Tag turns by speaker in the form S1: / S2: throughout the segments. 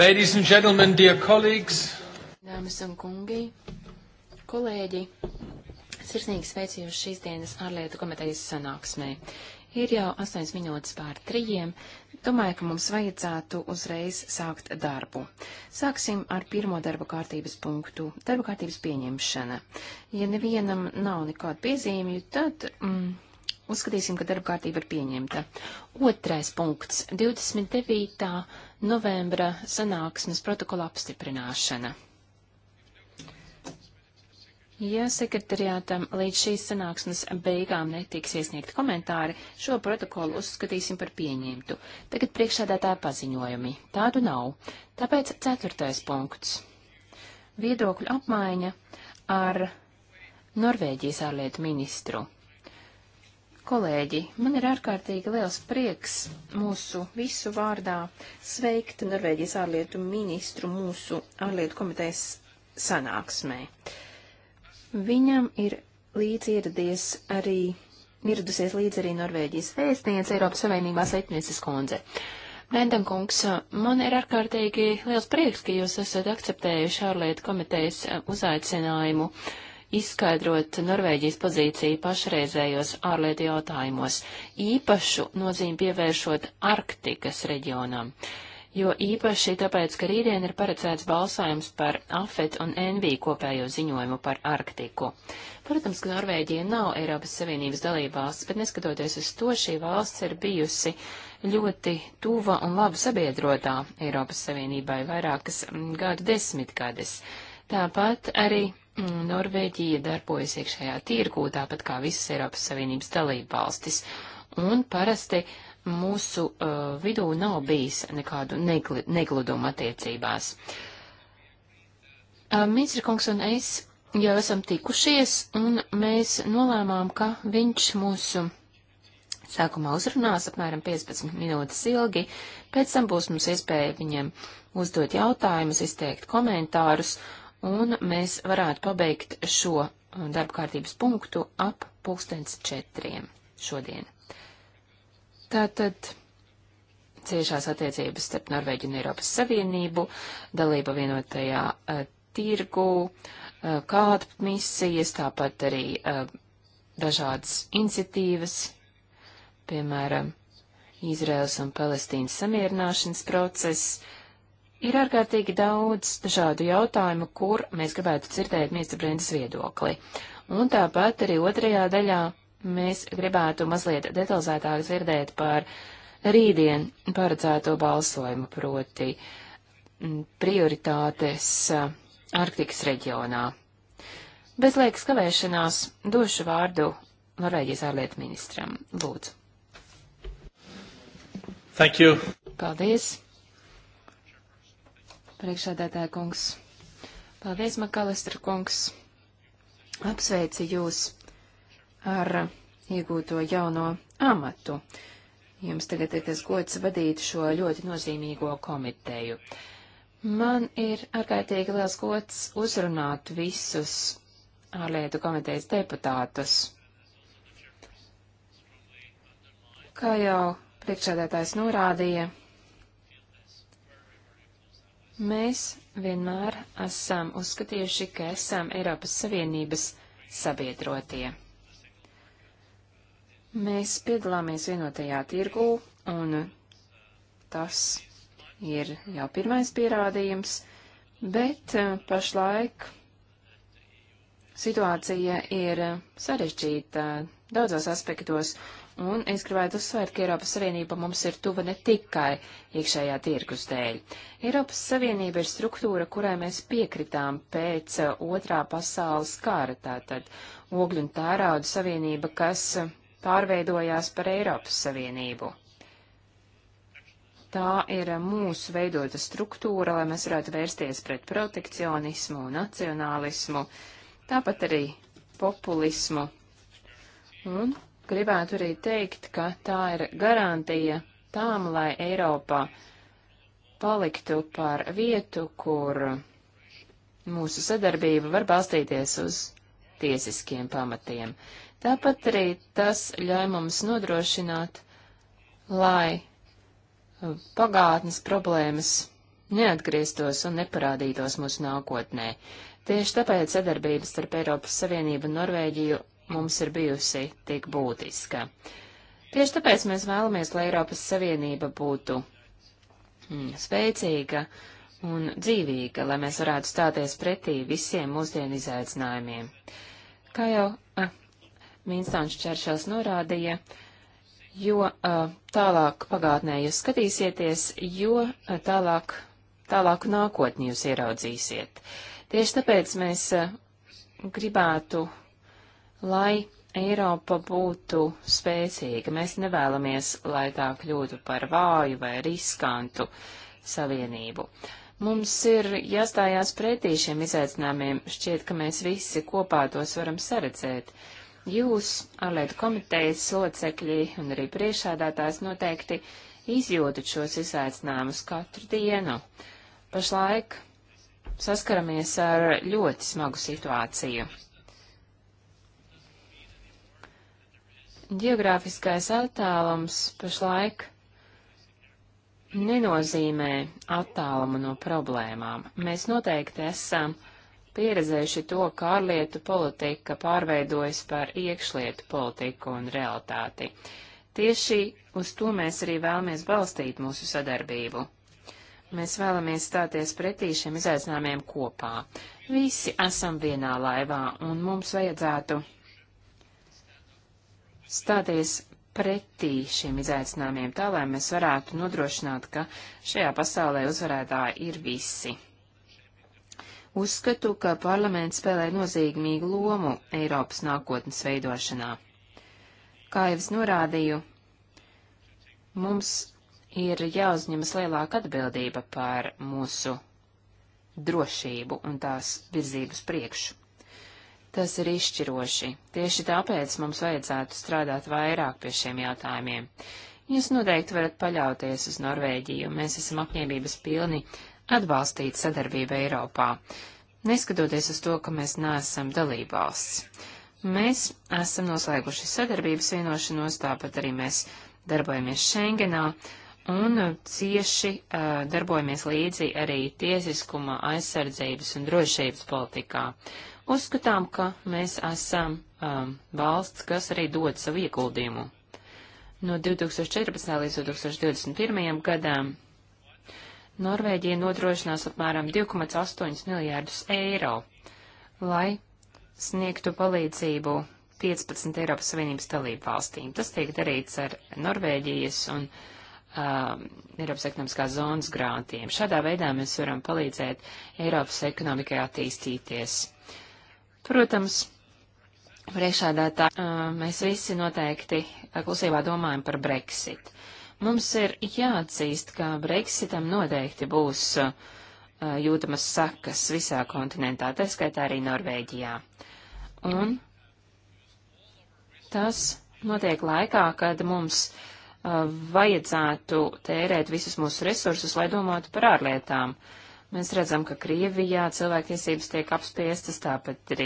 S1: Ladies and gentlemen, dear colleagues.
S2: Dāmas un kungi, kolēģi, sirsnīgi sveicu jūs šīs dienas ārlietu komitejas sanāksmē. Ir jau 8 minūtes pār trījiem. Domāju, ka mums vajadzētu uzreiz sākt darbu. Sāksim ar pirmo darba kārtības punktu - darba kārtības pieņemšana. Ja nevienam nav nekādu piezīmju, tad. Mm, Uzskatīsim, ka darba kārtība ir pieņemta. Otrais punkts - 29. novembra sanāksmes protokola apstiprināšana. Ja sekretariātam līdz šīs sanāksmes beigām netiks iesniegt komentāri, šo protokolu uzskatīsim par pieņemtu. Tagad priekšsēdētāja paziņojumi. Tādu nav. Tāpēc ceturtais punkts. Viedokļu apmaiņa ar Norvēģijas ārlietu ministru. Kolēģi, man ir ārkārtīgi liels prieks mūsu visu vārdā sveikt Norvēģijas ārlietu ministru mūsu ārlietu komitejas sanāksmē. Viņam ir līdz ieradies arī, ieradusies līdz arī Norvēģijas vēstniece Eiropas Savienībā Sveitnieces kundze. Brendam kungs, man ir ārkārtīgi liels prieks, ka jūs esat akceptējuši ārlietu komitejas uzaicinājumu. Uh, izskaidrot Norvēģijas pozīciju pašreizējos ārlietu jautājumos, īpašu nozīmi pievēršot Arktikas reģionam, jo īpaši tāpēc, ka rītdien ir paredzēts balsājums par AFET un NV kopējo ziņojumu par Arktiku. Protams, ka Norvēģija nav Eiropas Savienības dalībvalsts, bet neskatoties uz to, šī valsts ir bijusi ļoti tuva un laba sabiedrotā Eiropas Savienībai vairākas gadu desmitgades. Tāpat arī Norvēģija darbojas iekšējā tirgū, tāpat kā visas Eiropas Savienības dalība valstis, un parasti mūsu uh, vidū nav bijis nekādu negl negludumu attiecībās. Uh, Ministra kungs un es jau esam tikušies, un mēs nolēmām, ka viņš mūsu sākumā uzrunās apmēram 15 minūtes ilgi, pēc tam būs mums iespēja viņam uzdot jautājumus, izteikt komentārus, un mēs varētu pabeigt šo uh, darba kārtības punktu ap pulkstens četriem šodien. Tātad ciešās attiecības starp Norvēģiju un Eiropas Savienību, dalība vienotajā uh, tirgu, uh, kāda misijas, tāpat arī uh, dažādas iniciatīvas, piemēram, Izraels un Palestīnas samierināšanas process, Ir ārkārtīgi daudz dažādu jautājumu, kur mēs gribētu dzirdēt ministra Brendas viedokli. Un tāpat arī otrajā daļā mēs gribētu mazliet detalizētāk dzirdēt par rītdien paredzēto balsojumu, proti prioritātes Arktikas reģionā. Bez liekas kavēšanās došu vārdu Norvēģijas ārlietu ministram. Lūdzu. Thank you. Paldies priekšādētāja kungs. Paldies, Makalistra kungs. Apsveicu jūs ar iegūto jauno amatu. Jums tagad ir tas gods vadīt šo ļoti nozīmīgo komiteju. Man ir ārkārtīgi liels gods uzrunāt visus ārlietu komitejas deputātus. Kā jau priekšādētājs norādīja, Mēs vienmēr esam uzskatījuši, ka esam Eiropas Savienības sabiedrotie. Mēs piedalāmies vienotajā tirgū, un tas ir jau pirmais pierādījums, bet eh, pašlaik situācija ir sarežģīta daudzos aspektos, Un es gribētu uzsvērt, ka Eiropas Savienība mums ir tuva ne tikai iekšējā tirgus dēļ. Eiropas Savienība ir struktūra, kurai mēs piekritām pēc uh, otrā pasaules kara, tātad ogļu un tērauda savienība, kas uh, pārveidojās par Eiropas Savienību. Tā ir uh, mūsu veidota struktūra, lai mēs varētu vērsties pret protekcionismu, nacionālismu, tāpat arī populismu un Gribētu arī teikt, ka tā ir garantija tām, lai Eiropā paliktu par vietu, kur mūsu sadarbība var balstīties uz tiesiskiem pamatiem. Tāpat arī tas ļauj mums nodrošināt, lai pagātnes problēmas neatgrieztos un neparādītos mūsu nākotnē. Tieši tāpēc sadarbības starp Eiropas Savienību un Norvēģiju mums ir bijusi tik būtiska. Tieši tāpēc mēs vēlamies, lai Eiropas Savienība būtu
S3: mm,
S2: spēcīga un dzīvīga, lai mēs varētu stāties pretī visiem mūsdienu izaicinājumiem. Kā jau ah, Mīnstāns Čeršels norādīja, jo ah, tālāk pagātnē jūs skatīsieties, jo ah, tālāk, tālāku nākotni jūs ieraudzīsiet. Tieši tāpēc mēs gribētu lai Eiropa būtu spēcīga. Mēs nevēlamies, lai tā kļūtu par vāju vai riskantu savienību. Mums ir jāstājās pretī šiem izaicinājumiem, šķiet, ka mēs visi kopā tos varam saredzēt. Jūs, ārlietu komitejas locekļi un arī priekšādātājs noteikti izjūtat šos izaicinājumus katru dienu. Pašlaik saskaramies ar ļoti smagu situāciju. Geogrāfiskais attālums pašlaik nenozīmē attālumu no problēmām. Mēs noteikti esam pieredzējuši to, kā ārlietu politika pārveidojas par iekšlietu politiku un realitāti. Tieši uz to mēs arī vēlamies balstīt mūsu sadarbību. Mēs vēlamies stāties pretī šiem izaicinājumiem kopā. Visi esam vienā laivā, un mums vajadzētu stāties pretī šiem izaicinājumiem, tā lai mēs varētu nodrošināt, ka šajā pasaulē uzvarētāji ir visi. Uzskatu, ka parlaments spēlē nozīmīgu lomu Eiropas nākotnes veidošanā. Kā jau es norādīju, mums ir jāuzņemas lielāka atbildība par mūsu drošību un tās virzības priekšu. Tas ir izšķiroši. Tieši tāpēc mums vajadzētu strādāt vairāk pie šiem jautājumiem. Jūs noteikti varat paļauties uz Norvēģiju, mēs esam apņēmības pilni atbalstīt sadarbību Eiropā, neskatoties uz to, ka mēs neesam dalībvalsts. Mēs esam noslēguši sadarbības vienošanos, tāpat arī mēs darbojamies Schengenā un cieši uh, darbojamies līdzi arī tiesiskuma, aizsardzības un drošības politikā. Uh, Uzskatām, ka mēs esam um, valsts, kas arī dod savu ieguldījumu. No 2014. līdz 2021. gadam Norvēģija nodrošinās apmēram 2,8 miljārdus eiro, lai sniegtu palīdzību 15 Eiropas Savienības dalību valstīm. Tas tiek darīts ar Norvēģijas un um, Eiropas ekonomiskās zonas grāntiem. Šādā veidā mēs varam palīdzēt Eiropas ekonomikai attīstīties. Protams, priekšādātā mēs visi noteikti klusībā domājam par Brexit. Mums ir jāatzīst, ka Brexitam noteikti būs jūtamas sakas visā kontinentā, tā skaitā arī Norvēģijā. Un tas notiek laikā, kad mums vajadzētu tērēt visus mūsu resursus, lai domātu par ārlietām. Uh, Mēs redzam, ka Krievijā cilvēktiesības tiek apspiestas, tāpat arī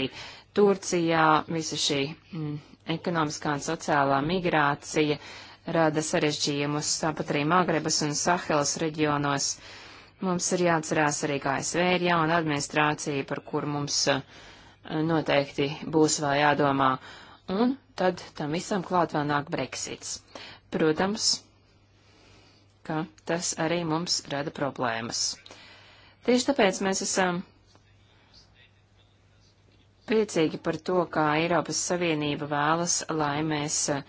S2: Turcijā visa šī mm, ekonomiskā un sociālā migrācija rada sarežģījumus, tāpat arī Magrebas un Sahelas reģionos. Mums ir jāatcerās arī, kā ASV ir jauna administrācija, par kur mums eh, noteikti būs vēl jādomā. Un tad tam visam klāt vēl nāk Brexits. Protams, ka tas arī mums rada problēmas. Tieši tāpēc mēs esam priecīgi par to, kā Eiropas Savienība vēlas, lai mēs eh,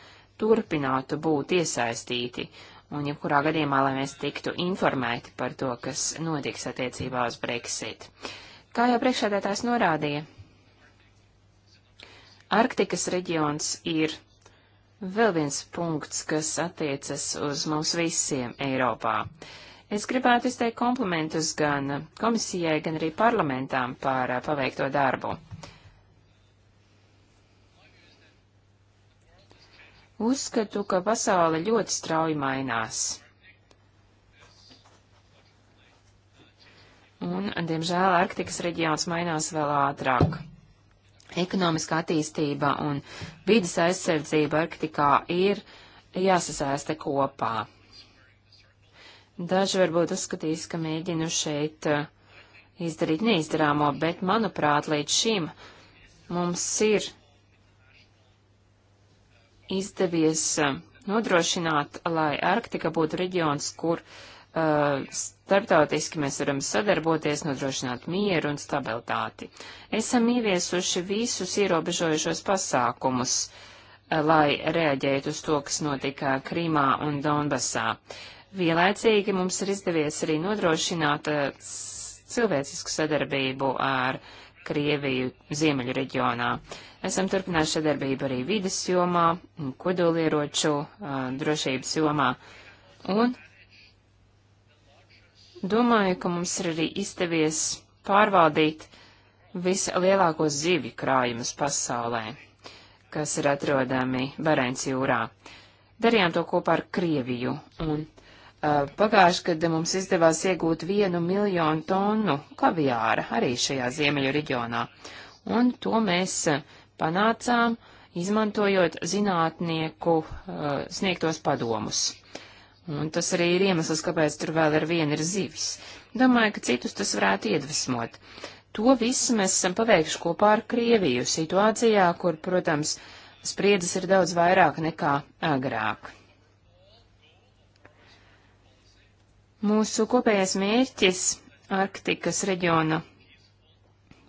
S2: turpinātu būt iesaistīti un jebkurā gadījumā, lai mēs tiktu informēti par to, kas notiks attiecībā uz Brexit. Kā jau priekšādētājs norādīja, Arktikas reģions ir vēl viens punkts, kas attiecas uz mums visiem Eiropā. Uh, Es gribētu izteikt komplimentus gan komisijai, gan arī parlamentām par paveikto darbu. Uzskatu, ka pasaule ļoti strauji mainās. Un, diemžēl, Arktikas reģions mainās vēl ātrāk. Ekonomiskā attīstība un vidas aizsardzība Arktikā ir jāsasēsta kopā. Daži varbūt uzskatīs, ka mēģinu šeit eh, izdarīt neizdarāmo, bet, manuprāt, līdz šim mums ir izdevies eh, nodrošināt, lai Arktika būtu reģions, kur uh, starptautiski mēs varam sadarboties, nodrošināt mieru un stabilitāti. Esam ieviesuši visus ierobežojušos pasākumus, uh, lai reaģētu uz to, kas notika Krīmā un Donbasā. Uh, Vienlaicīgi mums ir izdevies arī nodrošināt eh, cilvēcisku sadarbību ar Krieviju ziemeļu reģionā. Esam turpinājuši sadarbību arī vides jomā, kodolieroču eh, drošības jomā. Un domāju, ka mums ir arī izdevies pārvaldīt vislielākos zivju krājumus pasaulē, kas ir atrodami Barents jūrā. Darījām to kopā ar Krieviju, un Eh, pagājuši, kad mums izdevās iegūt vienu miljonu tonu kaviāra arī šajā ziemeļu reģionā, un to mēs eh, panācām, izmantojot zinātnieku eh, sniegtos padomus. Un tas arī ir iemesls, kāpēc tur vēl ar vienu ir zivis. Domāju, ka citus tas varētu iedvesmot. To visu mēs esam paveikuši kopā ar Krieviju situācijā, kur, protams, spriedzes ir daudz vairāk nekā agrāk. Mūsu kopējais mērķis Arktikas reģiona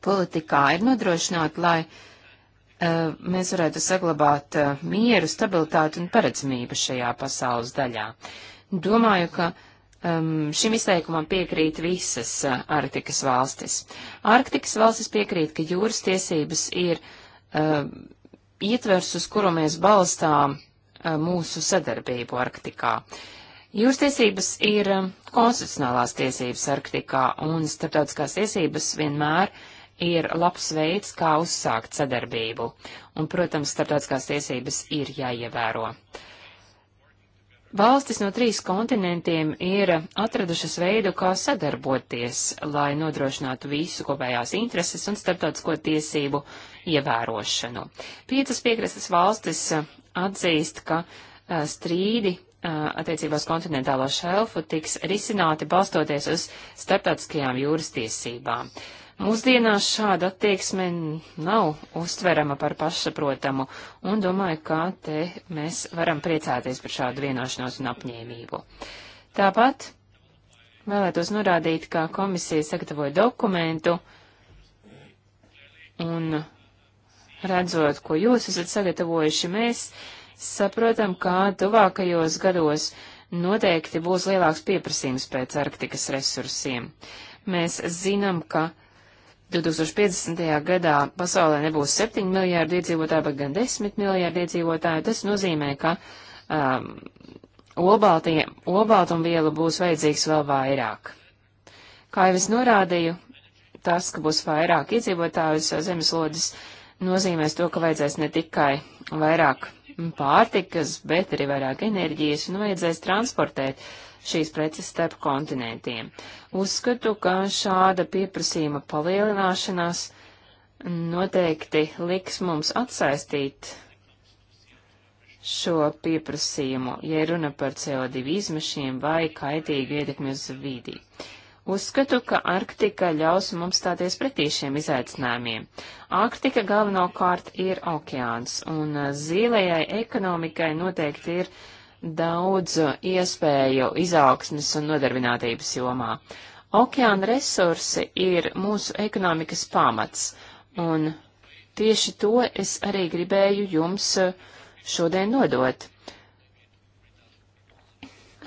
S2: politikā ir nodrošināt, lai uh, mēs varētu saglabāt uh, mieru, stabilitāti un paredzamību šajā pasaules daļā. Domāju, ka um, šim izteikumam piekrīt visas uh, Arktikas valstis. Arktikas valstis piekrīt, ka jūras tiesības ir ehm, ietvers, uz kuru mēs balstām mūsu sadarbību Arktikā. Uh, Jūsu tiesības ir um, konstitucionālās tiesības Arktikā, un starptautiskās tiesības vienmēr ir labs veids, kā uzsākt sadarbību. Un, protams, starptautiskās tiesības ir jāievēro. Valstis no trīs kontinentiem ir atradušas veidu, kā sadarboties, lai nodrošinātu visu kopējās intereses un starptautisko tiesību ievērošanu. Piecas piekrastes valstis atzīst, ka uh, strīdi attiecībās kontinentālo šelfu tiks risināti balstoties uz starptautiskajām jūras tiesībām. Mūsdienās šāda attieksme nav uztverama par pašsaprotamu, un domāju, ka te mēs varam priecāties par šādu vienošanos un apņēmību. Tāpat vēlētos norādīt, ka komisija sagatavoja dokumentu, un redzot, ko jūs esat sagatavojuši, mēs uh, saprotam, ka tuvākajos gados noteikti būs lielāks pieprasījums pēc Arktikas resursiem. Mēs zinām, ka 2050. gadā pasaulē nebūs 7 miljārdi iedzīvotāji, bet gan 10 miljārdi iedzīvotāji. Tas nozīmē, ka um, olbaltumvielu būs vajadzīgs vēl vairāk. Kā jau es norādīju, tas, ka būs vairāk iedzīvotāju uz zemeslodes, nozīmēs to, ka vajadzēs ne tikai vairāk pārtikas, bet arī vairāk enerģijas un vajadzēs transportēt šīs preces starp kontinentiem. Uzskatu, ka šāda pieprasījuma palielināšanās noteikti liks mums atsaistīt šo pieprasījumu, ja runa par CO2 izmešiem vai kaitīgu ietekmi uz vīdī. Uh, Uzskatu, ka Arktika ļaus mums stāties pretī šiem izaicinājumiem. Arktika galvenokārt ir okeāns, un zilajai ekonomikai noteikti ir daudz iespēju izaugsmes un nodarbinātības jomā. Okeāna resursi ir mūsu ekonomikas pamats, un tieši to es arī gribēju jums šodien nodot.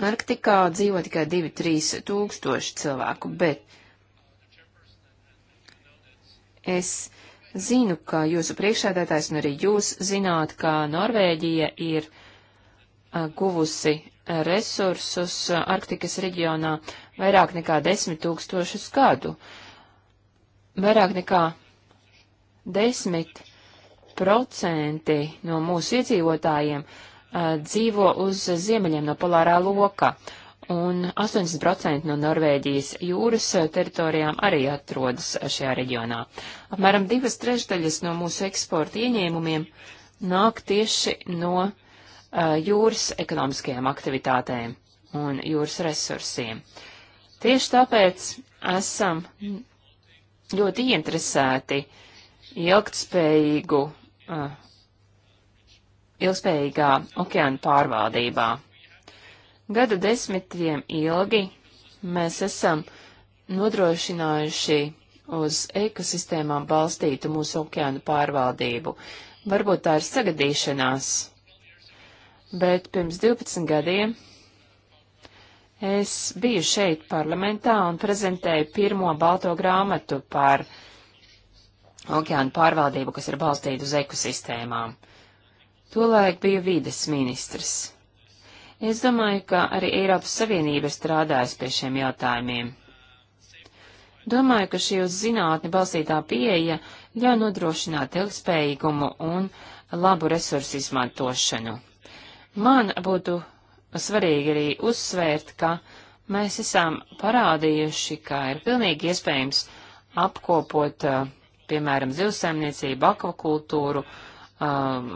S2: Arktikā dzīvo tikai 2-3 tūkstoši cilvēku, bet es zinu, ka jūsu priekšsēdētājs un arī jūs zināt, ka Norvēģija ir a, guvusi resursus Arktikas reģionā vairāk nekā 10 tūkstošus gadu. Vairāk nekā 10 procenti no mūsu iedzīvotājiem uh, Uh, dzīvo uz ziemeļiem no polārā loka, un 80% no Norvēģijas jūras teritorijām arī atrodas šajā reģionā. Apmēram divas trešdaļas no mūsu eksporta ieņēmumiem nāk tieši no uh, jūras ekonomiskajām aktivitātēm un jūras resursiem. Tieši tāpēc esam ļoti interesēti ilgtspējīgu uh, ilgspējīgā okeāna pārvaldībā. Gadu desmitiem ilgi mēs esam nodrošinājuši uz ekosistēmām balstītu mūsu okeānu pārvaldību. Varbūt tā ir sagadīšanās, bet pirms 12 gadiem es biju šeit parlamentā un prezentēju pirmo balto grāmatu par okeānu pārvaldību, kas ir balstīta uz ekosistēmām. Tolaik bija vides ministrs. Es domāju, ka arī Eiropas Savienība strādājas pie šiem jautājumiem. Domāju, ka šī uz zinātni balstītā pieeja ļauj nodrošināt ilgspējīgumu un labu resursu izmantošanu. Man būtu svarīgi arī uzsvērt, ka mēs esam parādījuši, ka ir pilnīgi iespējams apkopot, eh, piemēram, zivsaimniecību, akvakultūru, um,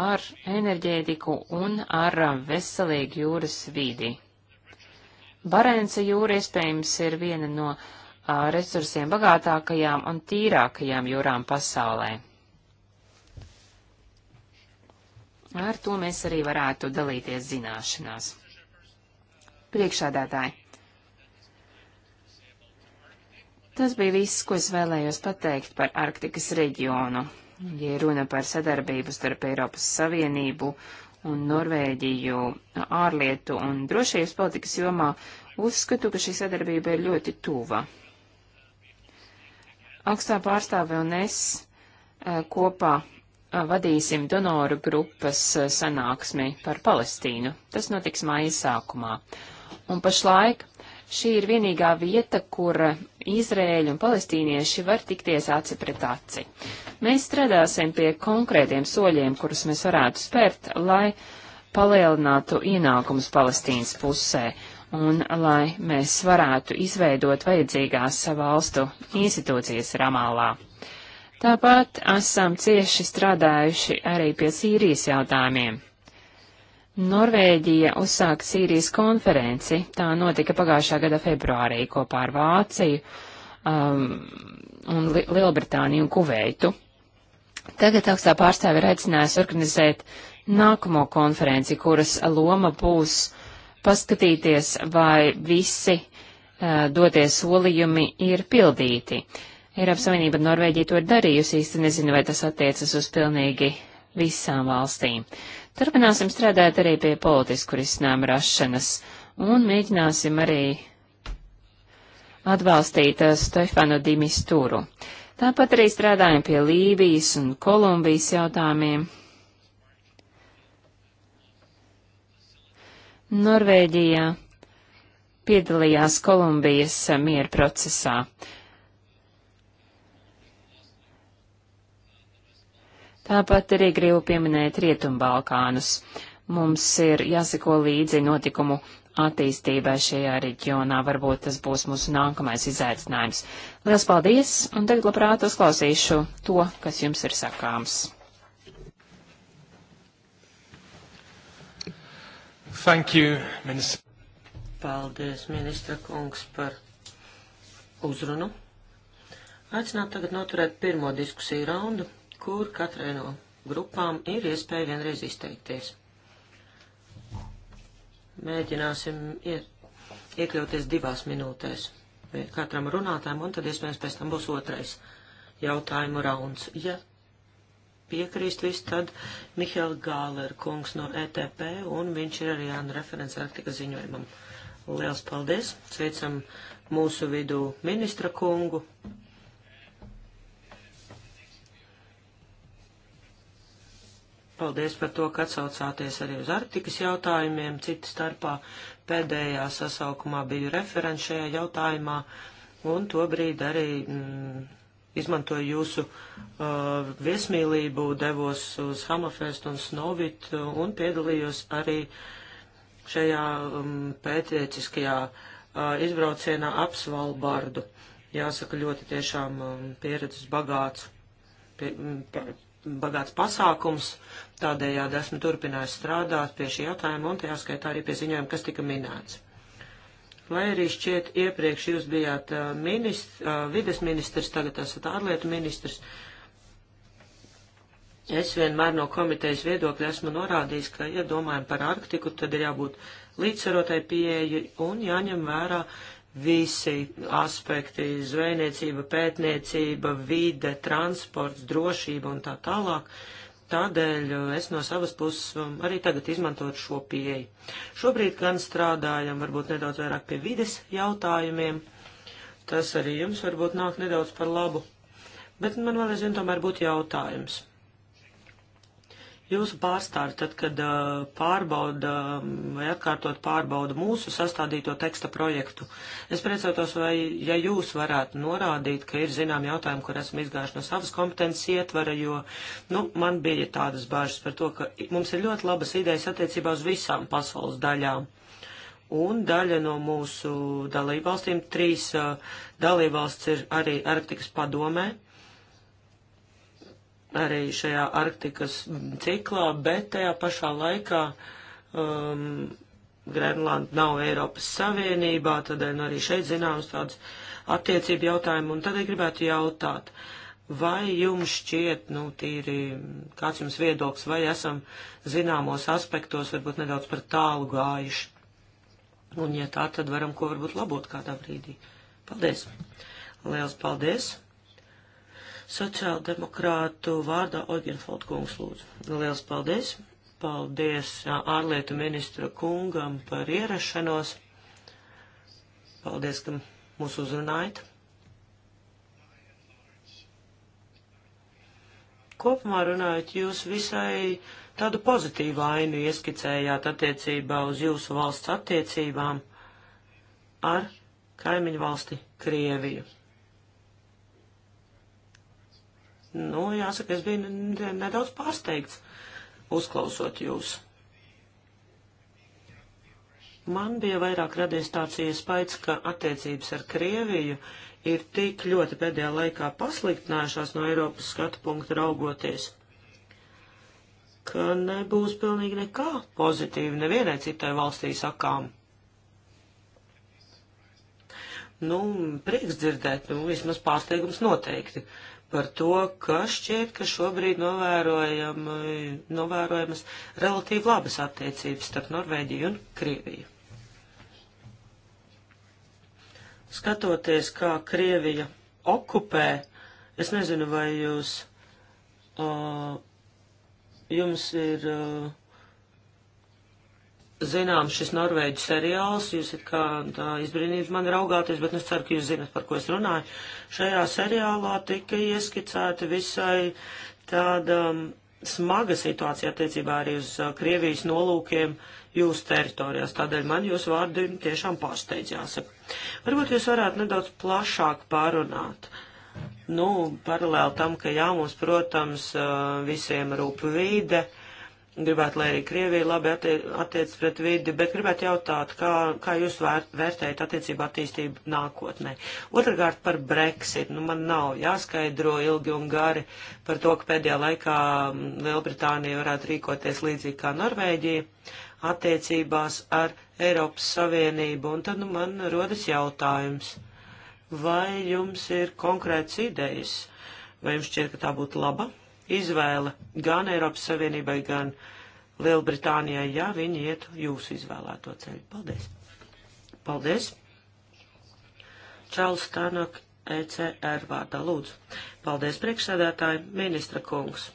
S2: ar enerģētiku un ar veselīgu jūras vidi. Barenca jūra iespējams ir viena no a, resursiem bagātākajām un tīrākajām jūrām pasaulē. Ar to mēs arī varētu dalīties zināšanās. Priekšādātāji. Tas bija viss, ko es vēlējos pateikt par Arktikas reģionu ja runa par sadarbību starp Eiropas Savienību un Norvēģiju ārlietu un drošības politikas jomā, uzskatu, ka šī sadarbība ir ļoti tuva. Augstā pārstāve un es eh, kopā eh, vadīsim donoru grupas eh, sanāksmi par Palestīnu. Tas notiks māja sākumā. Un pašlaik Šī ir vienīgā vieta, kur Izrēļa un palestīnieši var tikties aci pret aci. Mēs strādāsim pie konkrētiem soļiem, kurus mēs varētu spērt, lai palielinātu ienākumus Palestīnas pusē un lai mēs varētu izveidot vajadzīgās valstu institūcijas Ramālā. Tāpat esam cieši strādājuši arī pie Sīrijas jautājumiem. Norvēģija uzsāka Sīrijas konferenci. Tā notika pagājušā gada februārī kopā ar Vāciju um, un Li Lielbritāniju un Kuveitu. Tagad augstā pārstāve ir aicinājusi organizēt nākamo konferenci, kuras loma būs paskatīties, vai visi uh, dotie solījumi ir pildīti. Eiropas Savienība Norvēģija to ir darījusi, īsti nezinu, vai tas attiecas uz pilnīgi visām valstīm. Uh, Turpināsim strādāt arī pie politisku risinājumu rašanas un mēģināsim arī atbalstīt uh, eh, Stefanu Dimistūru. Tāpat arī strādājam pie Lībijas un Kolumbijas jautājumiem. Norvēģijā piedalījās Kolumbijas eh, miera procesā. Tāpat arī gribu pieminēt Rietumbalkānus. Mums ir jāseko līdzi notikumu attīstībai šajā reģionā. Varbūt tas būs mūsu nākamais izaicinājums. Lielas paldies, un tagad labprāt uzklausīšu to, kas jums ir
S3: sakāms. Thank you, minister. Paldies, ministra kungs, par uzrunu. Aicināt tagad noturēt pirmo diskusiju raundu kur katrai no grupām ir iespēja vienreiz izteikties. Mēģināsim iet, iekļauties divās minūtēs katram runātājam, un tad iespējams pēc tam būs otrais jautājumu rauns. Ja piekrīst viss, tad Mihail Gāler kungs no ETP, un viņš ir arī Jāna referents Arktika ziņojumam. Liels paldies! Sveicam mūsu vidū ministra kungu, Paldies par to, ka atsaucāties arī uz Arktikas jautājumiem. Cita starpā pēdējā sasaukumā biju referents šajā jautājumā, un tobrīd arī mm, izmantoju jūsu uh, viesmīlību, devos uz Hamafest un Snovit uh, un piedalījos arī šajā um, pētnieciskajā uh, izbraucienā ap Svalbardu. Jāsaka, ļoti tiešām um, pieredzes bagāts. Pie, um, bagāts pasākums, tādējādi esmu turpinājis strādāt pie šī jautājuma un tajā skaitā arī pie ziņojuma, kas tika minēts. Lai arī šķiet iepriekš jūs bijāt ministr, vides ministrs, tagad esat ārlietu ministrs, es vienmēr no komitejas viedokļa esmu norādījis, ka, ja domājam par Arktiku, tad ir jābūt līdzsvarotai pieeji un jāņem vērā visi aspekti - zvejniecība, pētniecība, vide, transports, drošība un tā tālāk. Tādēļ uh, es no savas puses arī tagad izmantotu šo pieeju. Šobrīd gan strādājam varbūt nedaudz vairāk pie vides jautājumiem. Tas arī jums varbūt nāk nedaudz par labu. Bet man vēl aizvien tomēr būtu jautājums. Jūsu pārstāvi, tad, kad uh, pārbauda mm, vai atkārtot pārbauda mūsu sastādīto teksta projektu, es priecātos, vai, ja jūs varētu norādīt, ka ir zinām jautājumi, kur esam izgājuši no savas kompetences ietvara, jo, nu, man bija tādas bāžas par to, ka mums ir ļoti labas idejas attiecībā uz visām pasaules daļām. Un daļa no mūsu dalībvalstīm, trīs uh, dalībvalsts ir arī Arktikas padomē. Uh, arī šajā Arktikas ciklā, bet tajā pašā laikā um, Grenlanda nav Eiropas Savienībā, tādēļ nu arī šeit zināms tāds attiecību jautājumu. Un tad es gribētu jautāt, vai jums šķiet, nu, tīri, kāds jums viedoklis, vai esam zināmos aspektos varbūt nedaudz par tālu gājuši? Un ja tā, tad varam ko varbūt labot kādā brīdī. Paldies! Liels paldies! Sociāldemokrātu vārdā Oigenfold kungs lūdzu. Liels paldies! Paldies ārlietu ministra kungam par ierašanos. Paldies, ka mūs uzrunājat. Kopumā runājot, jūs visai tādu pozitīvu ainu ieskicējāt attiecībā uz jūsu valsts attiecībām ar kaimiņu valsti Krieviju. Nu, jāsaka, es biju nedaudz pārsteigts uzklausot jūs. Man bija vairāk radies tāds iespējas, ka attiecības ar Krieviju ir tik ļoti pēdējā laikā pasliktinājušās no Eiropas skatu punkta raugoties, ka nebūs pilnīgi nekā pozitīva nevienai citai valstī sakām. Nu, prieks dzirdēt, nu, vismaz pārsteigums noteikti. Uh, par to, ka šķiet, ka šobrīd novērojam, novērojamas relatīvi labas attiecības starp Norvēģiju un Krieviju. Skatoties, kā Krievija okupē, es nezinu, vai jūs, uh, jums ir. Uh, zinām šis norvēģu seriāls, jūs it kā tā izbrīnījums mani raugāties, bet nu es ceru, ka jūs zinat, par ko es runāju. Šajā seriālā tika ieskicēta visai tāda um, smaga situācija attiecībā arī uz uh, Krievijas nolūkiem jūsu teritorijās, tādēļ man jūs vārdi tiešām pārsteidz jāsaka. Varbūt jūs varētu nedaudz plašāk pārunāt. Nu, paralēli tam, ka jā, mums, protams, uh, visiem rūp vīde. Uh, gribētu, lai arī Krievija labi attiec pret vidi, bet gribētu jautāt, kā, kā jūs vērtējat attiecību attīstību nākotnē. Otrakārt par Brexit. Nu, man nav jāskaidro ilgi un gari par to, ka pēdējā laikā mm, Lielbritānija varētu rīkoties līdzīgi kā Norvēģija attiecībās ar Eiropas Savienību. Un tad nu, man rodas jautājums, vai jums ir konkrēts idejas, vai jums šķiet, ka tā būtu laba? izvēle gan Eiropas Savienībai, gan Lielbritānijai, ja viņi iet jūsu izvēlēto ceļu. Paldies! Paldies! Čāls Tanok, ECR vārdā lūdzu. Paldies, priekšsēdētāji, ministra kungs!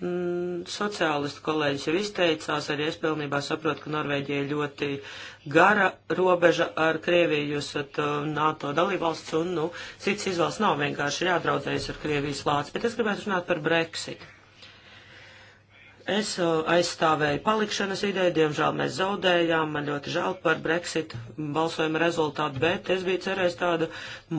S3: Mm, sociālistu kolēģis jau izteicās, arī es pilnībā saprotu, ka Norvēģija ir ļoti gara robeža ar Krieviju, jūs esat uh, NATO dalībvalsts un, nu, cits izvēles nav vienkārši jādraudzējas ar Krievijas lācis, bet es gribētu runāt par Brexitu. Es uh, aizstāvēju palikšanas ideju, diemžēl mēs zaudējām, man ļoti žēl par Brexit balsojuma rezultātu, bet es biju cerējis tādu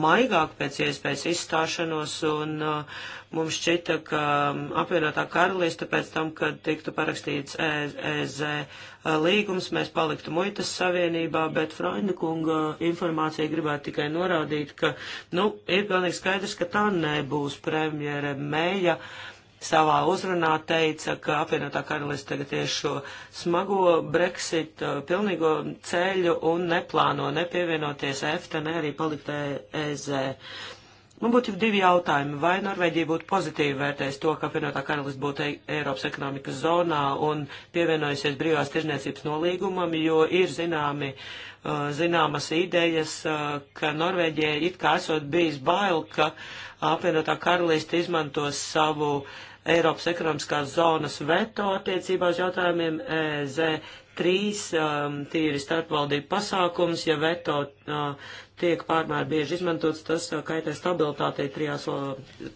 S3: maigāku pēc iespējas izstāšanos, un uh, mums šķita, ka um, apvienotā karalista pēc tam, kad tiktu parakstīts EZ e uh, līgums, mēs paliktu muitas savienībā, bet Freunda kunga informācija gribētu tikai norādīt, ka, nu, ir pilnīgi skaidrs, ka tā nebūs premjere Meija. Uh, savā uzrunā teica, ka apvienotā karaliste tagad tieši šo smago Brexit uh, pilnīgo ceļu un neplāno nepievienoties EFTA, ne arī palikt EZ. Man būtu divi jautājumi. Vai Norvēģija būtu pozitīvi vērtējis to, ka apvienotā karalista būtu e- Eiropas ekonomikas zonā un pievienojusies brīvās tirzniecības nolīgumam, jo ir zināmi, uh, zināmas idejas, uh, ka Norvēģija it kā esot bijis bail, ka apvienotā karalista izmantos savu uh, Eiropas ekonomiskās zonas veto attiecībā uz jautājumiem EZ. Trīs um, tīri starpvaldību pasākums, ja veto uh, tiek pārmēr bieži izmantots, tas uh, kaitē stabilitātei trijās uh,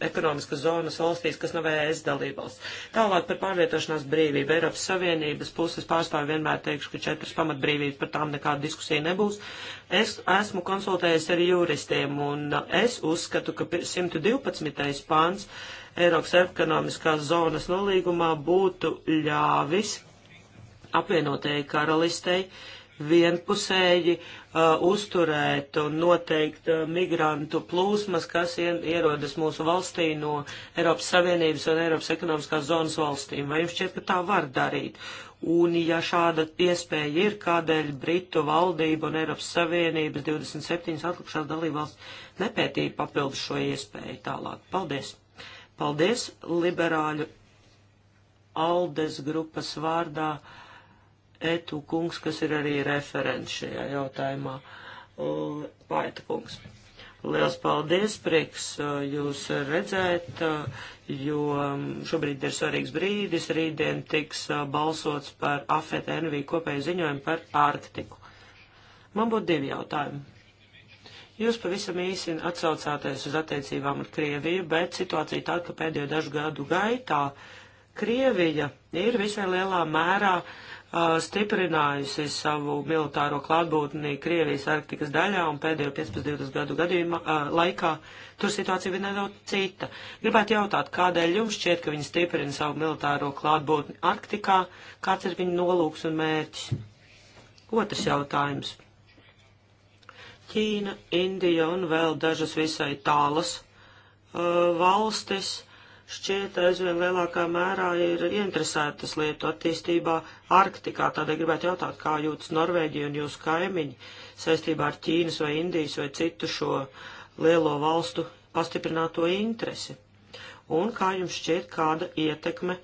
S3: ekonomiskas zonas valstīs, kas nav ES dalībvalsts. Tālāk par pārvietošanās brīvību. Eiropas Savienības puses pārstāvi vienmēr teikšu, ka četras pamatbrīvības par tām nekāda diskusija nebūs. Es esmu konsultējies ar juristiem un es uzskatu, ka 112. pāns Eiropas ekonomiskās zonas nolīgumā būtu ļāvis apvienotajai karalistei vienpusēji uh, uzturēt un noteikt uh, migrantu plūsmas, kas ien, ierodas mūsu valstī no Eiropas Savienības un Eiropas ekonomiskās zonas valstīm. Vai jums šķiet, ka tā var darīt? Un ja šāda iespēja ir, kādēļ Britu valdība un Eiropas Savienības 27 atlikušās dalībvalsts nepētīja papildus šo iespēju tālāk? Paldies! Paldies liberāļu Aldes grupas vārdā Etu kungs, kas ir arī referents šajā jautājumā. Paita kungs. Liels paldies, prieks uh, jūs redzēt, uh, jo um, šobrīd ir svarīgs brīdis. Rītdien tiks uh, balsots par AFET NV kopēju ziņojumu par Ārktiku. Man būtu divi jautājumi. Jūs pavisam īsi atsaucāties uz attiecībām ar Krieviju, bet situācija tāda, ka pēdējo dažu gadu gaitā Krievija ir visai lielā mērā uh, stiprinājusi savu militāro klātbūtni Krievijas Arktikas daļā un pēdējo 15-20 gadu gadījumā uh, laikā tur situācija bija nedaudz cita. Gribētu jautāt, kādēļ jums šķiet, ka viņi stiprina savu militāro klātbūtni Arktikā, kāds ir viņu nolūks un mērķis? Otrs jautājums. Ķīna, Indija un vēl dažas visai tālas uh, valstis šķiet aizvien lielākā mērā ir ieinteresētas lietu attīstībā Arktikā. Tādēļ gribētu jautāt, kā jūtas Norvēģija un jūsu kaimiņi saistībā ar Ķīnas vai Indijas vai citu šo lielo valstu pastiprināto interesi. Un kā jums šķiet, kāda ietekme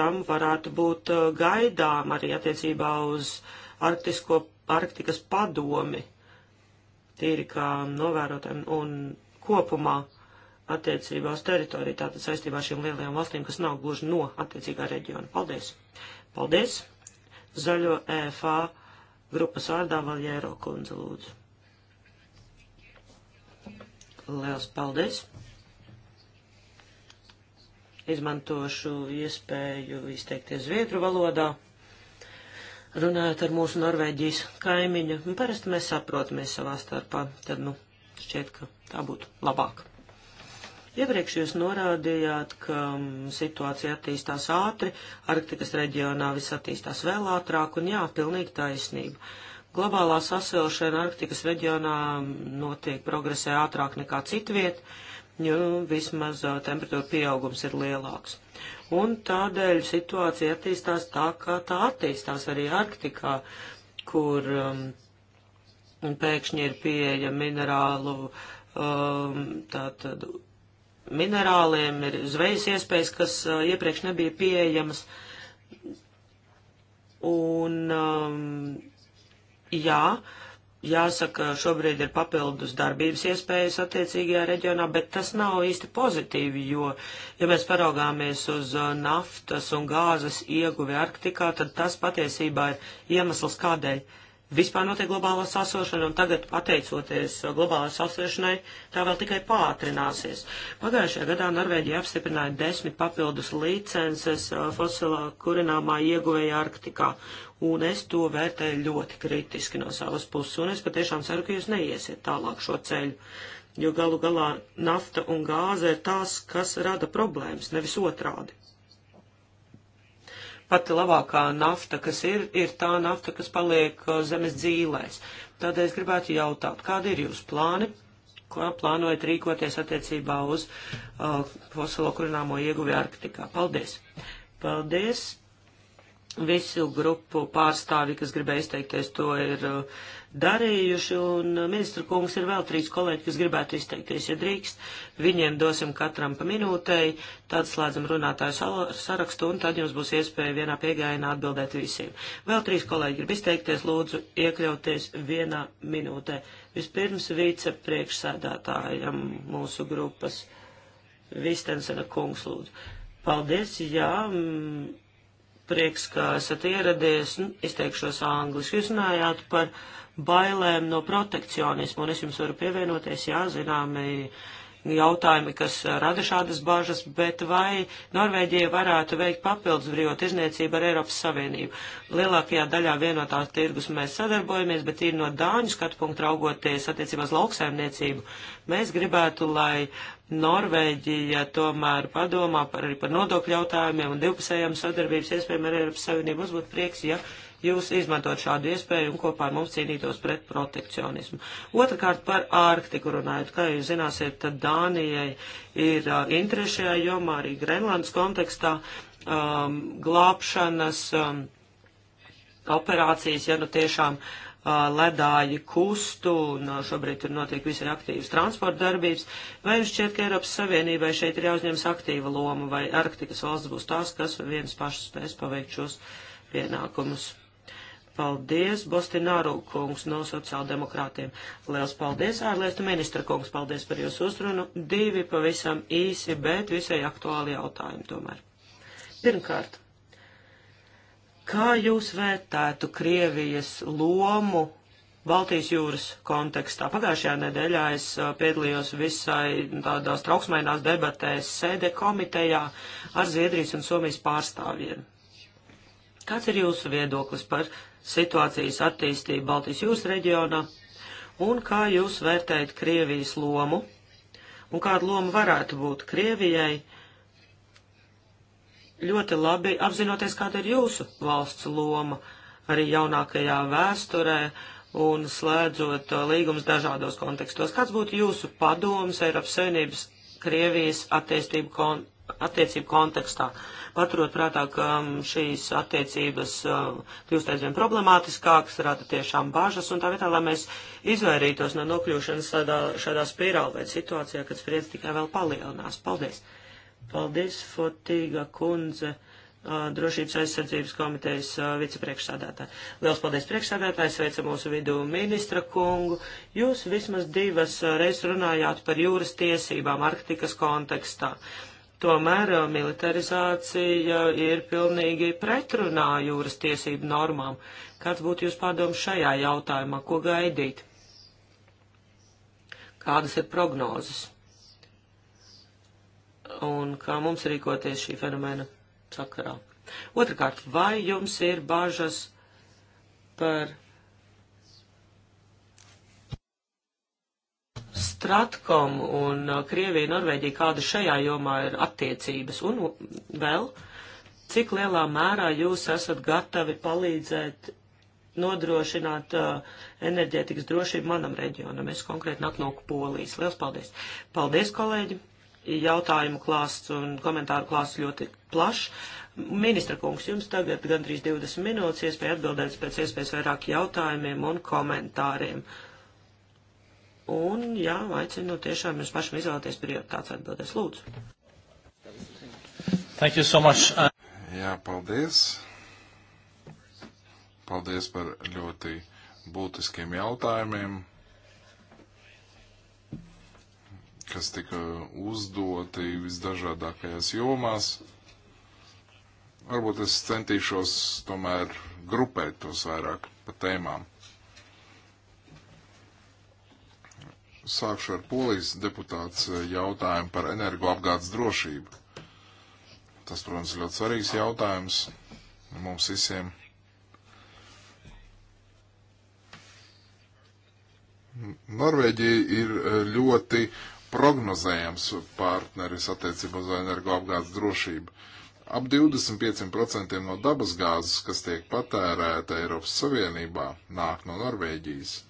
S3: tam varētu būt uh, gaidām arī attiecībā uz Arktisko, Arktikas padomi? Uh, tīri kā novērotājiem un kopumā attiecībā uz teritoriju, tātad saistībā ar šīm lielajām valstīm, kas nav gluži no attiecīgā reģiona. Paldies! Paldies! Zaļo EFA grupas vārdā Valjēro kundze lūdzu. Liels paldies! Izmantošu iespēju izteikties Zviedru valodā runājot ar mūsu Norvēģijas kaimiņu, nu, parasti mēs saprotamies savā starpā, tad, nu, šķiet, ka tā būtu labāk. Iepriekš jūs norādījāt, ka mm, situācija attīstās ātri, Arktikas reģionā viss attīstās vēl ātrāk, un jā, pilnīgi taisnība. Globālā sasilšana Arktikas reģionā mm, notiek progresē ātrāk nekā citviet, jo vismaz temperatūra pieaugums ir lielāks. Un tādēļ situācija attīstās tā, kā tā attīstās arī Arktikā, kur um, pēkšņi ir pieeja minerālu, um, tātad minerāliem ir zvejas iespējas, kas uh, iepriekš nebija pieejamas. Un, um, jā, uh, jāsaka, šobrīd ir papildus darbības iespējas attiecīgajā reģionā, bet tas nav īsti pozitīvi, jo, ja mēs paraugāmies uz uh, naftas un gāzes ieguvi Arktikā, tad tas patiesībā ir iemesls, kādēļ vispār notiek globālā sasilšana, un tagad, pateicoties globālajai sasilšanai, tā vēl tikai pātrināsies. Pagājušajā gadā Norvēģija apstiprināja desmit papildus licences uh, fosilā kurināmā ieguvēja Arktikā, un es to vērtēju ļoti kritiski no savas puses, un es patiešām ceru, ka jūs neiesiet tālāk šo ceļu. Jo galu galā nafta un gāze ir tās, kas rada problēmas, nevis otrādi pati labākā nafta, kas ir, ir tā nafta, kas paliek uh, zemes dzīvēs. Tādēļ es gribētu jautāt, kādi ir jūsu plāni, kā plānojat rīkoties attiecībā uz uh, fosilo kurināmo ieguvi Arktikā? Paldies! Paldies! Visu grupu pārstāvi, kas gribēja izteikties, to ir uh, darījuši, un uh, ministra kungs ir vēl trīs kolēģi, kas gribētu izteikties, ja drīkst. Viņiem dosim katram pa minūtei, tad slēdzam runātāju sarakstu, un tad jums būs iespēja vienā piegājienā atbildēt visiem. Vēl trīs kolēģi grib izteikties, lūdzu iekļauties vienā minūtē. Vispirms vicepriekšsēdētājam mūsu grupas Vistensena kungs lūdzu. Paldies, jā. Mm, prieks, ka esat ieradies, nu, izteikšos angliski, jūs runājāt par bailēm no protekcionismu, un es jums varu pievienoties, jā, zināmi jautājumi, kas rada šādas bažas, bet vai Norvēģija varētu veikt papildus brīvo tirzniecību ar Eiropas Savienību? Lielākajā daļā vienotās tirgus mēs sadarbojamies, bet ir no dāņu skatu punktu raugoties attiecībās lauksaimniecību. Mēs gribētu, lai Norvēģija tomēr padomā par, arī par nodokļu jautājumiem un divpusējām sadarbības iespējām ar Eiropas Savienību. Mums būtu prieks, ja jūs izmantot šādu iespēju un kopā ar mums cīnītos pret protekcionismu. Otrakārt par Ārktiku runājot, kā jūs zināsiet, tad Dānijai ir uh, interešu šajā jomā arī Grenlandes kontekstā um, glābšanas um, operācijas, ja nu tiešām uh, ledāji kustu, un no uh, šobrīd tur notiek visai aktīvas transporta darbības, vai jums šķiet, ka Eiropas Savienībai šeit ir jāuzņems aktīva loma, vai Arktikas valsts būs tās, kas viens pašas spēs paveikt šos pienākumus? Paldies, Bostināru kungs no sociāldemokrātiem. Liels paldies, ārlietu ministra kungs, paldies par jūsu uzrunu. Divi pavisam īsi, bet visai aktuāli jautājumi tomēr. Pirmkārt, kā jūs vērtētu Krievijas lomu Baltijas jūras kontekstā. Pagājušajā nedēļā es uh, piedalījos visai tādās trauksmainās debatēs sēde komitejā ar Zviedrijas un Somijas pārstāvjiem. Kāds ir jūsu viedoklis par situācijas attīstību Baltijas jūras reģionā un kā jūs vērtējat Krievijas lomu un kāda loma varētu būt Krievijai ļoti labi apzinoties, kāda ir jūsu valsts loma arī jaunākajā vēsturē un slēdzot uh, līgumus dažādos kontekstos. Kāds būtu jūsu padoms Eiropas Savienības Krievijas attiecību, kon attiecību kontekstā? Uh, paturot prātā, ka um, šīs attiecības uh, kļūst aizvien problemātiskākas, rada tiešām bāžas, un tā vietā, lai mēs izvairītos no nokļūšanas tādā, šādā spirālveida situācijā, kad spriedz tikai vēl palielinās. Paldies! Paldies, Fotīga kundze! Uh, drošības aizsardzības komitejas uh, vicepriekšsādātāji. Liels paldies priekšsādātāji, sveicu mūsu vidū ministra kungu. Jūs vismaz divas reizes runājāt par jūras tiesībām Arktikas kontekstā. Uh, Tomēr eh, militarizācija ir pilnīgi pretrunā jūras tiesību normām. Kāds būtu jūs padoms šajā jautājumā, ko gaidīt? Kādas ir prognozes? Un kā mums rīkoties šī fenomena sakarā? Otrakārt, vai jums ir bažas par Stratkom un uh, Krievija, Norvēģija, kāda šajā jomā ir attiecības? Un vēl, cik lielā mērā jūs esat gatavi palīdzēt nodrošināt uh, enerģētikas drošību manam reģionam? Es konkrēti nāku no Polijas. Liels paldies! Paldies, kolēģi! Jautājumu klāsts un komentāru klāsts ļoti plašs. Ministra kungs, jums tagad gandrīz 20 minūtes iespēja atbildēt pēc iespējas vairāk jautājumiem un komentāriem. Uh, Un, jā, aicinu nu, tiešām jūs pašam izvēlēties prioritātes atbildēs. Lūdzu.
S1: Thank you so much. Uh, jā, paldies. Paldies par ļoti būtiskiem jautājumiem, kas tika uzdoti visdažādākajās jomās. Varbūt es centīšos tomēr grupēt tos vairāk pa tēmām. Sākšu ar polijas deputāts eh, jautājumu par energoapgādes drošību. Tas, protams, ir ļoti svarīgs jautājums mums visiem. Norvēģija ir eh, ļoti prognozējams partneris attiecībā uz energoapgādes drošību. Ap 25% no dabasgāzes, kas tiek patērēta Eiropas Savienībā, nāk no Norvēģijas.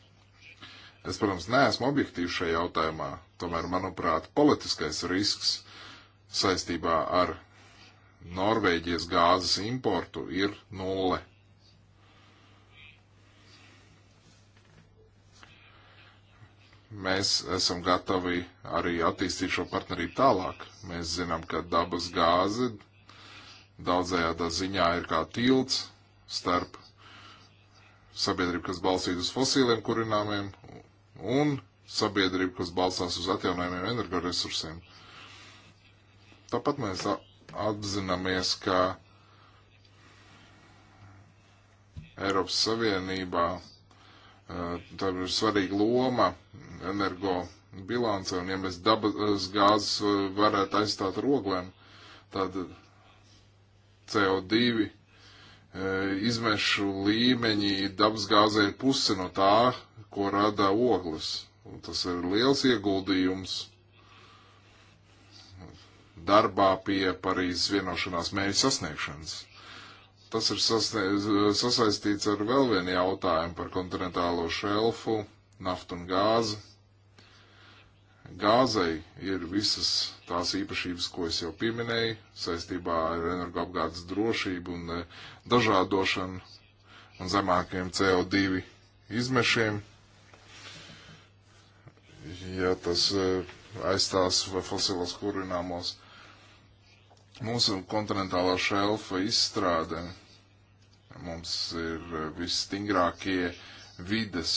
S1: Es, protams, neesmu objektīvs šajā jautājumā, tomēr, manuprāt, politiskais risks saistībā ar Norvēģijas gāzes importu ir nulle. Mēs esam gatavi arī attīstīt šo partnerību tālāk. Mēs zinām, ka dabas gāze daudzējādā ziņā ir kā tilts starp sabiedrību, kas balstīta uz fosīliem kurināmiem, un sabiedrību, kas balstās uz atjaunojumiem energoresursiem. Tāpat mēs apzināmies, ka Eiropas Savienībā e, tā ir svarīga loma energo bilancē, un ja mēs dabas gāzes e, varētu aizstāt ar oglēm, tad CO2 e, izmešu līmeņi dabas gāzē ir puse no tā, ko rada ogles. Un tas ir liels ieguldījums darbā pie Parīzes vienošanās mērķa sasniegšanas. Tas ir sasaistīts ar vēl vienu jautājumu par kontinentālo šelfu, naftu un gāzi. Gāzei ir visas tās īpašības, ko es jau pieminēju, saistībā ar energoapgādes drošību un eh, dažādošanu un zemākiem CO2 izmešiem ja tas e, aizstās fosilos kurināmos. Mūsu kontinentālā šelfa izstrāde mums ir e, visstingrākie vides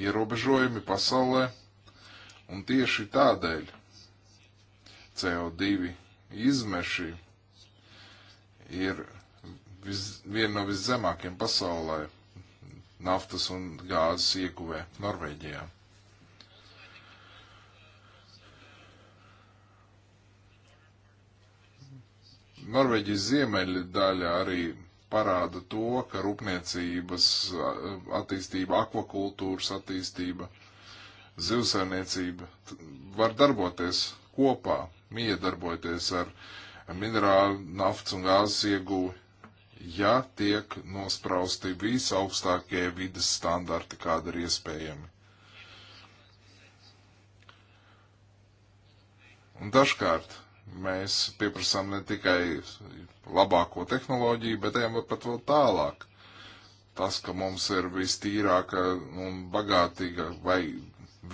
S1: ierobežojumi pasaulē, un tieši tādēļ CO2 izmeši ir vis, viena no viszemākiem pasaulē naftas un gāzes iekuvē Norvēģijā. Norvēģijas ziemeļa daļa arī parāda to, ka rūpniecības attīstība, akvakultūras attīstība, zivsainiecība var darboties kopā, miedarboties ar minerālu, naftas un gāzes ieguvi, ja tiek nosprausti visaugstākie vidas standarti, kāda ir iespējami. Un dažkārt Mēs pieprasām ne tikai labāko tehnoloģiju, bet ejam pat vēl tālāk. Tas, ka mums ir vistīrāka un bagātīga vai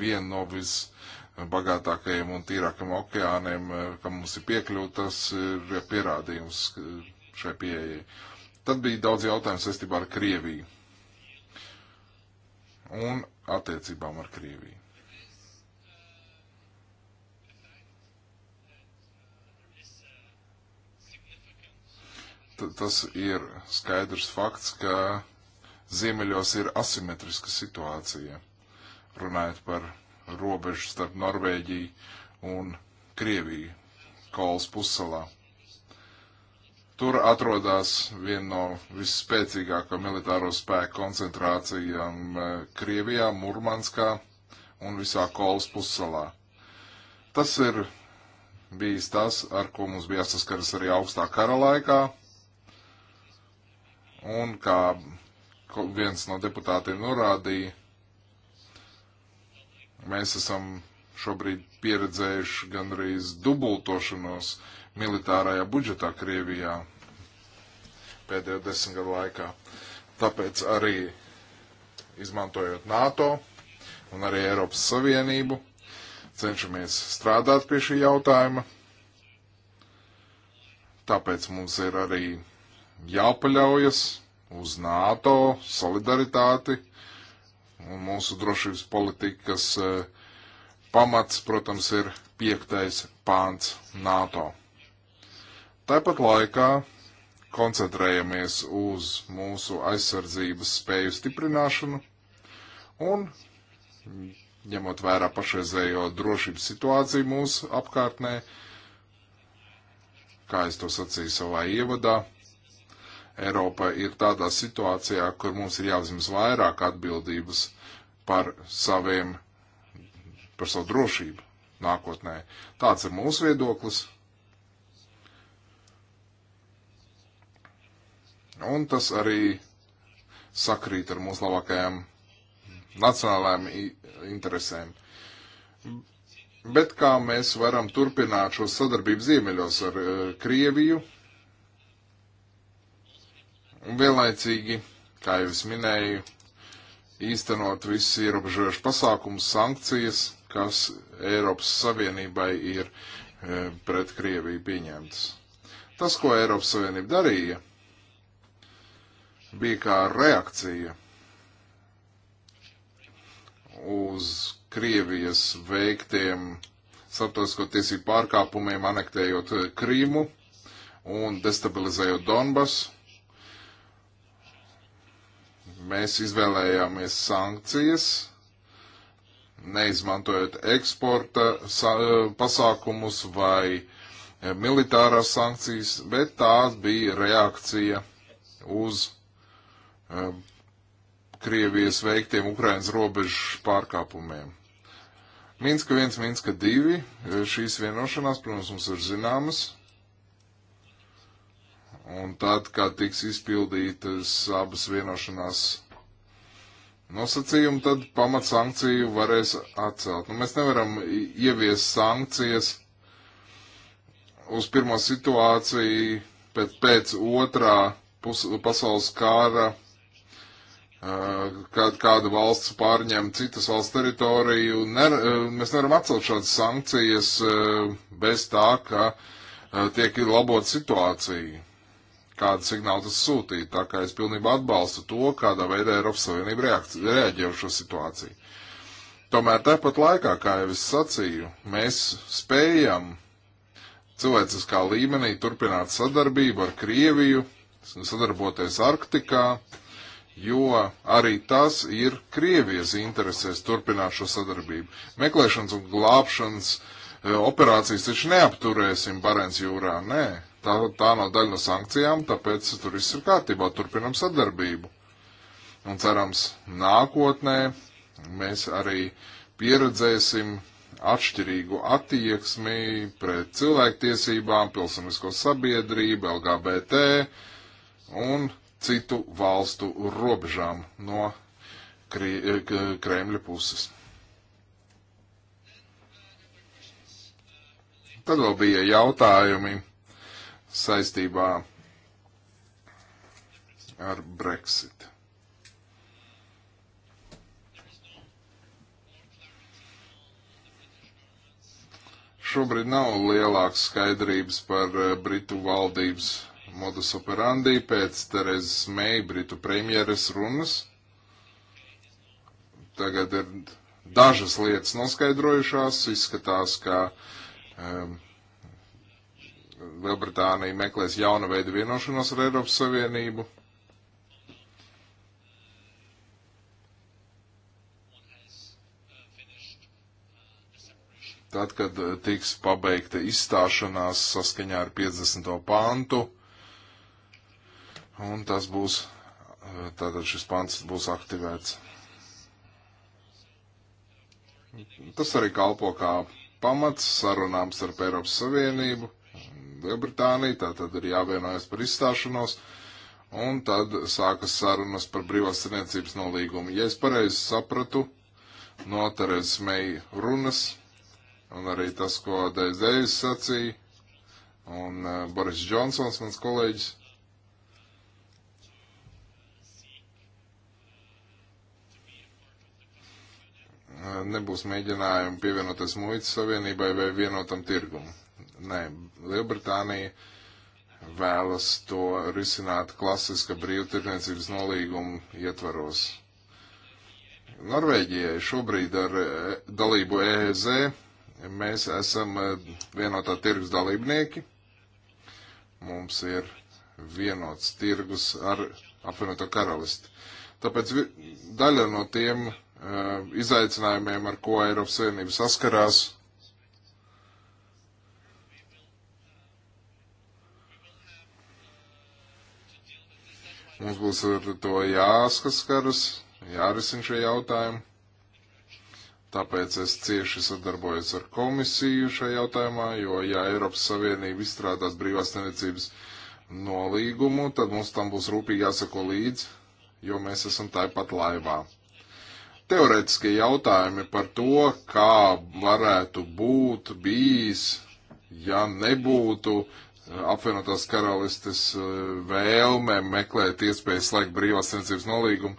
S1: viena no visbagātākajiem un tīrākam okeāniem, ka mums ir piekļūt, tas ir pierādījums šai pieejai. Tad bija daudz jautājumu saistībā ar Krieviju un attiecībām ar Krieviju. tas ir skaidrs fakts, ka ziemeļos ir asimetriska situācija, runājot par robežu starp Norvēģiju un Krieviju, Kols pussalā. Tur atrodas viena no visspēcīgāko militāro spēku koncentrācijām eh, Krievijā, Murmanskā un visā Kols pussalā. Tas ir bijis tas, ar ko mums bija jāsaskaras arī augstā kara laikā Un kā viens no deputātiem norādīja, mēs esam šobrīd pieredzējuši gandrīz dubultošanos militārajā budžetā Krievijā pēdējo desmit gadu laikā. Tāpēc arī izmantojot NATO un arī Eiropas Savienību, cenšamies strādāt pie šī jautājuma. Tāpēc mums ir arī jāpaļaujas uz NATO solidaritāti un mūsu drošības politikas eh, pamats, protams, ir piektais pāns NATO. Tāpat laikā koncentrējamies uz mūsu aizsardzības spēju stiprināšanu un, ņemot vērā pašreizējo drošības situāciju mūsu apkārtnē, kā es to sacīju savā ievadā, Eiropa ir tādā situācijā, kur mums ir jāuzņemas vairāk atbildības par saviem, par savu drošību nākotnē. Tāds ir mūsu viedoklis. Un tas arī sakrīt ar mūsu labākajām nacionālajām interesēm. Bet kā mēs varam turpināt šo sadarbību ziemeļos ar eh, Krieviju, un vienlaicīgi, kā jau es minēju, īstenot visus ierobežojušus pasākumus, sankcijas, kas Eiropas Savienībai ir e, pret Krieviju pieņemtas. Tas, ko Eiropas Savienība darīja, bija kā reakcija uz Krievijas veiktiem starptautisko tiesību pārkāpumiem, anektējot Krīmu un destabilizējot Donbasu Mēs izvēlējāmies sankcijas, neizmantojot eksporta pasākumus vai eh, militārās sankcijas, bet tās bija reakcija uz um, Krievijas veiktiem Ukrainas robežu pārkāpumiem. Minska 1, Minska 2, eh, šīs vienošanās, protams, mums ir zināmas, Un tad, kad tiks izpildītas abas vienošanās nosacījumi, tad pamat sankciju varēs atcelt. Nu, mēs nevaram ieviest sankcijas uz pirmo situāciju pēc, pēc otrā pus, pasaules kāra, kad kāda valsts pārņem citas valsts teritoriju. Ner, mēs nevaram atcelt šādas sankcijas bez tā, ka tiek labot situāciju kādu signālu tas sūtīja. Tā kā es pilnībā atbalstu to, kādā veidā Eiropas Savienība reaģē uz šo situāciju. Tomēr tāpat laikā, kā jau es sacīju, mēs spējam cilvēciskā līmenī turpināt sadarbību ar Krieviju, sadarboties Arktikā, jo arī tas ir Krievijas interesēs turpināt šo sadarbību. Meklēšanas un glābšanas e, operācijas taču neapturēsim Barents jūrā, nē. Ne Tā, tā nav daļa no sankcijām, tāpēc tur viss ir kārtībā, turpinam sadarbību. Un cerams, nākotnē mēs arī pieredzēsim atšķirīgu attieksmi pret cilvēktiesībām, pilsonisko sabiedrību, LGBT un citu valstu robežām no Kremļa puses. Tad vēl bija jautājumi saistībā ar Brexit. Šobrīd nav lielākas skaidrības par eh, Britu valdības modus operandi pēc Terezas Meija, Britu premjeras runas. Tagad ir dažas lietas noskaidrojušās, izskatās, ka um, Lielbritānija meklēs jaunu veidu vienošanos ar Eiropas Savienību. Tad, kad eh, tiks pabeigta izstāšanās saskaņā ar 50. pantu, un tas būs, eh, tātad šis pants būs aktivēts. Tas arī kalpo kā pamats sarunām starp Eiropas Savienību Lielbritāniju, tā tad ir jāvienojas par izstāšanos, un tad sākas sarunas par brīvās saimniecības nolīgumu. Ja es pareizi sapratu no Terezes Meija runas, un arī tas, ko Deizdejas sacīja, un e, Boris Džonsons, mans kolēģis, e, nebūs mēģinājumi pievienoties muitas savienībai vai vienotam tirgumam. Nē, Lielbritānija vēlas to risināt klasiska brīvtirniecības nolīguma ietvaros. Norvēģijai šobrīd ar e, dalību EEZ mēs esam e, vienotā tirgus dalībnieki. Mums ir vienots tirgus ar apvienoto karalisti. Tāpēc daļa no tiem uh, izaicinājumiem, ar ko Eiropas Savienība saskarās, Mums būs ar to jāskaras, jārisina šie jautājumi. Tāpēc es cieši sadarbojos ar komisiju šajā jautājumā, jo ja Eiropas Savienība izstrādās brīvās tirdzniecības nolīgumu, tad mums tam būs rūpīgi jāsako līdzi, jo mēs esam tāpat laivā. Teorētiskie jautājumi par to, kā varētu būt bijis, ja nebūtu apvienotās karalistes e, vēlme meklēt iespēju slēgt brīvās sensības nolīgumu.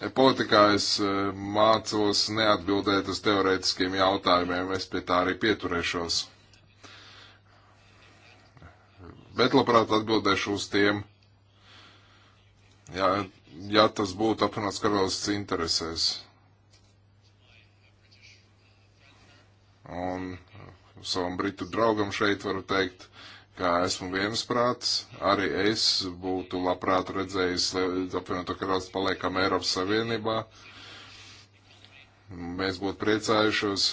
S1: E, Politikā es e, mācos neatbildēt uz teorētiskiem jautājumiem, es pie tā arī pieturēšos. Bet labprāt atbildēšu uz tiem, ja, ja tas būtu apvienotās karalistes interesēs. Un savam britu draugam šeit varu teikt, uh, kā esmu viensprāts, arī es būtu labprāt redzējis apvienoto karalistu paliekam Eiropas Savienībā. Mēs būtu priecājušos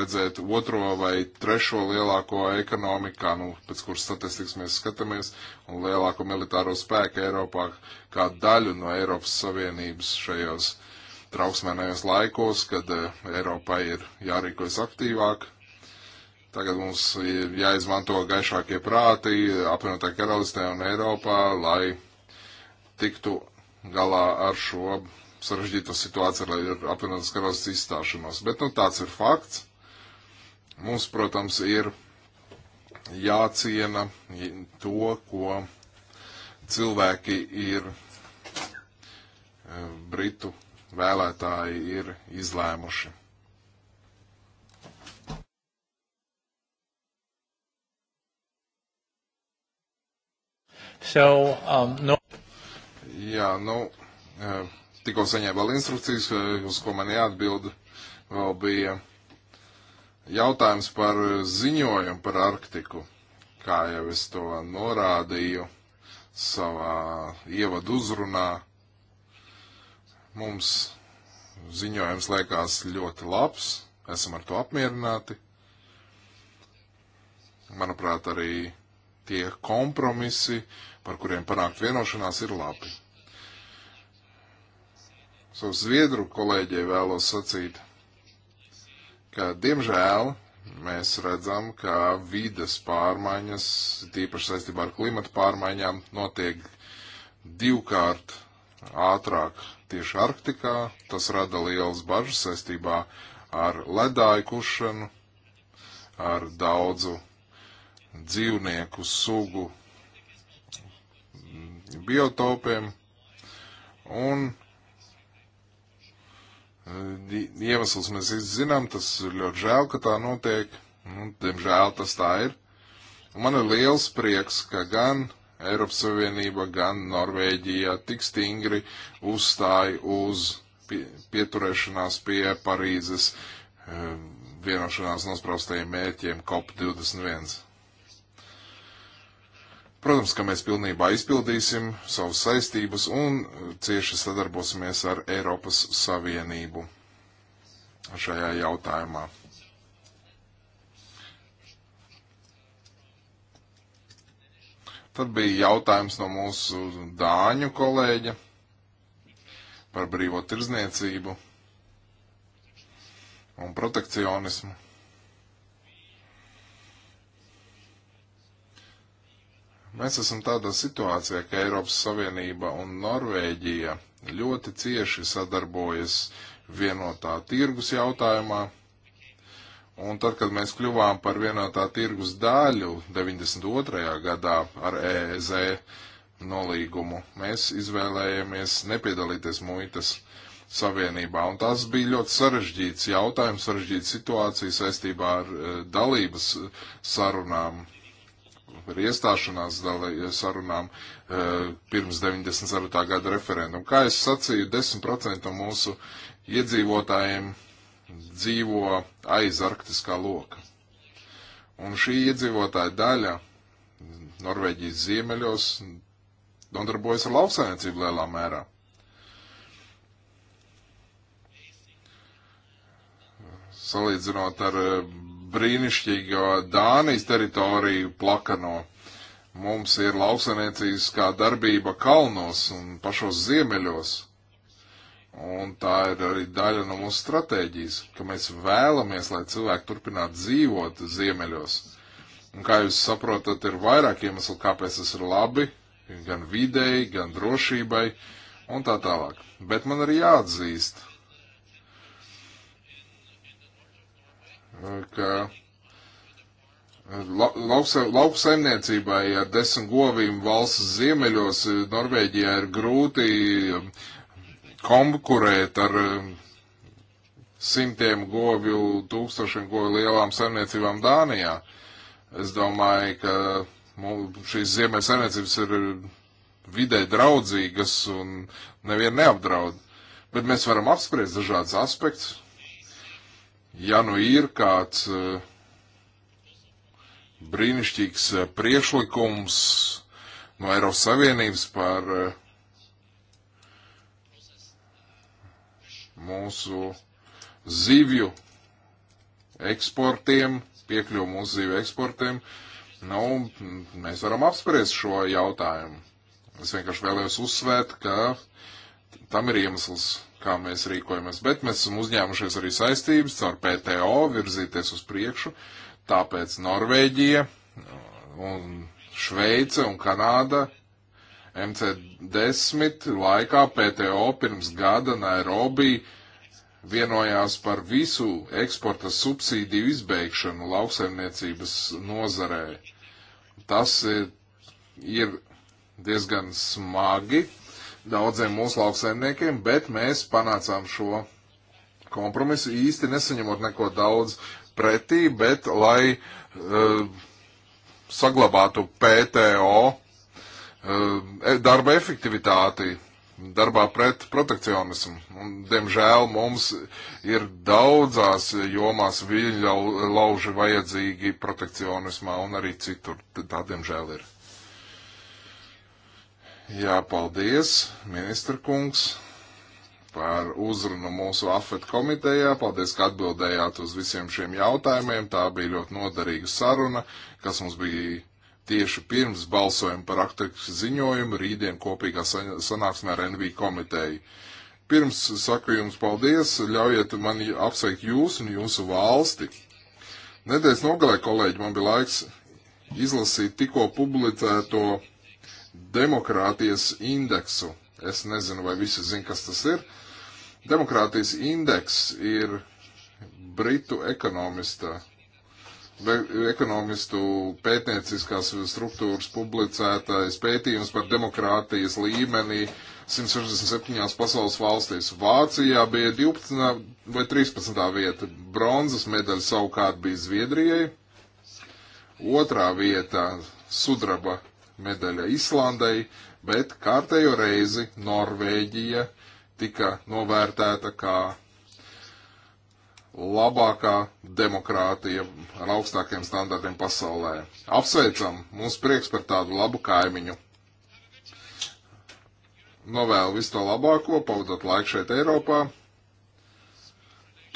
S1: redzēt otro vai trešo lielāko ekonomiku, kā, nu, pēc kuras statistikas mēs skatāmies, un lielāko militāro spēku Eiropā kā daļu no Eiropas Savienības šajos trauksmēnējos laikos, kad eh, Eiropai ir jārīkojas aktīvāk, Tagad mums ir jāizmanto gaišākie prāti apvienotā karalistē un Eiropā, lai tiktu galā ar šo sarežģīto situāciju, lai ir apvienotās karalistes izstāšanos. Bet nu, tāds ir fakts. Mums, protams, ir jāciena to, ko cilvēki ir, eh, britu vēlētāji ir izlēmuši. So, um, no... Jā, nu, eh, tikko saņēmu vēl instrukcijas, eh, uz ko man jāatbild. Vēl bija jautājums par ziņojumu par Arktiku. Kā jau es to norādīju savā ievadu uzrunā, mums ziņojums liekas ļoti labs, esam ar to apmierināti. Manuprāt, arī tie kompromisi, uh, par kuriem panākt vienošanās, ir labi. Savu zviedru kolēģei vēlos sacīt, ka diemžēl mēs redzam, ka vides pārmaiņas, tīpaši saistībā ar klimata pārmaiņām, notiek divkārt ātrāk tieši Arktikā. Tas rada lielas bažas saistībā ar ledāju kušanu, ar daudzu dzīvnieku sugu biotopiem un e, iemesls mēs zinām, tas ir ļoti žēl, ka tā notiek, un nu, diemžēl tas tā ir. Un man ir liels prieks, ka gan Eiropas Savienība, gan Norvēģija tik stingri uzstāja uz pieturēšanās pie Parīzes e, vienošanās nospraustajiem mērķiem COP21. Protams, ka mēs pilnībā izpildīsim savus saistības un uh, cieši sadarbosimies ar Eiropas Savienību šajā jautājumā. Tad bija jautājums no mūsu dāņu kolēģa par brīvo tirzniecību un protekcionismu. Mēs esam tādā situācijā, ka Eiropas Savienība un Norvēģija ļoti cieši sadarbojas vienotā tirgus jautājumā. Un tad, kad mēs kļuvām par vienotā tirgus daļu 92. gadā ar EEZ nolīgumu, mēs izvēlējāmies nepiedalīties muitas savienībā. Un tas bija ļoti sarežģīts jautājums, sarežģīta situācija saistībā ar eh, dalības sarunām par iestāšanās sarunām eh, pirms 94. gada referendumu. Kā es sacīju, 10% mūsu iedzīvotājiem dzīvo aiz arktiskā loka. Un šī iedzīvotāja daļa Norvēģijas ziemeļos nodarbojas ar lauksainiecību lielā mērā. Salīdzinot ar eh, brīnišķīgā Dānijas teritoriju plakano. Mums ir lauksaimniecīskā darbība kalnos un pašos ziemeļos. Un tā ir arī daļa no mūsu stratēģijas, ka mēs vēlamies, lai cilvēki turpinātu dzīvot ziemeļos. Un kā jūs saprotat, ir vairāk iemeslu, kāpēc tas ir labi, gan videi, gan drošībai un tā tālāk. Bet man arī jāatzīst, ka eh, lauksaimniecībai ar desmit govīm valsts ziemeļos eh, Norvēģijā ir grūti eh, konkurēt ar simtiem govju, tūkstošiem govju lielām saimniecībām Dānijā. Es domāju, ka šīs ziemeļa saimniecības ir vidē draudzīgas un nevienu neapdraud. Bet mēs varam apspriest dažādas aspektus, ja nu ir kāds eh, brīnišķīgs eh, priešlikums no Eiropas Savienības par eh, mūsu zivju eksportiem, piekļuvu mūsu zivju eksportiem, nu, mēs varam apspriest šo jautājumu. Es vienkārši vēlējos uzsvērt, ka tam ir iemesls kā mēs rīkojamies, bet mēs esam uzņēmušies arī saistības caur PTO virzīties uz priekšu, tāpēc Norvēģija un Šveice un Kanāda MC10 laikā PTO pirms gada Nairobi vienojās par visu eksporta subsīdiju izbeigšanu lauksaimniecības nozarē. Tas ir, ir diezgan smagi, daudziem mūsu lauksaimniekiem, bet mēs panācām šo kompromisu īsti nesaņemot neko daudz pretī, bet lai uh, saglabātu PTO uh, eh, darba efektivitāti darbā pret protekcionismu. Un, diemžēl mums ir daudzās jomās viļļa lauži vajadzīgi protekcionismā un arī citur. Tā diemžēl ir. Jā, paldies, ministra kungs, par uzrunu mūsu afet komitejā. Paldies, ka atbildējāt uz visiem šiem jautājumiem. Tā bija ļoti noderīga saruna, kas mums bija tieši pirms balsojuma par aktuālu ziņojumu rītdien kopīgā sanāksmē ar NV komiteju. Pirms saku jums paldies, ļaujiet man apsveikt jūs un jūsu valsti. Nedēļas nogalē, kolēģi, man bija laiks izlasīt tikko publicēto demokrātijas indeksu. Es nezinu, vai visi zin, kas tas ir. Demokrātijas indeks ir britu ekonomista, ekonomistu pētnieciskās struktūras publicētais pētījums par demokrātijas līmenī 167 pasaules valstīs. Vācijā bija 12 vai 13 vieta. Bronzas medaļa savukārt bija Zviedrijai. Otrā vieta sudraba medaļa Islandai, bet kārtējo reizi Norvēģija tika novērtēta kā labākā demokrātija ar augstākiem standartiem pasaulē. Apsveicam, mums prieks par tādu labu kaimiņu. Novēlu visu to labāko, pavadot laiku šeit Eiropā.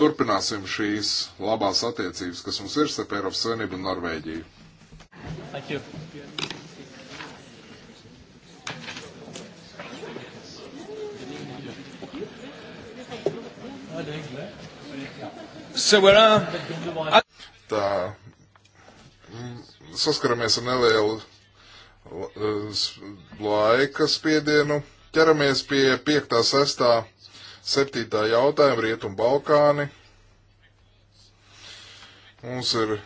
S1: Turpināsim šīs labās attiecības, kas mums ir starp Eiropas Savienību un Norvēģiju. Thank you. Severā. Uh, Tā. Mm, saskaramies ar nelielu laika spiedienu. Ķeramies pie 5, 6, 7 jautājuma Rietumu Balkāni. Mums ir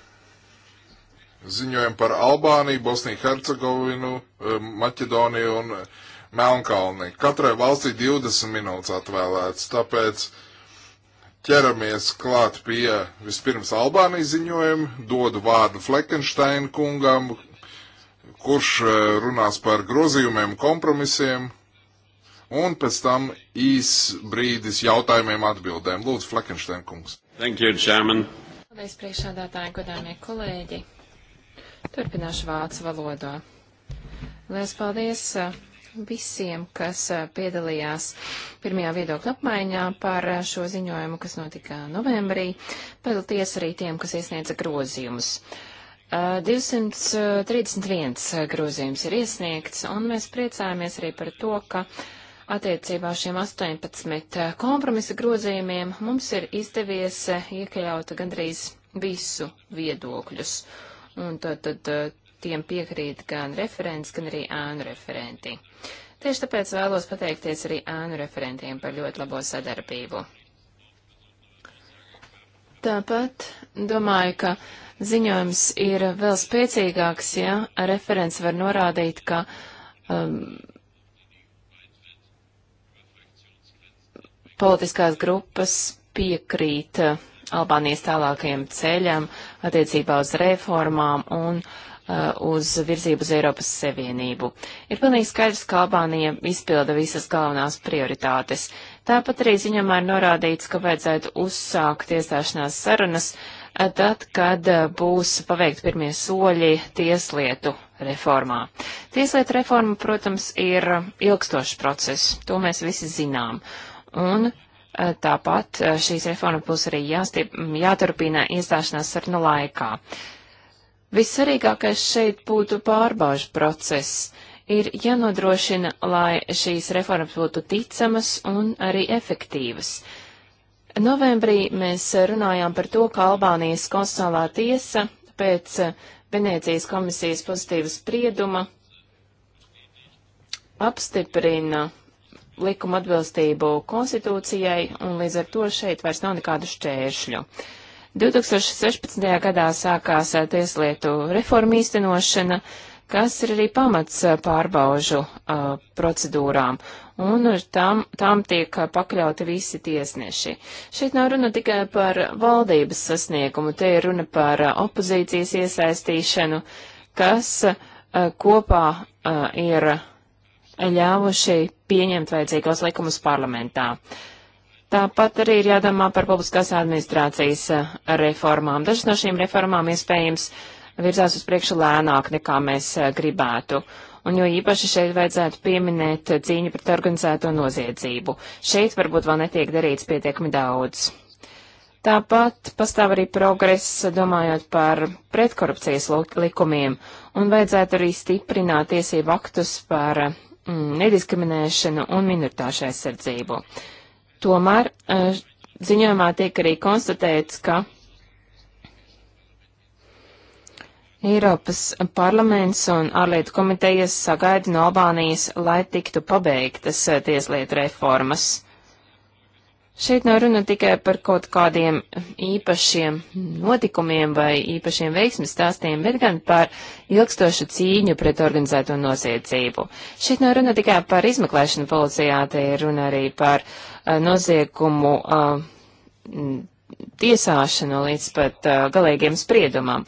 S1: ziņojumi par Albāniju, Bosniju, Hercegovinu, eh, Maķedoniju un Melnkalni. Katrai valstī 20 minūtes atvēlēts, tāpēc uh, ķeramies klāt pie vispirms Albānijas ziņojuma, dodu vārdu Fleckensteina kungam, kurš eh, runās par grozījumiem, kompromisiem, un pēc tam īs brīdis jautājumiem atbildēm. Lūdzu, Fleckensteina kungs. Thank you, Chairman.
S2: Paldies, priekšādātāji, godāmie kolēģi. Turpināšu vācu valodā. Lielas paldies uh, visiem, kas eh, piedalījās pirmajā viedokļa apmaiņā par eh, šo ziņojumu, kas notika novembrī. Paldies arī tiem, kas iesniedza grozījumus. 231 eh, grozījums ir iesniegts, un mēs priecājamies arī par to, ka attiecībā šiem 18 kompromisa grozījumiem mums ir izdevies iekļaut gandrīz visu viedokļus. Un tad, tad tiem piekrīt gan referents, gan arī ānu referenti. Tieši tāpēc vēlos pateikties arī ānu referentiem par ļoti labo sadarbību. Tāpat domāju, ka ziņojums ir vēl spēcīgāks, ja referents var norādīt, ka um, politiskās grupas piekrīt Albānijas tālākajam ceļam attiecībā uz reformām un uh, Uh, uz virzību uz Eiropas Savienību. Ir pilnīgi skaidrs, ka Albānija izpilda visas galvenās prioritātes. Tāpat arī ziņamā ir norādīts, ka vajadzētu uzsākt iestāšanās sarunas uh, tad, kad uh, būs paveikt pirmie soļi tieslietu reformā. Tieslietu reforma, protams, ir ilgstošs process, to mēs visi zinām. Un tāpat šīs reformas būs arī jāstiep, jāturpina iestāšanās sarunu laikā. Uh, Vissvarīgākais šeit būtu pārbaužu process. Ir jānodrošina, lai šīs reformas būtu ticamas un arī efektīvas. Novembrī mēs runājām par to, ka Albānijas konstitucionālā tiesa pēc Venēcijas komisijas pozitīvas sprieduma apstiprina likuma atbilstību konstitūcijai, un līdz ar to šeit vairs nav nekādu šķēršļu. Uh, 2016. gadā sākās tieslietu reforma īstenošana, kas ir arī pamats pārbaužu uh, procedūrām, un tam, tam tiek pakļauti visi tiesneši. Šeit nav runa tikai par valdības sasniegumu, te ir runa par uh, opozīcijas iesaistīšanu, kas uh, kopā ir ļāvuši pieņemt vajadzīgos likumus parlamentā. Uh, Tāpat arī ir jādomā par publiskās administrācijas eh, reformām. Dažas no šīm reformām iespējams virzās uz priekšu lēnāk, nekā mēs eh, gribētu un jo īpaši šeit vajadzētu pieminēt cīņu pret organizēto noziedzību. Šeit varbūt vēl netiek darīts pietiekami daudz. Tāpat pastāv arī progress, domājot par pretkorupcijas likumiem, un vajadzētu arī stiprināt tiesību aktus par mm, nediskriminēšanu un minoritāšu aizsardzību. Uh, Tomēr eh, ziņojumā tiek arī konstatēts, ka Eiropas parlaments un ārlietu komitejas sagaida no Albānijas, lai tiktu pabeigtas eh, tieslietu reformas. Šeit nav runa tikai par kaut kādiem īpašiem notikumiem vai īpašiem veiksmes stāstiem, bet gan par ilgstošu cīņu pret organizēto nosiedzību. Šeit nav runa tikai par izmeklēšanu policijā, te ir runa arī par uh, noziegumu uh, tiesāšanu līdz pat uh, galīgiem spriedumam.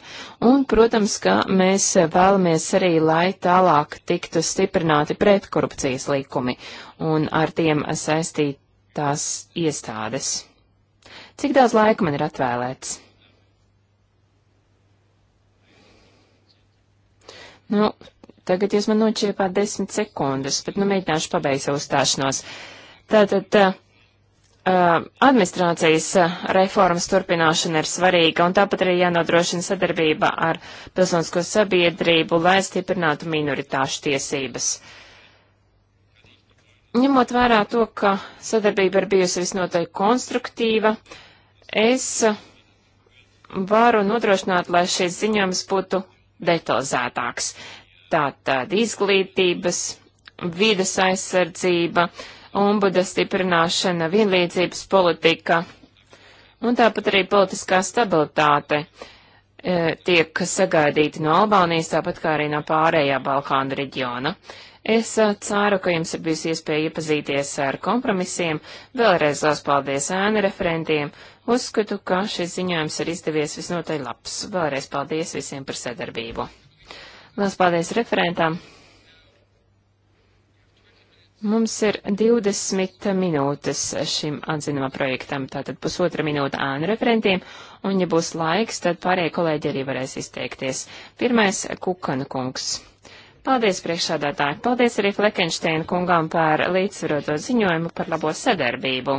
S2: Un, protams, ka mēs vēlamies arī, lai tālāk tiktu stiprināti pretkorupcijas likumi un ar tiem saistīt tās iestādes. Cik daudz laika man ir atvēlēts? Nu, tagad jūs man nočiepāt desmit sekundes, bet nu mēģināšu pabeigt savu stāšanos. Tātad. Tā, Uh, administrācijas reformas turpināšana ir svarīga, un tāpat arī jānodrošina sadarbība ar pilsonisko sabiedrību, lai stiprinātu minoritāšu tiesības. Uh, Ņemot vērā to, ka sadarbība ir bijusi visnotaļ konstruktīva, es varu nodrošināt, lai šis ziņojums būtu detalizētāks. Tātad izglītības, vides aizsardzība, ombuda stiprināšana, vienlīdzības politika un tāpat arī politiskā stabilitāte e, tiek sagaidīti no Albānijas, tāpat kā arī no pārējā Balkāna reģiona. Uh, Es eh, ceru, ka jums ir bijusi iespēja iepazīties ar kompromisiem. Vēlreiz liels paldies ēnu referentiem. Uzskatu, ka šis ziņojums ir izdevies visnotaļ labs. Vēlreiz paldies visiem par sadarbību. Liels paldies referentam. Mums ir 20 minūtes šim atzinuma projektam, tātad pusotra minūte ēnu referentiem, un ja būs laiks, tad pārējie kolēģi arī varēs izteikties. Pirmais - Kukana kungs. Paldies, priekšsādātāji! Paldies arī Flekenšteina kungām par līdzsvaroto ziņojumu par labo sadarbību.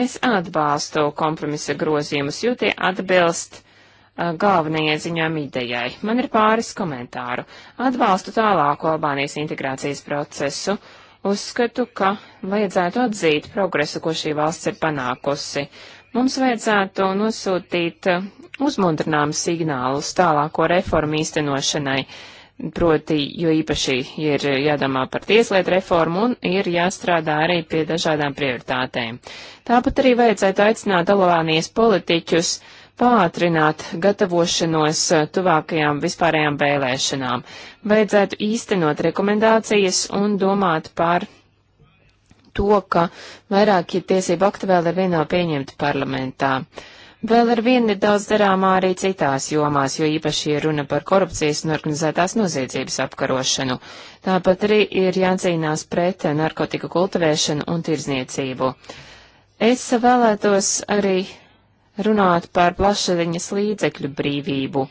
S2: Es atbalstu kompromisa grozījumus, jo tie atbilst uh, galvenajai ziņojuma idejai. Man ir pāris komentāru. Atbalstu tālāko Albānijas integrācijas procesu. Uzskatu, ka vajadzētu atzīt progresu, ko šī valsts ir panākusi. Mums vajadzētu nosūtīt uh, uzmundrinājumu signālus tālāko reformu īstenošanai Proti, jo īpaši ir jādomā par tieslietu reformu un ir jāstrādā arī pie dažādām prioritātēm. Tāpat arī vajadzētu aicināt Alavānijas politiķus pātrināt gatavošanos tuvākajām vispārējām vēlēšanām. Vajadzētu īstenot rekomendācijas un domāt par to, ka vairākie tiesību akti vēl ir vienā pieņemti parlamentā. Uh, Vēl ar vienu ir daudz darāmā arī citās jomās, jo īpaši ir runa par korupcijas un organizētās noziedzības apkarošanu. Tāpat arī ir jācīnās pret narkotiku kultivēšanu un tirzniecību. Es vēlētos arī runāt par plašsaziņas līdzekļu brīvību,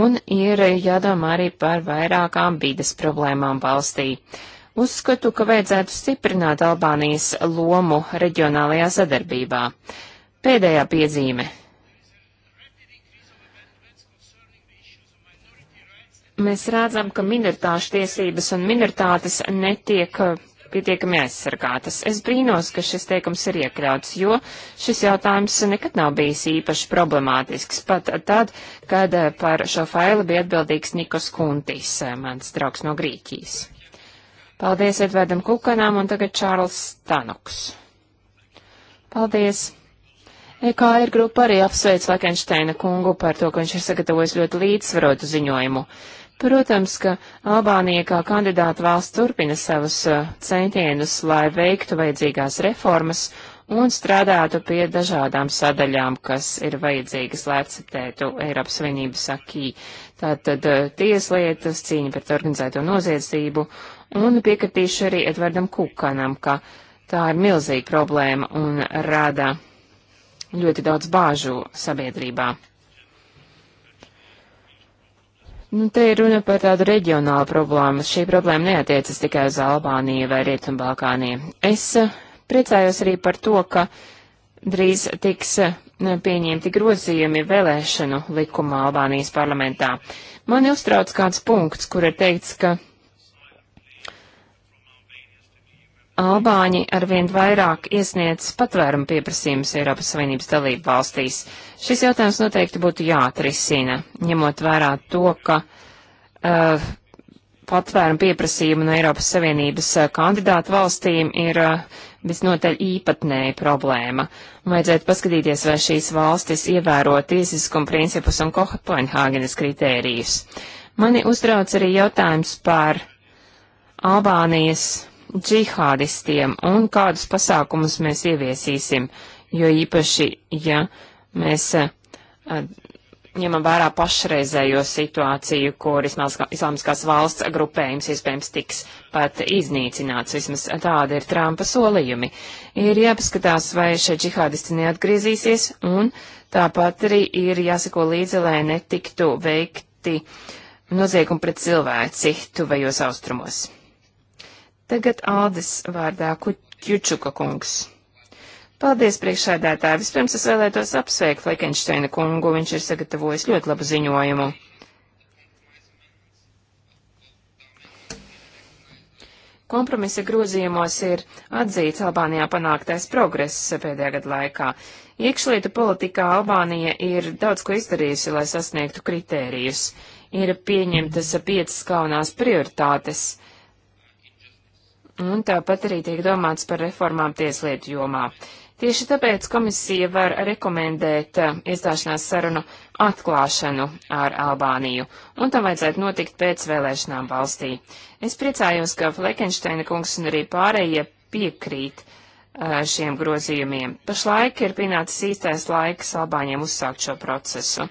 S2: un ir jādomā arī par vairākām vides problēmām valstī. Uzskatu, ka vajadzētu stiprināt Albānijas lomu reģionālajā sadarbībā. Pēdējā piezīme. Mēs redzam, ka minoritāšu tiesības un minoritātes netiek uh, pietiekami aizsargātas. Es brīnos, ka šis teikums ir iekļauts, jo šis jautājums nekad nav bijis īpaši problemātisks, pat tad, kad uh, par šo failu bija atbildīgs Nikos Kuntis, uh, mans draugs no Grīķijas. Paldies Edvardam Kukanām un tagad Čārls Stanoks. Paldies! EKR grupa arī apsveic Lakensteina kungu par to, ka viņš ir sagatavojis ļoti līdzsvarotu ziņojumu. Protams, ka Albānija kā kandidāta valsts turpina savus uh, centienus, lai veiktu vajadzīgās reformas un strādātu pie dažādām sadaļām, kas ir vajadzīgas, lai akceptētu Eiropas Savienības akī. Tātad uh, tieslietas, cīņa pret organizēto noziedzību un piekritīšu arī Edvardam Kukanam, ka tā ir milzīga problēma un rada ļoti daudz bāžu sabiedrībā. Nu, te ir runa par tādu reģionālu problēmu. Šī problēma neatiecas tikai uz Albāniju vai Rietumbalkāniju. Es eh, priecājos arī par to, ka drīz tiks eh, pieņemti grozījumi vēlēšanu likumā Albānijas parlamentā. Mani uztrauc kāds punkts, kur ir teikts, ka Albāņi arvien vairāk iesniedz patvērumu pieprasījumus Eiropas Savienības dalību valstīs. Šis jautājums noteikti būtu jāatrisina, ņemot vērā to, ka uh, patvērumu pieprasījumu no Eiropas Savienības uh, kandidātu valstīm ir uh, visnotaļ īpatnēja problēma. Vajadzētu paskatīties, vai šīs valstis ievēro tiesiskuma principus un Kopenhāgenes kritērijus. Mani uztrauc arī jautājums par Albānijas džihādistiem un kādus pasākumus mēs ieviesīsim, jo īpaši, ja mēs eh, eh, ņemam vērā pašreizējo situāciju, kur islāmiskās valsts grupējums iespējams tiks pat iznīcināts. Vismaz tāda ir Trumpa solījumi. Ir jāpaskatās, vai šie džihādisti neatgriezīsies, un tāpat arī ir jāsako līdzi, lai netiktu veikti noziegumi pret cilvēci tuvējos austrumos. Tagad Aldis vārdā Kuķučuka kungs. Paldies, priekšsēdētāji. Vispirms es vēlētos apsveikt Lekenšteina kungu, viņš ir sagatavojis ļoti labu ziņojumu. kompromisa grozījumos ir atzīts Albānijā panāktais progress pēdējā gada laikā. Iekšlietu politikā Albānija ir daudz ko izdarījusi, lai sasniegtu kritērijus. Ir pieņemtas piecas galvenās prioritātes un tāpat arī tiek domāts par reformām tieslietu jomā. Tieši tāpēc komisija var rekomendēt eh, iestāšanās sarunu atklāšanu ar Albāniju, un tam vajadzētu notikt pēc vēlēšanām valstī. Es priecājos, ka Flekensteina kungs un arī pārējie piekrīt eh, šiem grozījumiem. Pašlaik ir pienācis īstais laiks Albāņiem uzsākt šo procesu.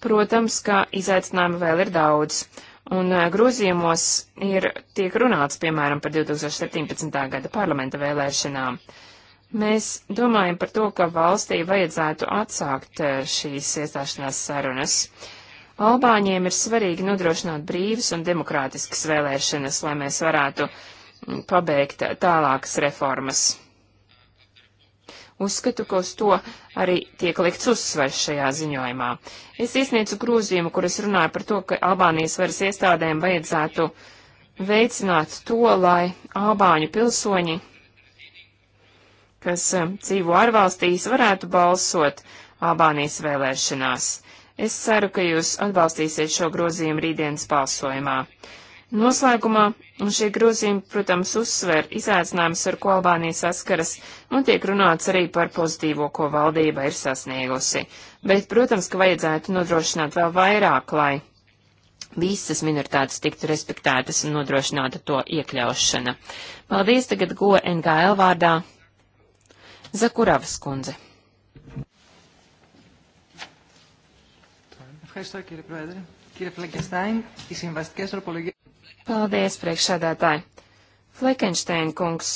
S2: Protams, ka izaicinājumu vēl ir daudz, Un grozījumos ir tiek runāts, piemēram, par 2017. gada parlamenta vēlēšanām. Mēs domājam par to, ka valstī vajadzētu atsākt šīs iestāšanās sarunas. Albāņiem ir svarīgi nodrošināt brīvas un demokrātiskas vēlēšanas, lai mēs varētu pabeigt tālākas reformas. Uzskatu, ka uz to arī tiek liekts uzsvers šajā ziņojumā. Es iesniedzu grūzījumu, kuras runāja par to, ka Albānijas varas iestādēm vajadzētu veicināt to, lai Albāņu pilsoņi, kas um, dzīvo ārvalstīs, varētu balsot Albānijas vēlēšanās. Es ceru, ka jūs atbalstīsiet šo grozījumu rītdienas balsojumā. Noslēgumā šie grozījumi, protams, uzsver izaicinājumus, ar ko Albānija saskaras, un tiek runāts arī par pozitīvo, ko valdība ir sasniegusi. Bet, protams, ka vajadzētu nodrošināt vēl vairāk, lai visas minoritātes tiktu respektētas un nodrošināta to iekļaušana. Paldies tagad go NKL vārdā. Zakuravas kundze.
S3: Ευχαριστώ κύριε Πρόεδρε. Κύριε Φλεγκεστάιν, οι συμβαστικές τροπολογίες...
S2: Paldies, priekšsēdētāji. Flekenšteina kungs.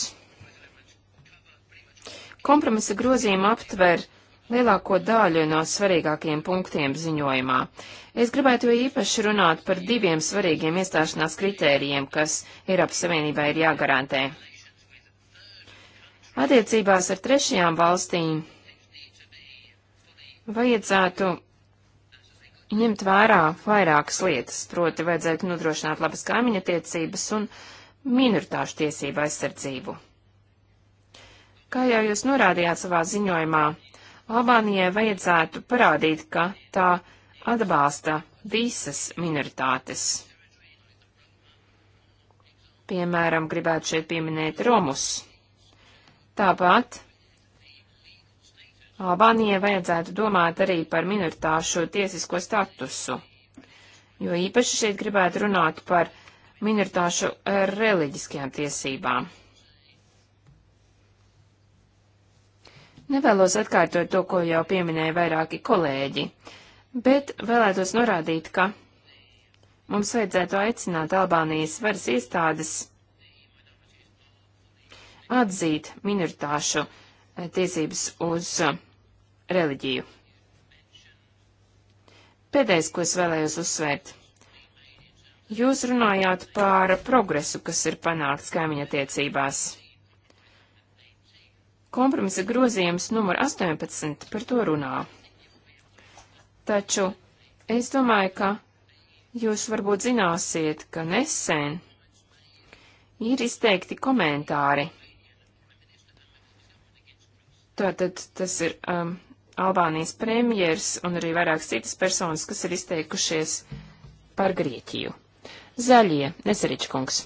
S2: Kompromisa grozījuma aptver lielāko daļu no svarīgākajiem punktiem ziņojumā. Es gribētu īpaši runāt par diviem svarīgiem iestāšanās kritērijiem, kas Eiropas Savienībā ir jāgarantē. Attiecībās ar trešajām valstīm vajadzētu ņemt vērā vairākas lietas, proti vajadzētu nodrošināt labas kaimiņa tiecības un minoritāšu tiesību aizsardzību. Kā jau jūs norādījāt savā ziņojumā, Albānijai vajadzētu parādīt, ka tā atbalsta visas minoritātes. Piemēram, gribētu šeit pieminēt Romus. Tāpat Albānijai vajadzētu domāt arī par minoritāšu tiesisko statusu, jo īpaši šeit gribētu runāt par minoritāšu reliģiskajām tiesībām. Nevēlos atkārtot to, ko jau pieminēja vairāki kolēģi, bet vēlētos norādīt, ka mums vajadzētu aicināt Albānijas varas iestādes atzīt minoritāšu tiesības uz reliģiju. Pēdējais, ko es vēlējos uzsvērt. Jūs runājāt par progresu, kas ir panākts kaimiņa tiecībās. Kompromisa grozījums numur 18 par to runā. Taču es domāju, ka jūs varbūt zināsiet, ka nesen ir izteikti komentāri. Tātad tas ir um, Albānijas premjers un arī vairākas citas personas, kas ir izteikušies par Grieķiju. Zaļie, Nesaričkungs.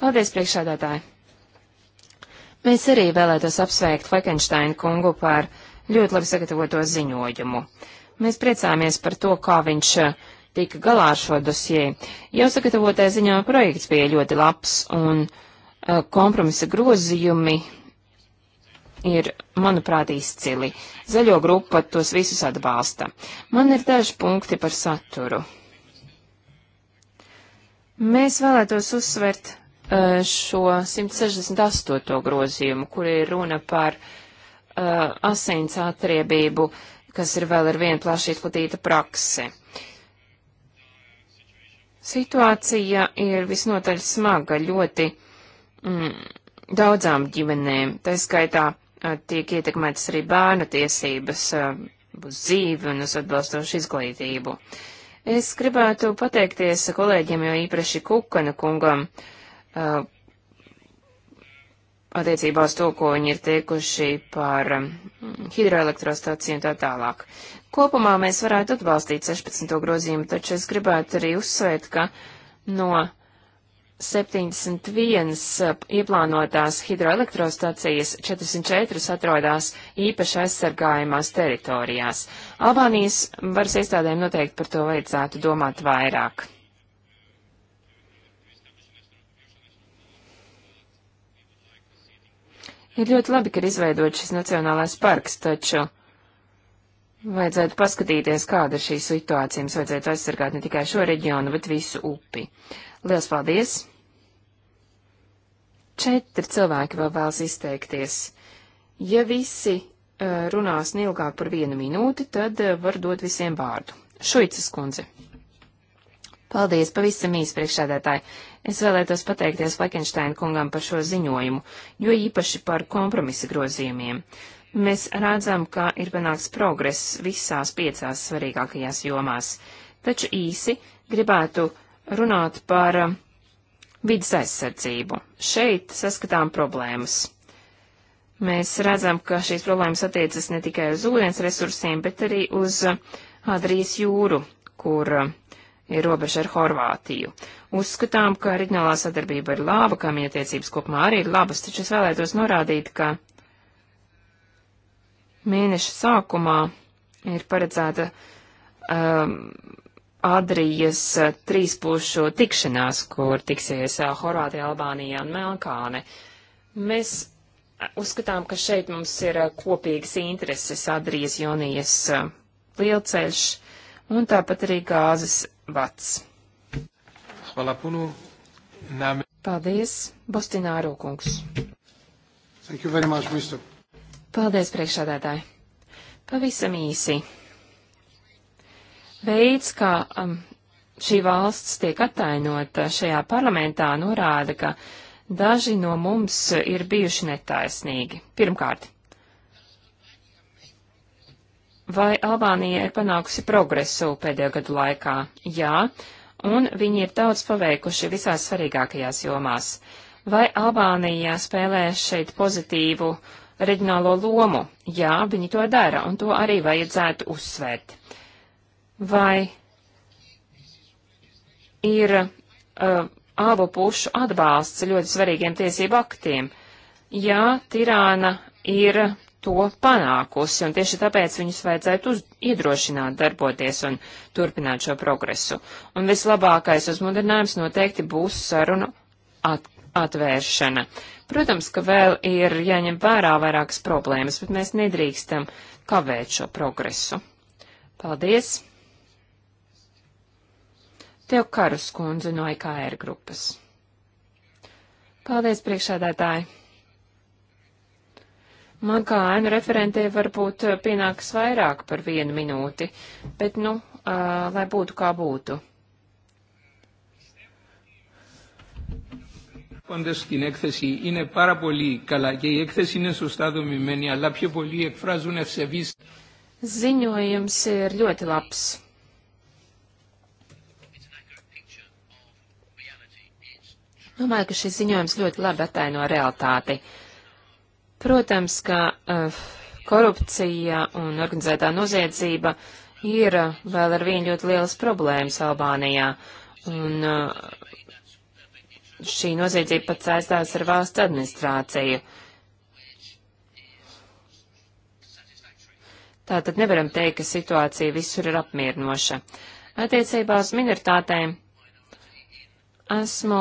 S2: Paldies, priekšādātāji. Mēs arī vēlētos apsveikt Fleckensteinu kungu par ļoti labi sagatavoto ziņojumu. Mēs priecāmies par to, kā viņš eh, tika galā ar šo dosie. Jau sagatavotais ziņojuma projekts bija ļoti labs un eh, kompromisa grozījumi ir, manuprāt, izcili. Zaļo grupa tos visus atbalsta. Man ir daži punkti par saturu. Mēs vēlētos uzsvert eh, šo 168. grozījumu, kur ir runa par uh, asins atriebību, kas ir vēl ar vienu plaši izplatīta prakse. Situācija ir visnotaļ smaga ļoti mm, daudzām ģimenēm, tā skaitā tiek ietekmētas arī bērnu tiesības eh, uz dzīvi un uz atbalstošu izglītību. Es gribētu pateikties kolēģiem, jo īpaši Kukana kungam, eh, attiecībā uz to, ko viņi ir teikuši par mm, hidroelektrostāciju un tā tālāk. Kopumā mēs varētu atbalstīt 16. grozījumu, taču es gribētu arī uzsvērt, ka no 71 ieplānotās hidroelektrostacijas 404 atrodās īpaši aizsargājumās teritorijās. Albānijas varas iestādēm noteikti par to vajadzētu domāt vairāk. Ir ļoti labi, ka ir izveidot šis nacionālais parks, taču Vajadzētu paskatīties, kāda ir šī situācija. Mums vajadzētu aizsargāt ne tikai šo reģionu, bet visu upi. Lielas paldies! Četri cilvēki vēl vēlas izteikties. Ja visi uh, runās neilgāk par vienu minūti, tad uh, var dot visiem vārdu. Šuicas kundze. Paldies, pavisam īsi priekšsēdētāji. Es vēlētos pateikties Lekenšteina kungam par šo ziņojumu, jo īpaši par kompromisa grozījumiem. Uh, Mēs redzam, ka ir panāks progress visās piecās svarīgākajās jomās, taču īsi gribētu runāt par um, vidas aizsardzību. Šeit saskatām problēmas. Mēs redzam, ka šīs problēmas attiecas ne tikai uz ūdens resursiem, bet arī uz uh, Adrijas jūru, kur um, ir robeža ar Horvātiju. Uzskatām, ka reģionālā sadarbība ir laba, kaimiņattiecības kopumā arī ir labas, taču es vēlētos norādīt, ka mēneša sākumā ir paredzēta um, Adrijas trīspūšu tikšanās, kur tiksies uh, Horvātija, Albānija un Melkāne. Mēs uh, uzskatām, ka šeit mums ir uh, kopīgas intereses Adrijas, Jonijas uh, lielceļš un tāpat arī gāzes vats. Paldies, Bostināro kungs.
S1: Thank you very much, Mr.
S2: Paldies, priekšādātāji. Pavisam īsi. Veids, kā um, šī valsts tiek attainota šajā parlamentā, norāda, ka daži no mums ir bijuši netaisnīgi. Pirmkārt, vai Albānija ir panākusi progresu pēdējo gadu laikā? Jā, un viņi ir daudz paveikuši visās svarīgākajās jomās. Vai Albānija spēlē šeit pozitīvu reģionālo lomu. Jā, viņi to dara, un to arī vajadzētu uzsvērt. Vai ir uh, abu pušu atbalsts ļoti svarīgiem tiesību aktiem? Jā, Tirāna ir to panākusi, un tieši tāpēc viņus vajadzētu uz, iedrošināt darboties un turpināt šo progresu. Un vislabākais uzmundrinājums noteikti būs sarunu at, atvēršana. Protams, ka vēl ir jāņem vērā vairākas problēmas, bet mēs nedrīkstam kavēt šo progresu. Paldies! Tev karus kundze no IKR e grupas. Paldies, priekšādātāji! Man kā ainu referentē varbūt pienāks vairāk par vienu minūti, bet, nu, uh, lai būtu kā būtu.
S1: όντως την έκθεση είναι πάρα πολύ καλά και η έκθεση είναι σωστά δομημένη, αλλά πιο πολύ εκφράζουν ευσεβείς.
S2: Ziņojums ir ļoti labs. Domāju, ka šis ziņojums ļoti labi attaino realitāti. Protams, ka uh, korupcija un organizētā noziedzība ir uh, vēl ar vienu ļoti lielas problēmas Albānijā. Un uh, šī noziedzība pat saistās ar valsts administrāciju. Tātad nevaram teikt, ka situācija visur ir apmierinoša. Attiecībā uz minoritātēm esmu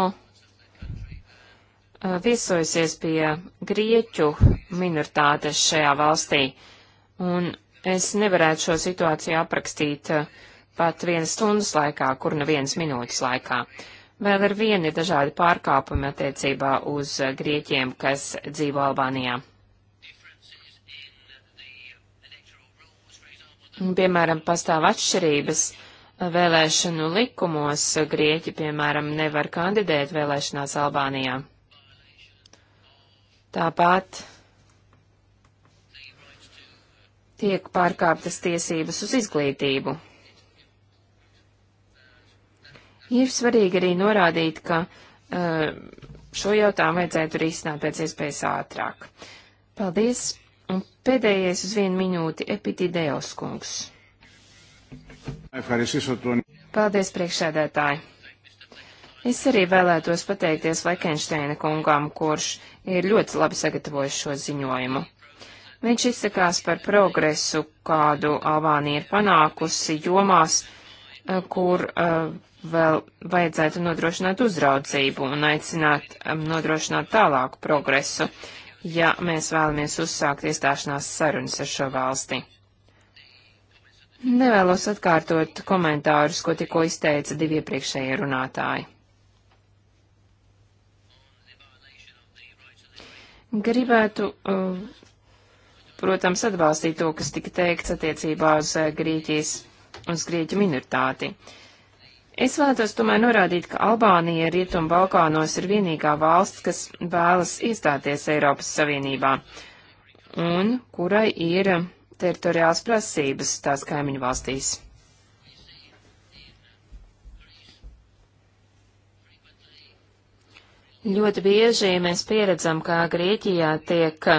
S2: viesojusies pie grieķu minoritātes šajā valstī, un es nevarētu šo situāciju aprakstīt pat vienas stundas laikā, kur nu vienas minūtes laikā. Uh, Vēl ar vienu ir dažādi pārkāpumi attiecībā uz eh, grieķiem, kas dzīvo Albānijā. Piemēram, pastāv atšķirības eh, vēlēšanu likumos. Eh, Grieķi, piemēram, nevar kandidēt vēlēšanās Albānijā. Tāpat tiek pārkāptas tiesības uz izglītību. Ir svarīgi arī norādīt, ka uh, šo jautājumu vajadzētu risināt pēc iespējas ātrāk. Paldies! Un pēdējais uz vienu minūti - Epitidējos kungs.
S1: Paldies,
S2: priekšsēdētāji! Es arī vēlētos pateikties Lekenšteina kungam, kurš ir ļoti labi sagatavojis šo ziņojumu. Viņš izsakās par progresu, kādu Albānija ir panākusi jomās, eh, kur uh, vēl vajadzētu nodrošināt uzraudzību un aicināt um, nodrošināt tālāku progresu, ja mēs vēlamies uzsākt iestāšanās sarunas ar šo valsti. Nevēlos atkārtot komentārus, ko tikko izteica divi iepriekšējie runātāji. Gribētu, uh, protams, atbalstīt to, kas tika teikts attiecībā uz uh, Grieķijas, uz Grieķu minoritāti. Uh, Es vēlētos tomēr norādīt, ka Albānija Rietumu Balkānos ir vienīgā valsts, kas vēlas iestāties Eiropas Savienībā un kurai ir teritoriāls prasības tās kaimiņu valstīs. Ļoti bieži mēs pieredzam, kā Grieķijā tiek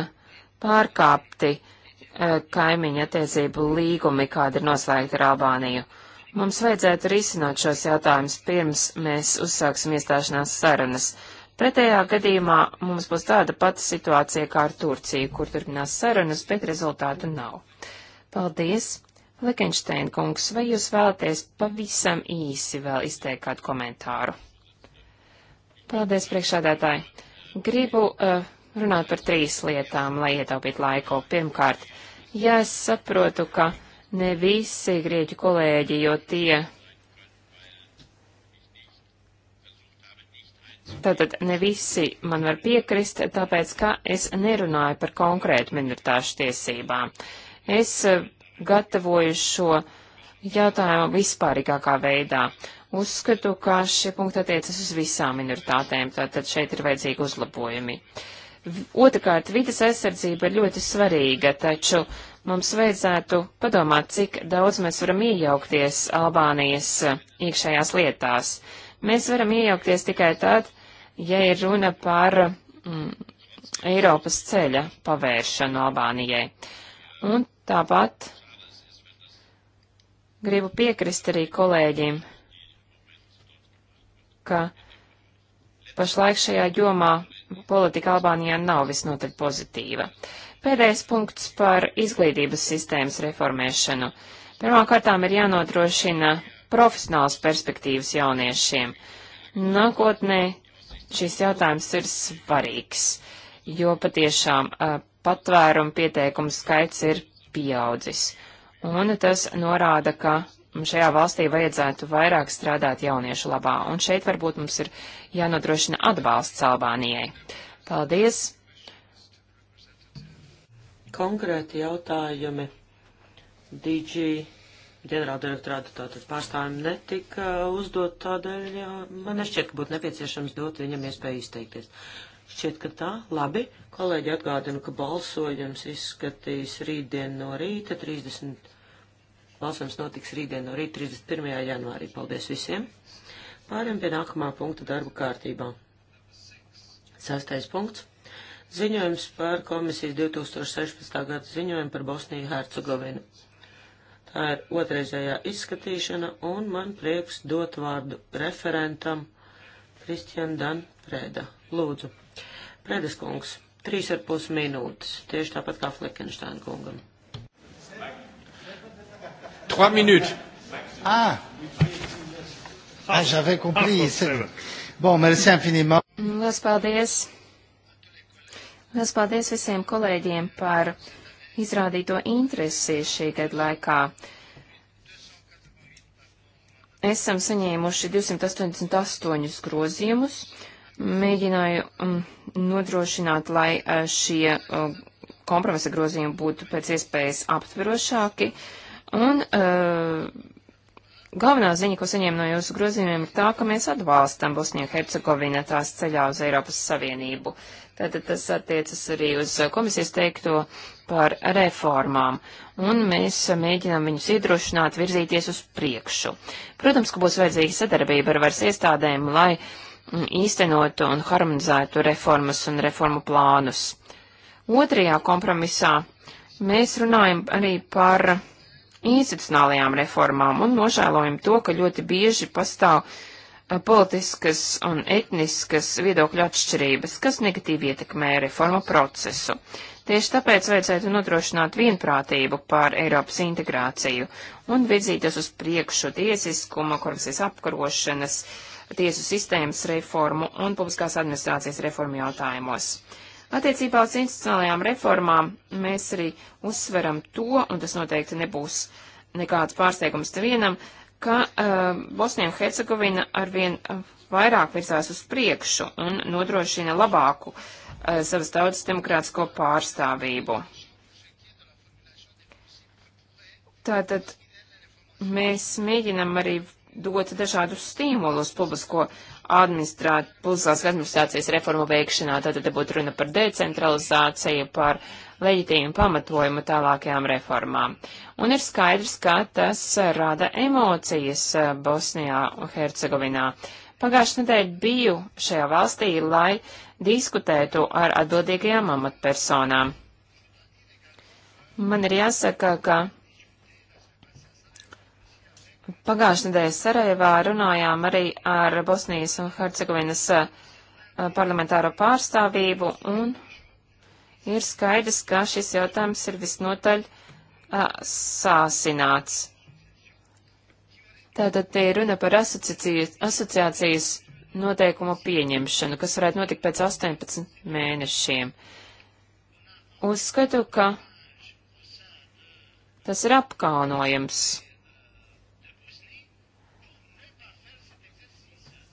S2: pārkāpti eh, kaimiņu attiecību līgumi, kāda ir noslēgta ar Albāniju. Mums vajadzētu risināt šos jautājumus pirms mēs uzsāksim iestāšanās sarunas. Pretējā gadījumā mums būs tāda pati situācija kā ar Turciju, kur turpinās sarunas, bet rezultātu nav. Paldies! Lekenšteina kungs, vai jūs vēlaties pavisam īsi vēl izteikt kādu komentāru? Paldies, priekšādātāji. Gribu uh, runāt par trīs lietām, lai ietaupītu laiku. Pirmkārt, ja es saprotu, ka ne visi grieķu kolēģi, jo tie. Tātad ne visi man var piekrist, tāpēc, ka es nerunāju par konkrētu minoritāšu tiesībām. Es eh, gatavoju šo jautājumu vispārīgākā veidā. Uzskatu, ka šie punkti attiecas uz visām minoritātēm, tātad šeit ir vajadzīgi uzlabojumi. Otrakārt, vidas aizsardzība ir ļoti svarīga, taču uh, Mums vajadzētu padomāt, cik daudz mēs varam iejaukties Albānijas eh, iekšējās lietās. Mēs varam iejaukties tikai tad, ja ir runa par mm, Eiropas ceļa pavēršanu Albānijai. Un tāpat gribu piekrist arī kolēģim, ka pašlaik šajā jomā politika Albānijā nav visnotaļ pozitīva. Pēdējais punkts par izglītības sistēmas reformēšanu. Pirmkārtām ir jānodrošina profesionāls perspektīvas jauniešiem. Nākotnē šis jautājums ir svarīgs, jo patiešām patvērumu pieteikumu skaits ir pieaudzis. Un tas norāda, ka šajā valstī vajadzētu vairāk strādāt jauniešu labā. Un šeit varbūt mums ir jānodrošina
S3: atbalsts Albānijai. Paldies! konkrēti jautājumi DG ģenerāldirektorāta tātad pārstāvjiem netika uzdot tādēļ, jā, man nešķiet, ka būtu nepieciešams dot viņam iespēju izteikties. Šķiet, ka tā, labi, kolēģi atgādinu, ka balsojums izskatīs rītdien no rīta, 30, balsojums notiks rītdien no rīta, 31. janvārī. Paldies visiem! Pāriem pie nākamā punkta darba kārtībā. Sastais punkts. Ziņojums par komisijas 2016. gada ziņojumu par Bosniju Hercegovinu. Tā ir otrreizējā izskatīšana, un man prieks dot vārdu referentam Kristian Dan Prēda. Lūdzu. Prēdes kungs, trīs ar pus minūtes, tieši tāpat kā Fleckensteina kungam.
S1: Trois minūtes. Ah!
S3: Ah, j'avais compris. Ah, bon, merci
S2: infiniment. Lielas paldies. Liels paldies visiem kolēģiem par izrādīto interesi šī gada laikā. Esam saņēmuši 288 grozījumus. Mēģināju um, nodrošināt, lai uh, šie uh, kompromisa grozījumi būtu pēc iespējas aptverošāki. Un uh, Galvenā ziņa, ko saņēmu no jūsu grozījumiem, ir tā, ka mēs atbalstam Bosniju Hercegovinu tās ceļā uz Eiropas Savienību. Tātad tas attiecas arī uz komisijas teikto par reformām, un mēs mēģinām viņus iedrošināt virzīties uz priekšu. Protams, ka būs vajadzīga sadarbība ar varas iestādēm, lai mm, īstenotu un harmonizētu reformas un reformu plānus. Otrajā kompromisā mēs runājam arī par institucionālajām reformām un nožēlojam to, ka ļoti bieži pastāv eh, politiskas un etniskas viedokļu atšķirības, kas negatīvi ietekmē reformu procesu. Tieši tāpēc vajadzētu nodrošināt vienprātību pār Eiropas integrāciju un virzīties uz priekšu tiesiskuma, korupcijas apkarošanas, tiesu sistēmas reformu un publiskās administrācijas reformu jautājumos. Attiecībā uz institucionālajām reformām mēs arī uzsveram to, un tas noteikti nebūs nekāds pārsteigums nevienam, ka uh, Bosnija un Hercegovina arvien uh, vairāk virzās uz priekšu un nodrošina labāku uh, savas tautas demokrātisko pārstāvību. Tātad mēs mēģinam arī dot dažādus stimulus publisko administrāt, pilsētas administrācijas reformu veikšanā, tad te būtu runa par decentralizāciju, par leģitīmu pamatojumu tālākajām reformām. Un ir skaidrs, ka tas rada emocijas eh, Bosnijā un Hercegovinā. Pagājušajā nedēļā biju šajā valstī, lai diskutētu ar atbildīgajām amatpersonām. Man ir jāsaka, ka Pagājušajā nedēļā Sarajevā runājām arī ar Bosnijas un Hercegovinas eh, parlamentāro pārstāvību, un ir skaidrs, ka šis jautājums ir visnotaļ a, eh, sāsināts. Tātad te ir runa par asociācijas noteikumu pieņemšanu, kas varētu notikt pēc 18 mēnešiem. Uzskatu, ka tas ir apkaunojams.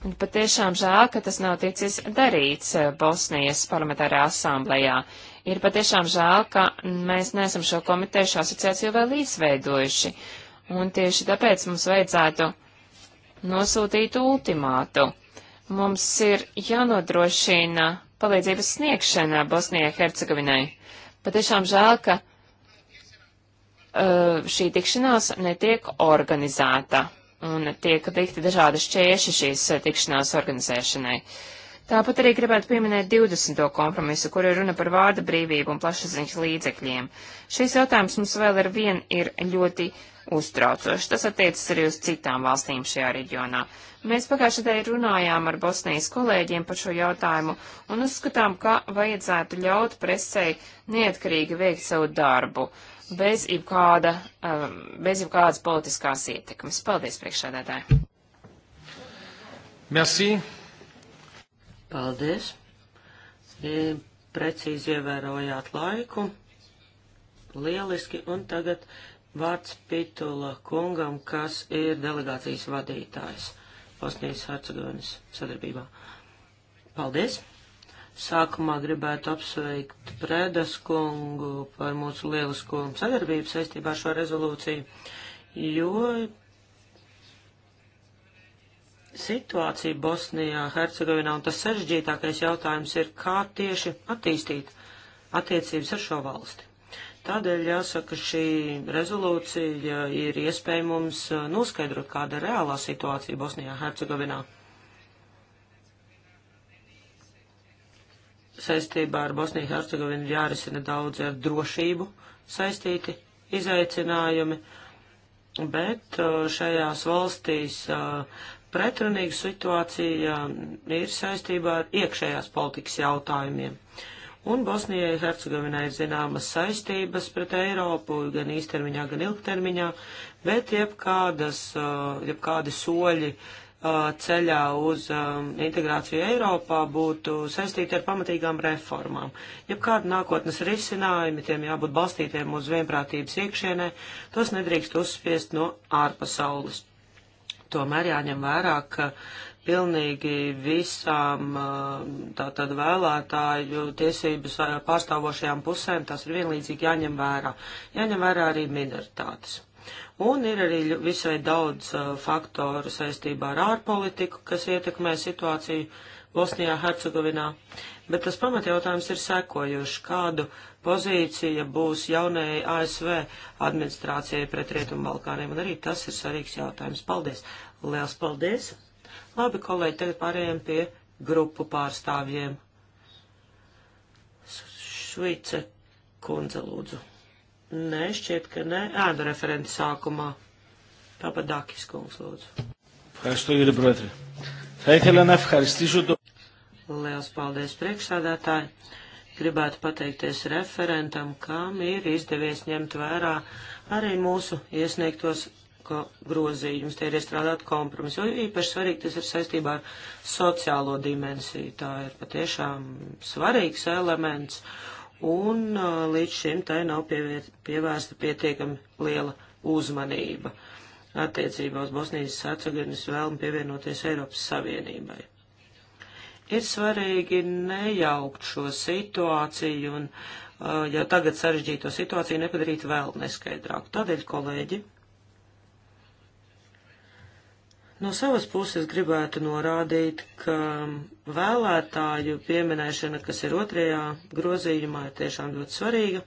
S2: Un patiešām žēl, ka tas nav ticis darīts eh, Bosnijas parlamentārā asamblējā. Ir patiešām žēl, ka mēs neesam šo komiteju asociāciju vēl izveidojuši. Un tieši tāpēc mums vajadzētu nosūtīt ultimātu. Mums ir jānodrošina palīdzības sniegšana Bosnijai Hercegovinai. Patiešām žēl, ka uh, šī tikšanās netiek organizēta un tiek likti dažādi šķieši šīs eh, tikšanās organizēšanai. Tāpat arī gribētu pieminēt 20. kompromisu, kur ir runa par vārda brīvību un plašsaziņas līdzekļiem. Šis jautājums mums vēl ar vien ir ļoti uztraucošs. Tas attiecas arī uz citām valstīm šajā reģionā. Mēs pagājušajā dēļ runājām ar Bosnijas kolēģiem par šo jautājumu un uzskatām, ka vajadzētu ļaut presei neatkarīgi veikt savu darbu bez jebkāda, um, bez jebkādas politiskās ietekmes.
S3: Paldies, priekšsēdētāji! Merci! Paldies! E, precīzi ievērojāt laiku. Lieliski, un tagad vārds Pitula kungam, kas ir delegācijas vadītājs Bosnijas Hercegovinas sadarbībā. Paldies! Sākumā gribētu apsveikt Prēdas kungu par mūsu lielisko sadarbību saistībā ar šo rezolūciju, jo situācija Bosnijā, Hercegovinā un tas sarežģītākais jautājums ir, kā tieši attīstīt attiecības ar šo valsti. Tādēļ jāsaka, šī rezolūcija ir iespēja mums noskaidrot, kāda ir reālā situācija Bosnijā, Hercegovinā. saistībā ar Bosniju Hercegovinu ir jārisina daudz ar drošību saistīti izaicinājumi, bet uh, šajās valstīs uh, pretrunīga situācija um, ir saistībā ar iekšējās politikas jautājumiem. Un Bosnijai Hercegovinai ir zināmas saistības pret Eiropu, gan īstermiņā, gan ilgtermiņā, bet jebkādas, uh, jebkādi soļi uh, ceļā uz um, integrāciju Eiropā būtu saistīti ar pamatīgām reformām. Ja kāda nākotnes risinājumi, tiem jābūt balstītiem uz vienprātības iekšienē, tos nedrīkst uzspiest no ārpasaules. Tomēr jāņem vērā, ka pilnīgi visām tātad vēlētāju tiesības pārstāvošajām pusēm tas ir vienlīdzīgi jāņem vērā. Jāņem vērā arī minoritātes. Un ir arī visai daudz uh, faktoru saistībā ar ārpolitiku, kas ietekmē situāciju Bosnijā, Hercegovinā. Bet tas pamatjautājums ir sekojuši, kādu pozīcija būs jaunajai ASV administrācijai pret Rietumu Balkāniem. Un arī tas ir svarīgs jautājums. Paldies! Liels paldies! Labi, kolēģi, tagad pārējiem pie grupu pārstāvjiem. Šveice kundze lūdzu. Nē, šķiet, ka nē. Ēnu referents sākumā. Tāpat Dākis kungs, lūdzu. Ευχαριστώ κύριε Πρόεδρε. Θα ήθελα να ευχαριστήσω το... Liels paldies priekšsādātāji. Gribētu pateikties referentam, kam ir izdevies ņemt vērā arī mūsu iesniegtos grozījumus. Tie ir iestrādāti kompromisi. Jo īpaši svarīgi tas ir saistībā ar sociālo dimensiju. Tā ir patiešām svarīgs elements un līdz šim tai nav pievērsta pietiekami liela uzmanība attiecībā uz Bosnijas Hercegovinas vēlmu pievienoties Eiropas Savienībai. Ir svarīgi nejaukt šo situāciju un uh, jau tagad sarežģīto situāciju nepadarīt vēl neskaidrāku. Tādēļ, kolēģi, No savas puses gribētu norādīt, ka vēlētāju pieminēšana, kas ir otrajā grozījumā, ir tiešām ļoti svarīga.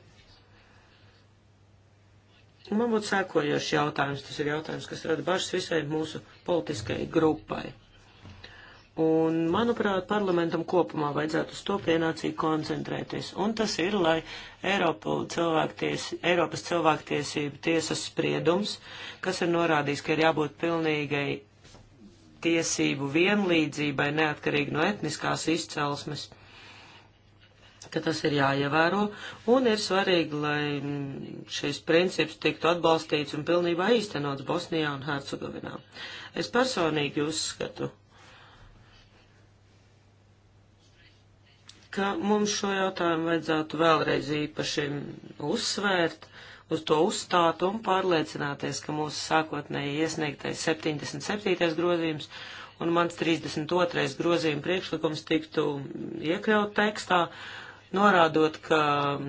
S3: Man būtu sēkojošs jautājums, tas ir jautājums, kas rada bažas visai mūsu politiskajai grupai. Un, manuprāt, parlamentam kopumā vajadzētu uz to pienācīgi koncentrēties. Un tas ir, lai Eiropa cilvēkties, Eiropas cilvēktiesība tiesas spriedums, kas ir norādījis, ka ir jābūt pilnīgai tiesību vienlīdzībai neatkarīgi no etniskās izcelsmes, ka tas ir jāievēro, un ir svarīgi, lai mm, šis princips tiktu atbalstīts un pilnībā īstenots Bosnijā un Hercegovinā. Es personīgi uzskatu, ka mums šo jautājumu vajadzētu vēlreiz īpaši uzsvērt, uz to uzstāt un pārliecināties, ka mūsu sākotnēji iesniegtais 77. grozījums un mans 32. grozījuma priekšlikums tiktu iekļaut tekstā, norādot, ka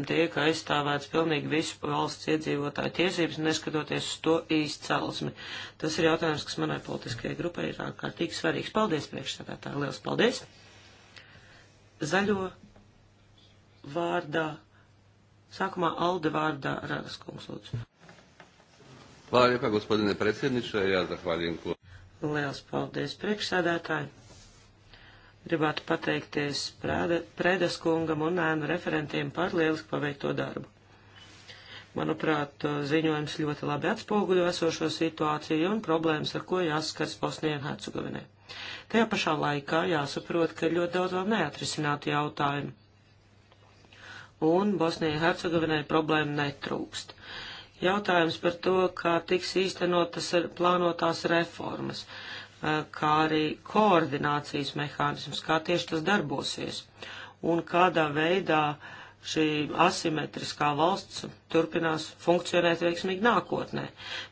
S3: tiek aizstāvēts pilnīgi visu valsts iedzīvotāju tiesības, neskatoties uz to izcelsmi. Tas ir jautājums, kas manai politiskajai grupai ir ārkārtīgi svarīgs. Paldies, priekšsēdētāji! Lielas paldies! Zaļo vārdā Sākumā Alde vārdā Rādas kungs lūdzu.
S1: Hvala lijepa, gospodine predsjedniče. Ja zahvaljujem klubu.
S3: Liels paldies priekšsēdētāji. Gribētu pateikties Prēdas kungam un ēnu referentiem par lieliski paveikto darbu. Manuprāt, ziņojums ļoti labi atspoguļo esošo situāciju un problēmas, ar ko jāskars Bosnijai un Hercegovinai. Tajā pašā laikā jāsaprot, ka ir ļoti daudz vēl neatrisināti jautājumi un Bosnijai Hercegovinai problēma netrūkst. Jautājums par to, kā tiks īstenotas plānotās reformas, eh, kā arī koordinācijas mehānisms, kā tieši tas darbosies un kādā veidā šī asimetriskā valsts turpinās funkcionēt veiksmīgi nākotnē.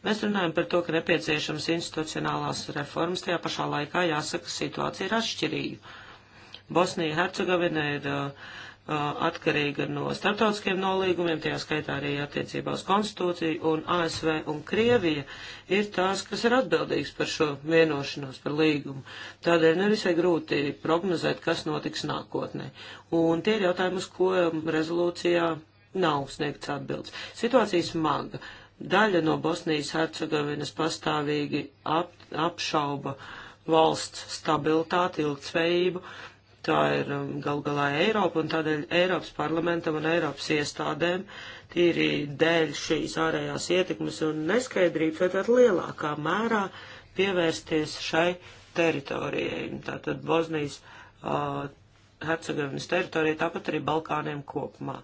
S3: Mēs runājam par to, ka nepieciešams institucionālās reformas, tajā pašā laikā jāsaka, situācija ir atšķirīga. Bosnija Hercegovina ir uh, atkarīga no starptautiskiem nolīgumiem, tajā skaitā arī attiecībā uz konstitūciju, un ASV un Krievija ir tās, kas ir atbildīgas par šo vienošanos, par līgumu. Tādēļ nevisai grūti prognozēt, kas notiks nākotnē. Un tie ir jautājumi, uz ko rezolūcijā nav sniegts atbildes. Situācija smaga. Daļa no Bosnijas Hercegovinas pastāvīgi ap, apšauba valsts stabilitāti, ilgtspējību. Uh, tā ir um, gal galā Eiropa, un tādēļ Eiropas parlamentam un Eiropas iestādēm tīri dēļ šīs ārējās ietekmes un neskaidrības vajadzētu lielākā mērā pievērsties šai teritorijai. Tātad Bosnijas uh, Hercegovinas teritorija, tāpat arī Balkāniem kopumā.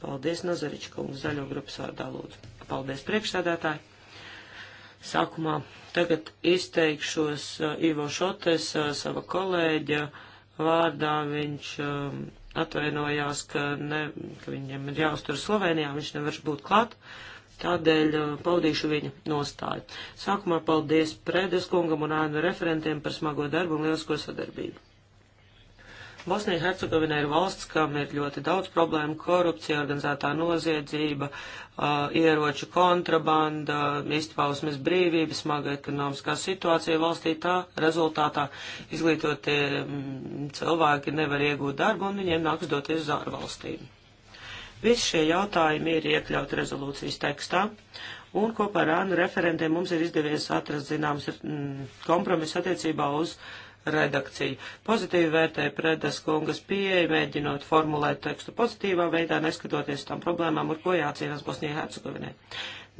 S3: Paldies, Nazariča kungs, zaļo grupas vārdā lūdzu. Paldies, priekšsēdētāji. Sākumā tagad izteikšos uh, Ivo Šotes, uh, sava kolēģa. Uh, vārdā viņš um, atvainojās, ka, ne, ka viņam ir jāuztur Slovenijā, viņš nevar būt klāt. Tādēļ uh, paudīšu viņa nostāju. Sākumā paldies Prēdes kungam un ānu referentiem par smago darbu un lielisko sadarbību. Bosnija Hercegovina ir valsts, kam ir ļoti daudz problēmu - korupcija, organizētā noziedzība, ieroču kontrabanda, izpausmes brīvība, smaga ekonomiskā situācija valstī. Tā rezultātā izglītotie mm, cilvēki nevar iegūt darbu un viņiem nāks doties uz ārvalstīm. Visi šie jautājumi ir iekļauti rezolūcijas tekstā, un kopā ar ANU referentiem mums ir izdevies atrast zināms mm, kompromiss attiecībā uz uh, redakciju. Pozitīvi vērtēja Predas kungas pieeja, mēģinot formulēt tekstu pozitīvā veidā, neskatoties tam problēmām, ar ko jācīnās Bosnijā Hercegovinē.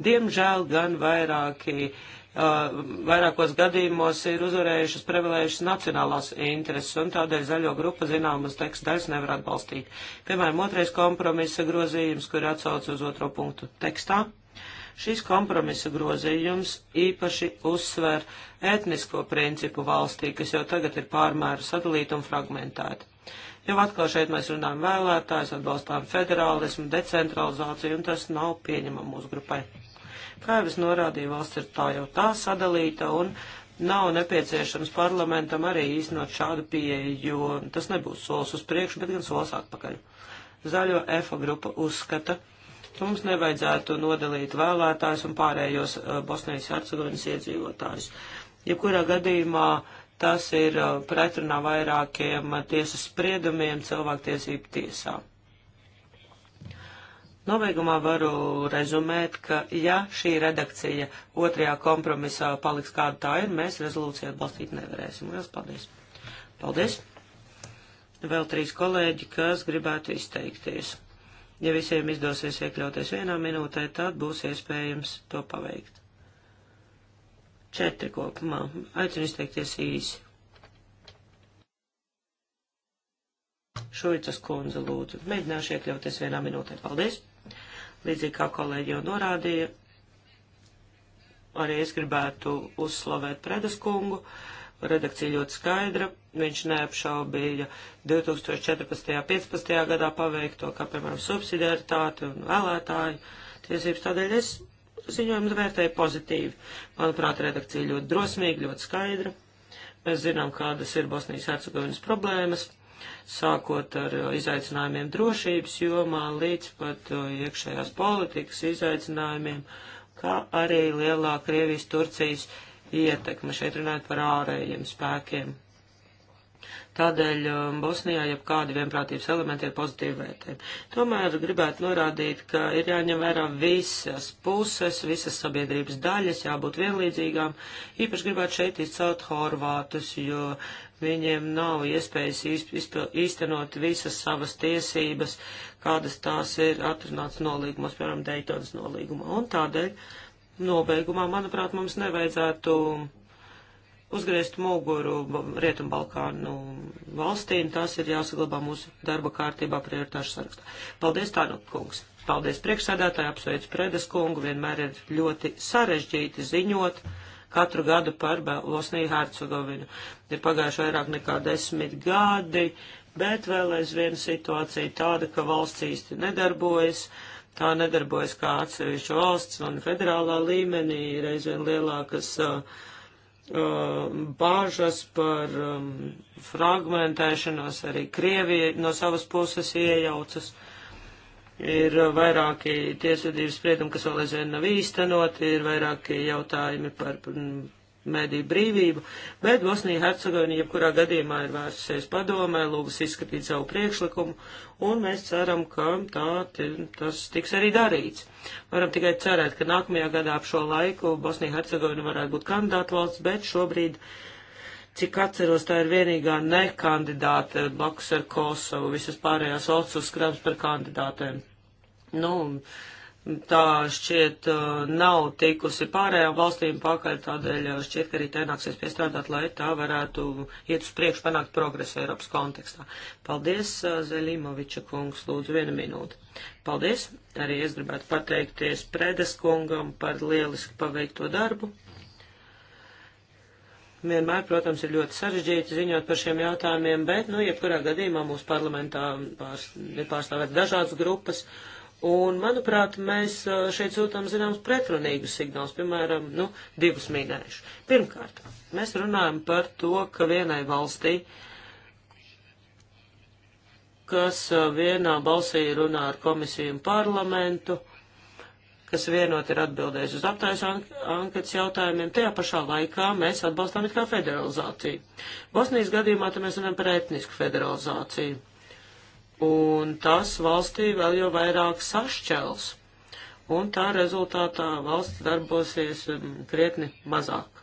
S3: Diemžēl gan vairāki, uh, vairākos gadījumos ir uzvarējušas privilējušas nacionālās intereses, un tādēļ zaļo grupa zināmas teksta daļas nevar atbalstīt. Piemēram, otrais kompromisa grozījums, kur atsauc uz otro punktu tekstā Šis kompromisa grozījums īpaši uzsver etnisko principu valstī, kas jau tagad ir pārmēru sadalīta un fragmentēta. Jau atkal šeit mēs runājam vēlētājs, atbalstām federālismu, decentralizāciju, un tas nav pieņemam mūsu grupai. Kā jau es norādīju, valsts ir tā jau tā sadalīta, un nav nepieciešams parlamentam arī īstenot šādu pieeju, jo tas nebūs solis uz priekšu, bet gan solis atpakaļ. Zaļo EFA grupa uzskata, Mums nevajadzētu nodalīt vēlētājs un pārējos eh, Bosnijas Hercegovinas iedzīvotājus. Jebkurā gadījumā tas ir eh, pretrunā vairākiem eh, tiesas spriedumiem cilvēktiesību tiesā. Nobeigumā varu rezumēt, ka ja šī redakcija otrajā kompromisā paliks kāda tā ir, mēs rezolūciju atbalstīt nevarēsim. Lielas paldies! Paldies! Vēl trīs kolēģi, kas gribētu izteikties. Ja visiem izdosies iekļauties vienā minūtē, tad būs iespējams to paveikt. Četri kopumā. Aicinu izteikties īsi. Šuicas kundze lūdzu. Mēģināšu iekļauties vienā minūtē. Paldies! Līdzīgi kā kolēģi jau norādīja, arī es gribētu uzslavēt Predas kungu. Uh, redakcija ļoti skaidra. Viņš neapšaubīja 2014. un 15. gadā paveikto, kā piemēram subsidiaritāti un vēlētāju tiesības. Tādēļ es ziņojumu vērtēju pozitīvi. Manuprāt, redakcija ļoti drosmīga, ļoti skaidra. Mēs zinām, kādas ir Bosnijas Hercegovinas problēmas, sākot ar uh, izaicinājumiem drošības jomā līdz pat uh, iekšējās politikas izaicinājumiem, kā arī lielā Krievijas-Turcijas ietekme, šeit runājot par ārējiem spēkiem. Tādēļ um, Bosnijā jau kādi vienprātības elementi ir pozitīvi vērtējumi. Tomēr gribētu norādīt, ka ir jāņem vērā visas puses, visas sabiedrības daļas, jābūt vienlīdzīgām. Īpaši gribētu šeit izcelt horvātus, jo viņiem nav iespējas īstenot visas savas tiesības, kādas tās ir atrunāts nolīgumos, piemēram, Deitonas nolīgumā. Un tādēļ nobeigumā, manuprāt, mums nevajadzētu uzgriezt muguru Rietumbalkānu valstīm. Tās ir jāsaglabā mūsu darba kārtībā prioritāšu sarakstā. Paldies, Tānuk kungs! Paldies priekšsēdētāji, apsveicu Predes kungu, vienmēr ir ļoti sarežģīti ziņot katru gadu par Bosniju Hercegovinu. Ir pagājuši vairāk nekā desmit gadi, bet vēl aizvien situācija tāda, ka valsts īsti nedarbojas. Uh, tā nedarbojas kā atsevišķa valsts un federālā līmenī ir aizvien lielākas uh, uh, bāžas par um, fragmentēšanos, arī Krievija no savas puses iejaucas. Ir vairāki tiesvedības spriedumi, kas vēl aizvien nav īstenoti, ir vairāki jautājumi par mediju brīvību, bet Bosnija Hercegovina jebkurā gadījumā ir vērsusies padomē, lūgas izskatīt savu priekšlikumu, un mēs ceram, ka tā, tas tiks arī darīts. Varam tikai cerēt, ka nākamajā gadā ap šo laiku Bosnija Hercegovina varētu būt kandidāta valsts, bet šobrīd cik atceros, tā ir vienīgā nekandidāte blakus ar Kosovu, visas pārējās valsts uzskatās par kandidātēm. Nu, tā šķiet uh, nav tikusi pārējām valstīm pakaļ, tādēļ uh, šķiet, ka arī tai nāksies piestrādāt, lai tā varētu iet uz priekšu panākt progresu Eiropas kontekstā. Paldies, uh, Zelimoviča kungs, lūdzu vienu minūti. Paldies, arī es gribētu pateikties Predes kungam par lieliski paveikto darbu. Vienmēr, protams, ir ļoti sarežģīti ziņot par šiem jautājumiem, bet, nu, jebkurā gadījumā mūsu parlamentā pārs, ir pārstāvēt dažādas grupas. Uh, Un, manuprāt, mēs šeit sūtām zināms pretrunīgus signālus, piemēram, nu, divus minējuši. Pirmkārt, mēs runājam par to, ka vienai valstī, kas vienā balsī runā ar komisiju un parlamentu, kas vienot ir atbildējis uz aptājas anketas jautājumiem, tajā pašā laikā mēs atbalstām it kā federalizāciju. Bosnijas gadījumā te mēs runājam par etnisku federalizāciju un tas valstī vēl jau vairāk sašķels, un tā rezultātā valsts darbosies um, krietni mazāk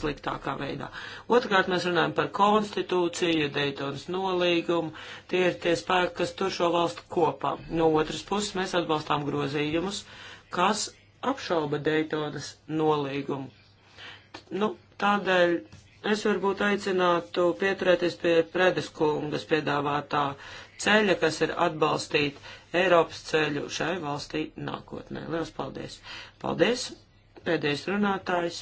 S3: sliktākā veidā. Otrakārt, mēs runājam par konstitūciju, Deitonas nolīgumu, tie ir tie spēki, kas tur šo valstu kopā. No otras puses, mēs atbalstām grozījumus, kas apšauba Deitonas nolīgumu. Nu, tādēļ es varbūt aicinātu pieturēties pie Predeskungas piedāvātā ceļa, kas ir atbalstīt Eiropas ceļu šai valstī nākotnē. Lielas paldies! Paldies! Pēdējais runātājs.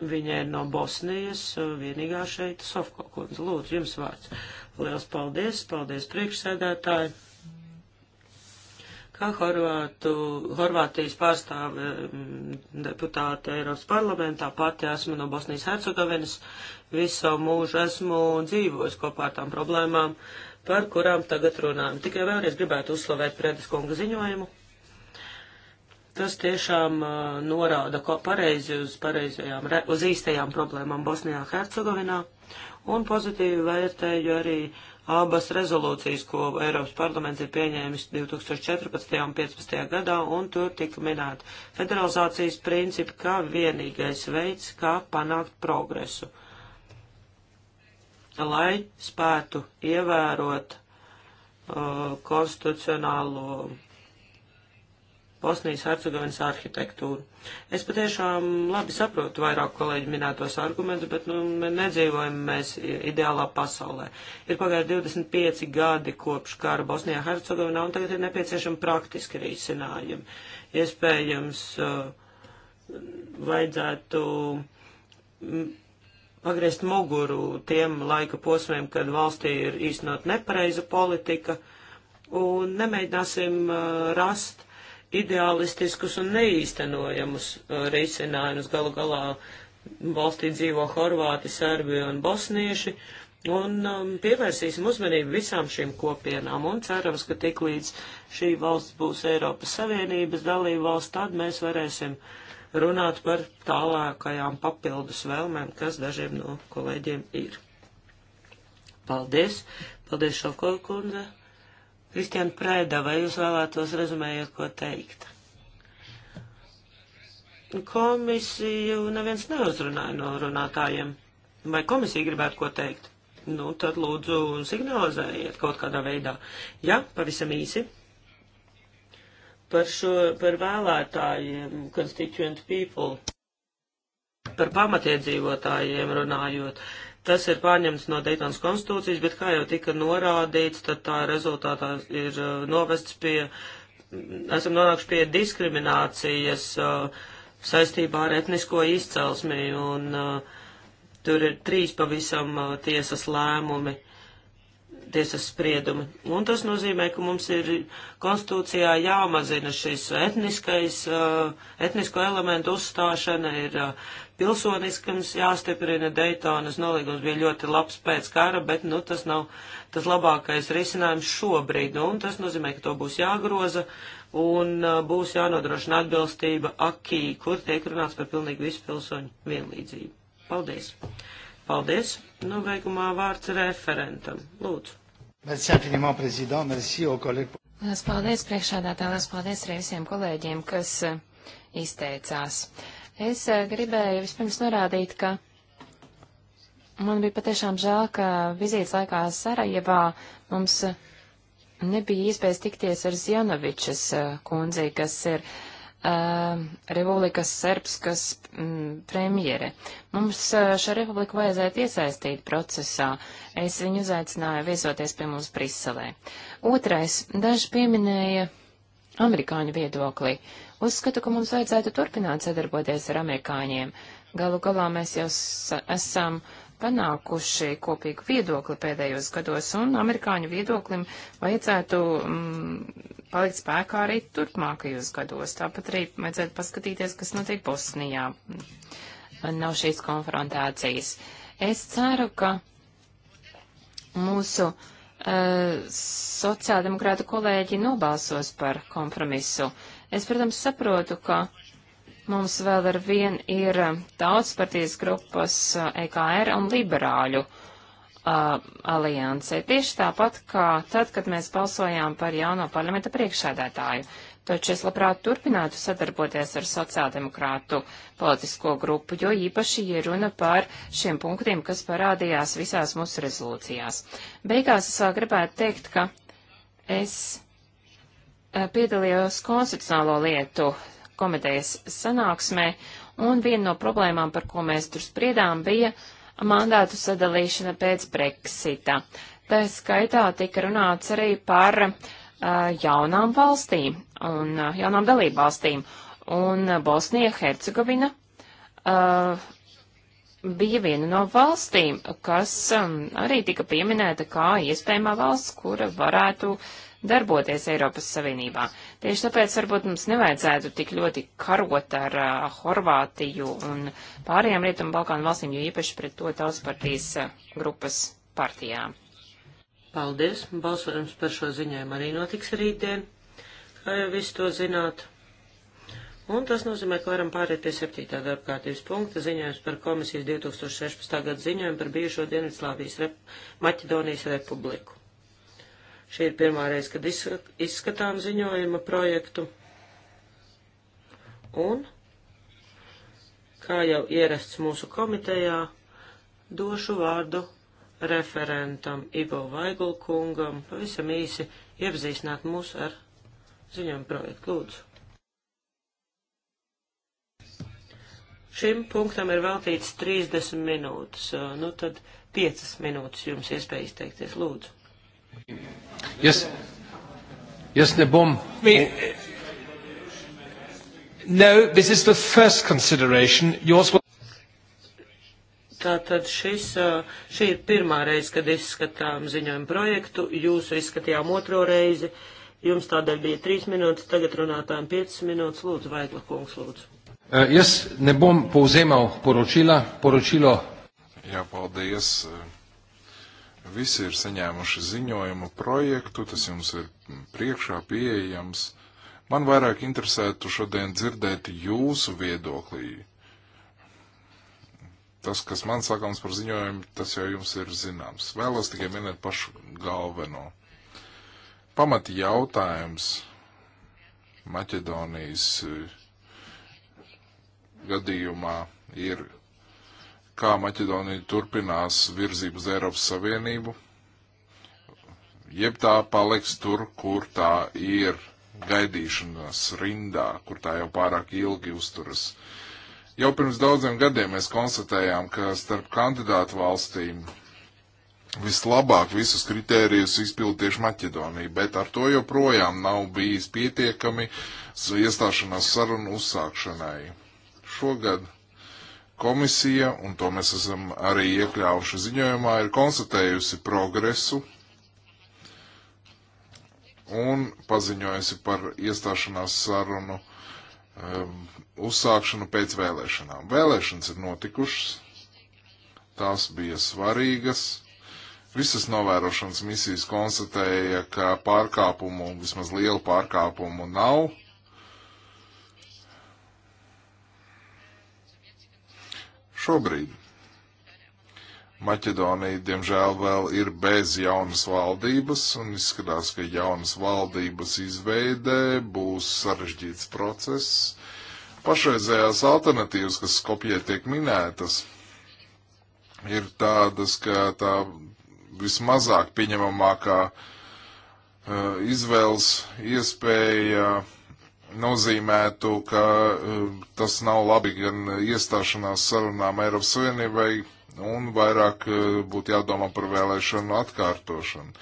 S3: Viņa ir no Bosnijas, vienīgā šeit Sofko kundze. Lūdzu, jums vārds. Liels paldies, paldies priekšsēdētāji. Kā Horvātu, Horvātijas pārstāve deputāte Eiropas parlamentā, pati esmu no Bosnijas Hercegovinas, visu savu mūžu esmu dzīvojis kopā ar tām problēmām, par kurām tagad runājam. Tikai vēlreiz gribētu uzslavēt Predes kunga ziņojumu. Tas tiešām uh, norāda ko pareizi uz, pareizajām, re, uz īstajām problēmām Bosnijā, Hercegovinā, un pozitīvi vērtēju arī abas rezolūcijas, ko Eiropas parlaments ir pieņēmis 2014. un 2015. gadā, un tur tika minēta federalizācijas principi kā vienīgais veids, kā panākt progresu. Uh, lai spētu ievērot uh, konstitucionālo Bosnijas Hercegovinas arhitektūru. Es patiešām labi saprotu vairāk kolēģi minētos argumentus, bet nu, nedzīvojam mēs ideālā pasaulē. Ir pagājuši 25 gadi kopš kara Bosnijā Hercegovinā, un tagad ir nepieciešami praktiski risinājumi. Iespējams, uh, vajadzētu. Mm, pagriezt muguru tiem laika posmiem, kad valstī ir īstenot nepareiza politika, un nemēģināsim uh, rast ideālistiskus un neīstenojamus uh, risinājumus. Galu galā valstī dzīvo horvāti, serbi un bosnieši, un um, pievērsīsim uzmanību visām šīm kopienām, un cerams, ka tik līdz šī valsts būs Eiropas Savienības dalība valsts, tad mēs varēsim uh, runāt par tālākajām papildus vēlmēm, kas dažiem no kolēģiem ir. Paldies! Paldies, Šalkoja kundze! Kristiāna Prēda, vai jūs vēlētos rezumējot, ko teikt? Komisiju neviens neuzrunāja no runātājiem. Vai komisija gribētu ko teikt? Nu, tad lūdzu signalizējiet kaut kādā veidā. Ja, pavisam īsi par, šo, par vēlētājiem, constituent people, par pamatiedzīvotājiem runājot. Tas ir pārņemts no Daytonas konstitūcijas, bet kā jau tika norādīts, tad tā rezultātā ir uh, novests pie, esam nonākuši pie diskriminācijas uh, saistībā ar etnisko izcelsmi, un uh, tur ir trīs pavisam tiesas lēmumi tiesas spriedumi. Un tas nozīmē, ka mums ir konstitūcijā jāmazina šis etniskais, uh, etnisko elementu uzstāšana, ir uh, pilsoniskums jāstiprina. Daytonas nolīgums bija ļoti labs pēc kara, bet nu, tas nav tas labākais risinājums šobrīd. Nu, un tas nozīmē, ka to būs jāgroza un uh, būs jānodrošina atbilstība akī, kur tiek runāts par pilnīgi visu pilsoņu vienlīdzību. Paldies! Paldies! Nu, beigumā vārds referentam. Lūdzu!
S1: Merci infiniment, prezident. Merci au kolēģi.
S2: Lielas paldies priekšādātā, lielas paldies arī visiem kolēģiem, kas eh, izteicās. Es eh, gribēju vispirms norādīt, ka man bija patiešām žēl, ka vizītes laikā Sarajevā mums eh, nebija iespējas tikties ar Zjanovičas kundzi, kas ir uh, uh, Republikas Serbskas mm, premjere. Mums uh, šo republiku vajadzētu iesaistīt procesā. Es viņu uzaicināju viesoties pie mums Briselē. Otrais, daži pieminēja amerikāņu viedokli. Uzskatu, ka mums vajadzētu turpināt sadarboties ar amerikāņiem. Galu galā mēs jau esam panākuši kopīgu viedokli pēdējos gados, un amerikāņu viedoklim vajadzētu mm, palikt spēkā arī turpmākajos gados. Tāpat arī vajadzētu paskatīties, kas notiek Bosnijā. Nav šīs konfrontācijas. Es ceru, ka mūsu uh, sociāldemokrāta kolēģi nobalsos par kompromisu. Es, protams, saprotu, ka uh, Mums vēl ar vien ir tautspartijas um, grupas uh, EKR un liberāļu uh, aliansē. Tieši tāpat kā tad, kad mēs balsojām par jauno parlamenta priekšsēdētāju. Taču es labprāt turpinātu sadarboties ar sociāldemokrātu politisko grupu, jo īpaši ir runa par šiem punktiem, kas parādījās visās mūsu rezolūcijās. Beigās es vēl gribētu teikt, ka es uh, piedalījos konstitucionālo lietu komitejas sanāksmē, un viena no problēmām, par ko mēs tur spriedām, bija mandātu sadalīšana pēc Brexita. Tā skaitā tika runāts arī par uh, jaunām valstīm un uh, jaunām dalību valstīm, un Bosnija Hercegovina uh, bija viena no valstīm, kas um, arī tika pieminēta kā iespējamā valsts, kura varētu darboties Eiropas Savienībā. Uh, Tieši tāpēc varbūt mums nevajadzētu tik ļoti karot ar uh, Horvātiju un pārējām Rietumu Balkānu valstīm, jo īpaši pret to tautspartijas uh, grupas partijām.
S3: Paldies! Balsojums par šo ziņojumu arī notiks rītdien, kā jau visi to zināt. Un tas nozīmē, ka varam pāriet pie 7. darba kārtības punkta ziņojums par komisijas 2016. gada ziņojumu par bijušo Dienvidslāvijas rep Maķedonijas republiku. Šī ir pirmā reize, kad izskatām ziņojuma projektu. Un, kā jau ierasts mūsu komitejā, došu vārdu referentam Ivo Vaigulkungam pavisam īsi iepazīstināt mūs ar ziņojumu projektu. Lūdzu. Šim punktam ir veltīts 30 minūtes, nu tad 5 minūtes jums iespēja izteikties, lūdzu.
S1: Jaz, jaz ne bom. Mi, no, this is the first consideration. Yours was...
S3: Tātad šis, uh, šī ir pirmā reize, kad izskatām ziņojumu projektu, jūsu izskatījām otro reizi, jums tādēļ bija trīs minūtes, tagad runātājiem piecas minūtes, lūdzu, Vaigla kungs, lūdzu.
S1: Uh, jaz ne bom povzemal poročila, poročilo. Jā, paldies. Visi ir saņēmuši ziņojumu projektu, tas jums ir priekšā pieejams. Man vairāk interesētu šodien dzirdēt jūsu viedoklī. Tas, kas man sakāms par ziņojumu, tas jau jums ir zināms. Vēlos tikai minēt pašu galveno. Pamati jautājums Maķedonijas eh, gadījumā ir kā Maķedonija turpinās virzību uz Eiropas Savienību, jeb tā paliks tur, kur tā ir gaidīšanas rindā, kur tā jau pārāk ilgi uzturas. Jau pirms daudziem gadiem mēs konstatējām, ka starp kandidātu valstīm vislabāk visus kritērijus izpild tieši Maķedonija, bet ar to joprojām nav bijis pietiekami iestāšanās sarunu uzsākšanai. Šogad komisija, un to mēs esam arī iekļāvuši ziņojumā, ir konstatējusi progresu un paziņojusi par iestāšanās sarunu um, uzsākšanu pēc vēlēšanām. Vēlēšanas ir notikušas, tās bija svarīgas. Visas novērošanas misijas konstatēja, ka pārkāpumu, vismaz lielu pārkāpumu nav šobrīd. Maķedonija, diemžēl, vēl ir bez jaunas valdības, un izskatās, ka jaunas valdības izveidē būs sarežģīts process. Pašreizējās alternatīvas, kas Skopjē tiek minētas, ir tādas, ka tā vismazāk pieņemamākā uh, izvēles iespēja uh, nozīmētu, ka eh, tas nav labi gan iestāšanās sarunām Eiropas Savienībai, un vairāk eh, būtu jādomā par vēlēšanu atkārtošanu.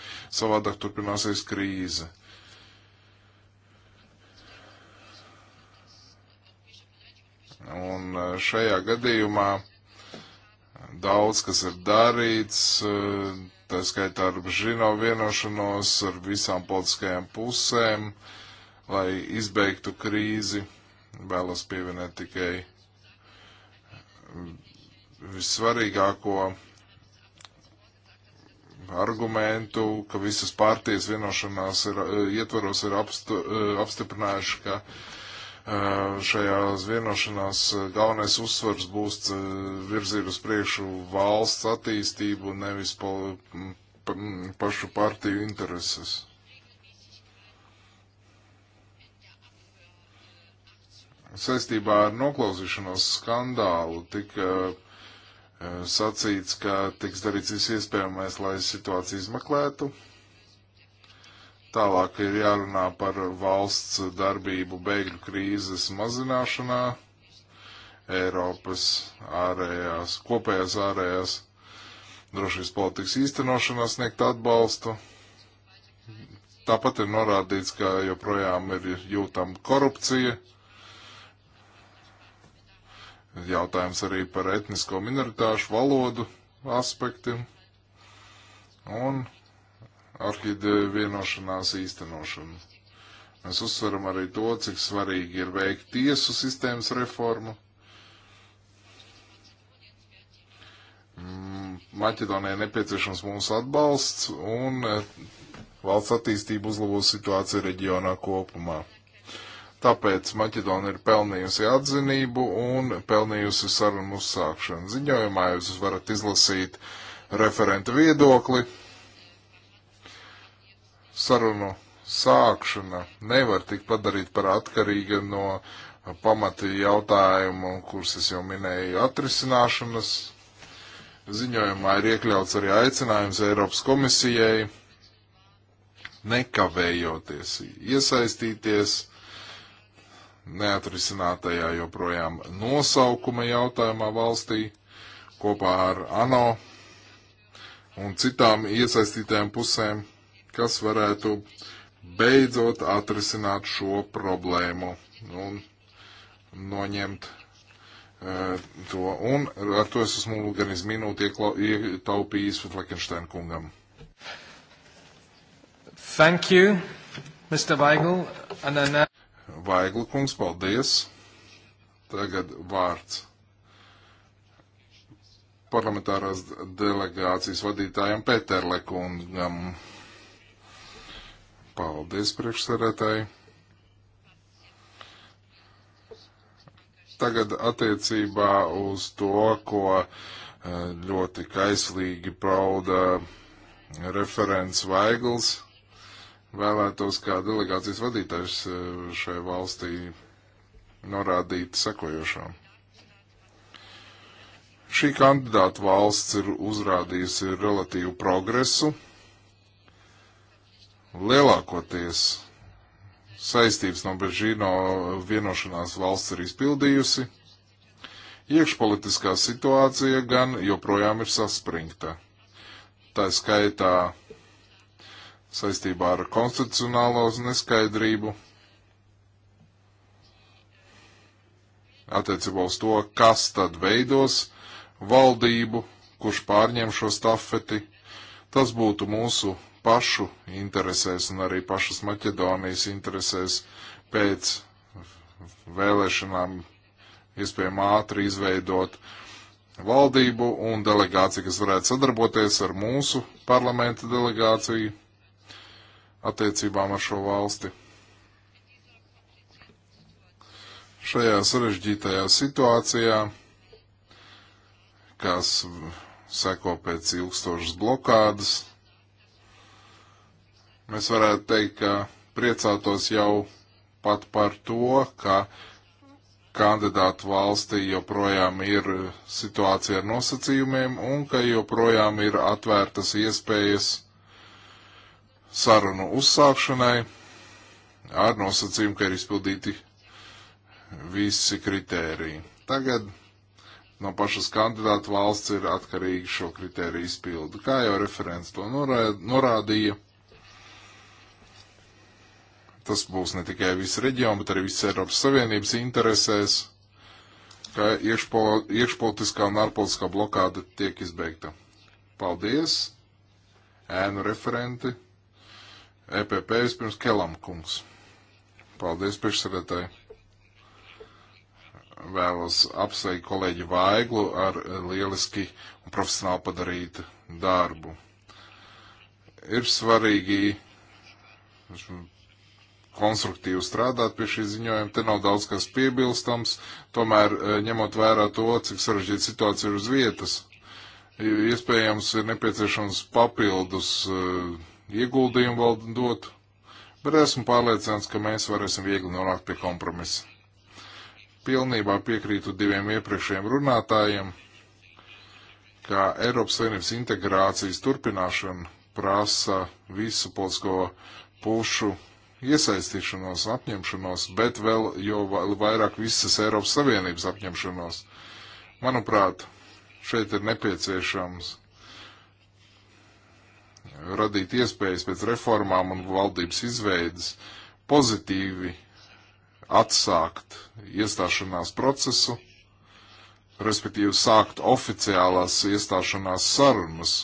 S1: Savādāk turpināsies krīze. Un eh, šajā gadījumā daudz, kas ir darīts, tā skaitā ar Žino vienošanos, ar visām politiskajām pusēm, uh, lai izbeigtu krīzi. Vēlos pievienot tikai vissvarīgāko argumentu, ka visas partijas vienošanās ir, ietvaros ir apstu, apstiprinājuši, ka šajās vienošanās galvenais uzsvars būs virzīt uz priekšu valsts attīstību, nevis pa, pa, pašu partiju intereses. saistībā ar noklausīšanos skandālu tika eh, sacīts, ka tiks darīts viss iespējamais, lai situāciju izmeklētu. Tālāk ir jārunā par valsts darbību bēgļu krīzes mazināšanā, Eiropas ārējās, kopējās ārējās drošības politikas īstenošanā sniegt atbalstu. Tāpat ir norādīts, ka joprojām ir jūtama korupcija Jautājums arī par etnisko minoritāšu valodu aspektu un orhideju vienošanās īstenošanu. Mēs uzsveram arī to, cik svarīgi ir veikt tiesu sistēmas reformu. Mm, Maķedonijai nepieciešams mūsu atbalsts un eh, valsts attīstību uzlabos situāciju reģionā kopumā. Tāpēc Maķedonija ir pelnījusi atzinību un pelnījusi sarunu uzsākšanu. Ziņojumā jūs varat izlasīt referenta viedokli. Sarunu sākšana nevar tikt padarīt par atkarīgu no pamati jautājumu, kurus es jau minēju, atrisināšanas. Ziņojumā ir iekļauts arī aicinājums Eiropas komisijai nekavējoties iesaistīties neatrisinātajā joprojām nosaukuma jautājumā valstī kopā ar ANO un citām iesaistītajām pusēm, kas varētu beidzot atrisināt šo problēmu un noņemt uh, to. Un ar to es esmu gan iz minūti ietaupījis Fleckenstein kungam. Thank you, Mr. Weigl. And then, uh... Vaigla kungs, paldies. Tagad vārds parlamentārās delegācijas vadītājam Pēterle kungam. Paldies, priekšsarētāji. Tagad attiecībā uz to, ko eh, ļoti kaislīgi prauda referents Vaigls vēlētos kā delegācijas vadītājs eh, šai valstī norādīt sekojošo. Šī kandidāta valsts ir uzrādījusi relatīvu progresu, lielākoties saistības no Bežīno vienošanās valsts ir izpildījusi, iekšpolitiskā situācija gan joprojām ir saspringta. Tā skaitā saistībā ar konstitucionālo neskaidrību attiecībā uz to, kas tad veidos valdību, kurš pārņem šo stafeti. Tas būtu mūsu pašu interesēs un arī pašas Maķedonijas interesēs pēc vēlēšanām iespējami ātri izveidot valdību un delegāciju, kas varētu sadarboties ar mūsu parlamenta delegāciju attiecībām ar šo valsti. Šajā sarežģītajā situācijā, kas seko pēc ilgstošas blokādas, mēs varētu teikt, ka priecātos jau pat par to, ka kandidātu valstī joprojām ir situācija ar nosacījumiem un ka joprojām ir atvērtas iespējas sarunu uzsākšanai ar nosacījumu, ka ir izpildīti visi kritēriji. Tagad no pašas kandidāta valsts ir atkarīgi šo kritēriju izpildu. Kā jau referents to norādīja, tas būs ne tikai visu reģionu, bet arī visas Eiropas Savienības interesēs, ka iekšpo, iekšpolitiskā un ārpolitiskā blokāda tiek izbeigta. Paldies! Ēnu referenti! EPP vispirms Kelam kungs. Paldies, priekšsēdētāji. Vēlos apsveikt kolēģi Vaiglu ar eh, lieliski un profesionāli padarītu darbu. Ir svarīgi mm, konstruktīvi strādāt pie šī ziņojuma. Te nav daudz kas piebilstams, tomēr eh, ņemot vērā to, cik sarežģīta situācija ir uz vietas, iespējams ir nepieciešams papildus uh, ieguldījumu vēl dot, bet esmu pārliecināts, ka mēs varēsim viegli nonākt pie kompromisa. Pilnībā piekrītu diviem iepriekšējiem runātājiem, ka Eiropas Savienības integrācijas turpināšana prasa visu polsko pušu iesaistīšanos, apņemšanos, bet vēl jau vairāk visas Eiropas Savienības apņemšanos. Manuprāt, šeit ir nepieciešams radīt iespējas pēc reformām un valdības izveidas pozitīvi atsākt iestāšanās procesu, respektīvi sākt oficiālās iestāšanās sarunas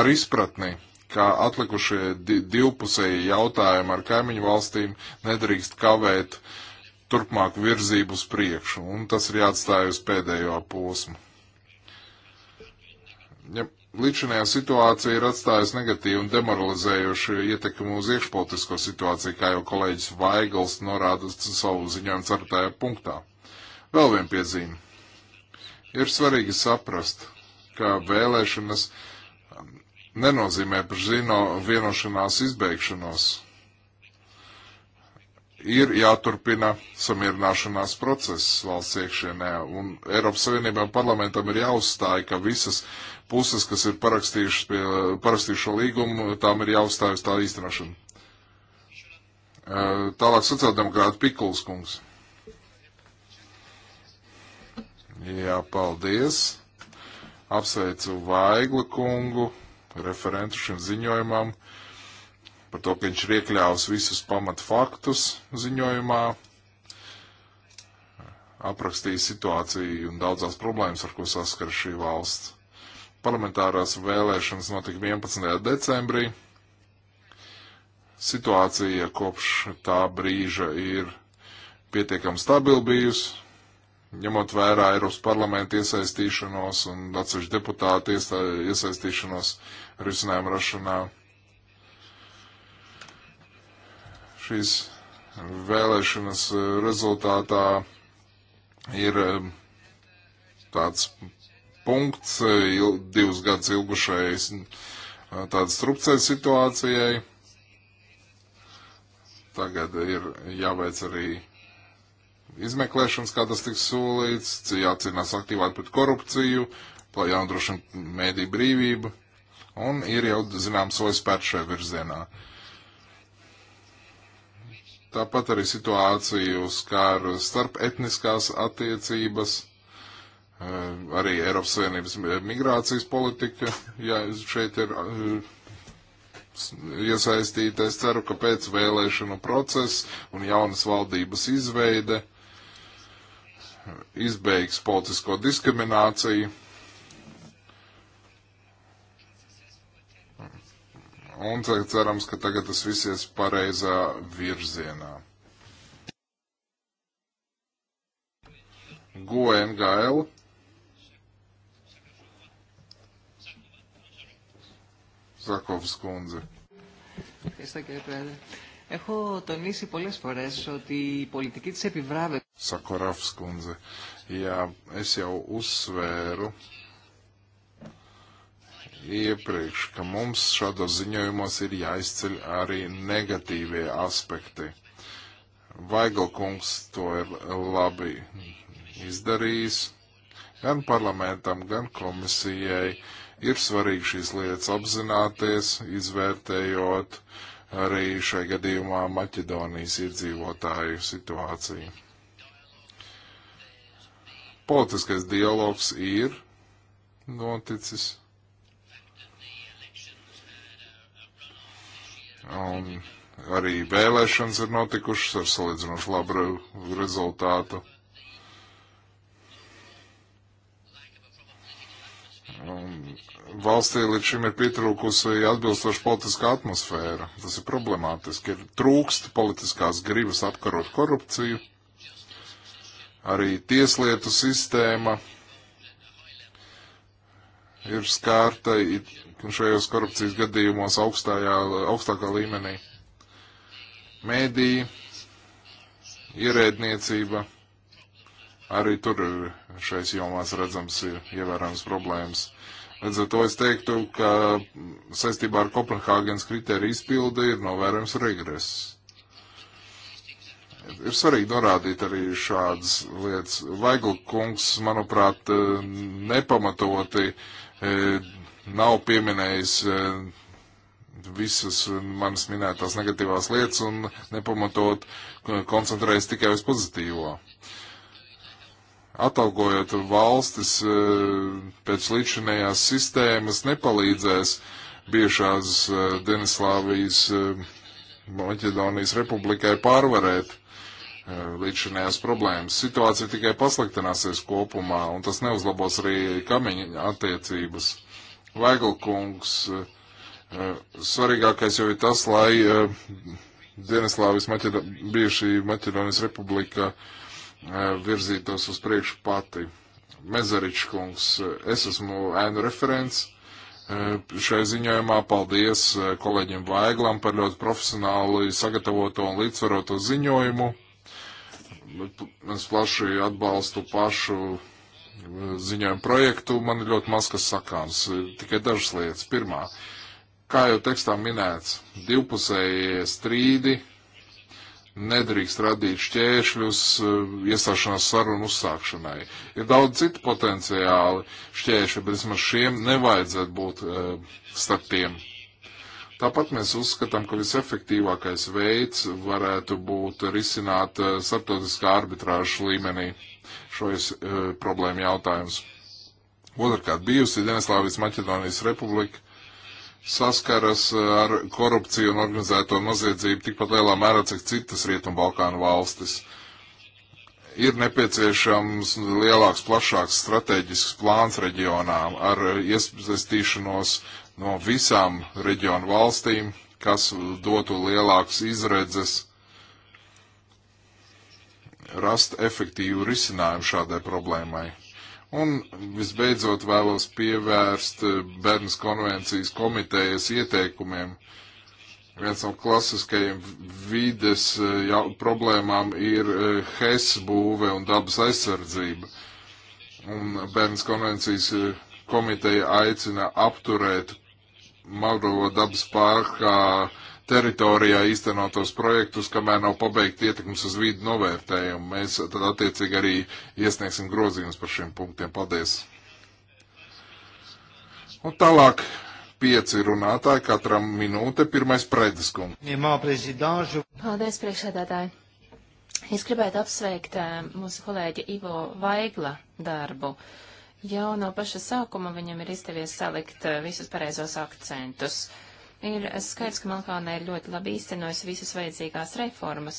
S1: ar izpratni, ka atlikušie di divpusēji jautājumi ar kaimiņu valstīm nedrīkst kavēt turpmāku virzību uz priekšu, un tas ir jāatstāj uz pēdējo posmu. Ja Līdzinājā situācija ir atstājusi negatīvu un demoralizējošu ietekmi uz iekšpolitisko situāciju, kā jau kolēģis Vaigls norāda savu ziņojumu ceturtajā punktā. Vēl viena piezīme. Ir svarīgi saprast, ka vēlēšanas nenozīmē par zino vienošanās izbeigšanos. Ir jāturpina samierināšanās process valsts iekšienē, un Eiropas Savienībām parlamentam ir jāuzstāja, ka visas puses, kas ir parakstījušas pie, parakstījuši šo līgumu, tām ir jāuzstājas tā īstenošana. Tālāk sociāldemokrāta Pikuls kungs. Jā, paldies. Apsveicu Vaigla kungu, referentu šim ziņojumam, par to, ka viņš ir iekļāvis visus pamat faktus ziņojumā, aprakstīja situāciju un daudzās problēmas, ar ko saskara šī valsts. Parlamentārās vēlēšanas notika 11. decembrī. Situācija kopš tā brīža ir pietiekami stabila bijusi, ņemot vērā Eiropas parlamenta iesaistīšanos un atsevišķu deputātu iesaistīšanos risinājumu rašanā. Šīs vēlēšanas rezultātā ir um, tāds punkts il, divus gadus ilgušai tādas strupceļa situācijai. Tagad ir jāveic arī izmeklēšanas, kā tas tiks solīts, jācīnās aktīvāk pret korupciju, jānodrošina mēdī brīvība, un ir jau, zinām, solis pērt šajā virzienā. Tāpat arī situāciju skār starp etniskās attiecības Eh, arī Eiropas Savienības migrācijas politika, ja šeit ir eh, iesaistīta. Es ceru, ka pēc vēlēšanu procesa un jaunas valdības izveide izbeigs politisko diskrimināciju. Un cerams, ka tagad tas viss ies pareizā virzienā. GONGL Ζακόβς Κόντζε.
S3: Ευχαριστώ κύριε Πρόεδρε.
S1: Έχω τονίσει πολλές φορές ότι η πολιτική της επιβράβευσης... Σακοράφς Κόντζε. Jā, es jau uzsvēru iepriekš, ka mums šādos ziņojumos ir jāizceļ arī negatīvie aspekti. Vaigalkungs to ir labi izdarījis gan parlamentam, gan komisijai Ir svarīgi šīs lietas apzināties, izvērtējot arī šai gadījumā Maķedonijas iedzīvotāju situāciju. Politiskais dialogs ir noticis. Un arī vēlēšanas ir notikušas ar salīdzinoši labu rezultātu. Un valstī līdz šim ir pietrūkusi atbilstoša politiskā atmosfēra. Tas ir problemātiski. Ir trūkst politiskās gribas apkarot korupciju, arī tieslietu sistēma ir skārta šajos korupcijas gadījumos augstajā, augstākā līmenī. Mēdī, ierēdniecība, arī tur ir šais jomās redzams ir ievērams problēmas. Līdz ar to es teiktu, ka saistībā ar Kopenhāgenes kriteriju izpildi ir novērojams regress. Ir svarīgi norādīt arī šādas lietas. Vaiglkungs, manuprāt, nepamatoti e, nav pieminējis e, visas manas minētās negatīvās lietas un nepamatot e, koncentrējas tikai uz pozitīvo atalgojot valstis e, pēc līdzinējās sistēmas, nepalīdzēs bijušās e, Denislāvijas e, Maķedonijas republikai pārvarēt līdzinējās problēmas. Situācija tikai pasliktināsies kopumā, un tas neuzlabos arī kamiņa attiecības. Vaiglkungs, svarīgākais jau ir tas, lai Denislāvijas Maķedo, bijušī Maķedonijas republika uh, virzītos uz priekšu pati. Mezeričs kungs, es esmu ēnu referents. Šai ziņojumā paldies kolēģim Vaiglam par ļoti profesionāli sagatavoto un līdzsvaroto ziņojumu. Es plaši atbalstu pašu ziņojumu projektu. Man ir ļoti maz kas sakāms. Tikai dažas lietas. Pirmā, kā jau tekstā minēts, divpusējie strīdi nedrīkst radīt šķēršļus eh, iestāšanās sarunu uzsākšanai. Ir daudz citu potenciāli šķēršļi, bet vismaz šiem nevajadzētu būt uh, eh, starp tiem. Tāpat mēs uzskatām, ka visefektīvākais veids varētu būt risināt uh, starptautiskā arbitrāža līmenī šo uh, problēmu jautājums. Otrkārt, bijusi Dienaslāvijas Maķedonijas republika saskaras eh, ar korupciju un organizēto noziedzību tikpat lielā mērā, cik citas Rietumbalkānu valstis. Ir nepieciešams lielāks, plašāks strateģisks plāns reģionā ar iesaistīšanos no visām reģionu valstīm, kas dotu lielākas izredzes rast efektīvu risinājumu šādai problēmai. Un visbeidzot vēlos pievērst eh, Bernas konvencijas komitejas ieteikumiem. Viens no klasiskajiem vides eh, jau, problēmām ir HES eh, būve un dabas aizsardzība. Un Bernas konvencijas komiteja aicina apturēt Mavrovo dabas pārkā teritorijā īstenotos projektus, kamēr nav pabeigti ietekmes uz vīdu novērtējumu. Mēs tad attiecīgi arī iesniegsim grozījumus par šiem punktiem. Paldies! Un tālāk pieci runātāji, katram minūte, pirmais prediskum.
S2: Paldies, priekšsēdētāji! Es gribētu apsveikt eh, mūsu kolēģi Ivo Vaigla darbu. Jau no paša sākuma viņam ir izdevies salikt eh, visus pareizos akcentus. Uh, Ir skaidrs, ka Melkāna ir ļoti labi īstenojusi visas vajadzīgās reformas,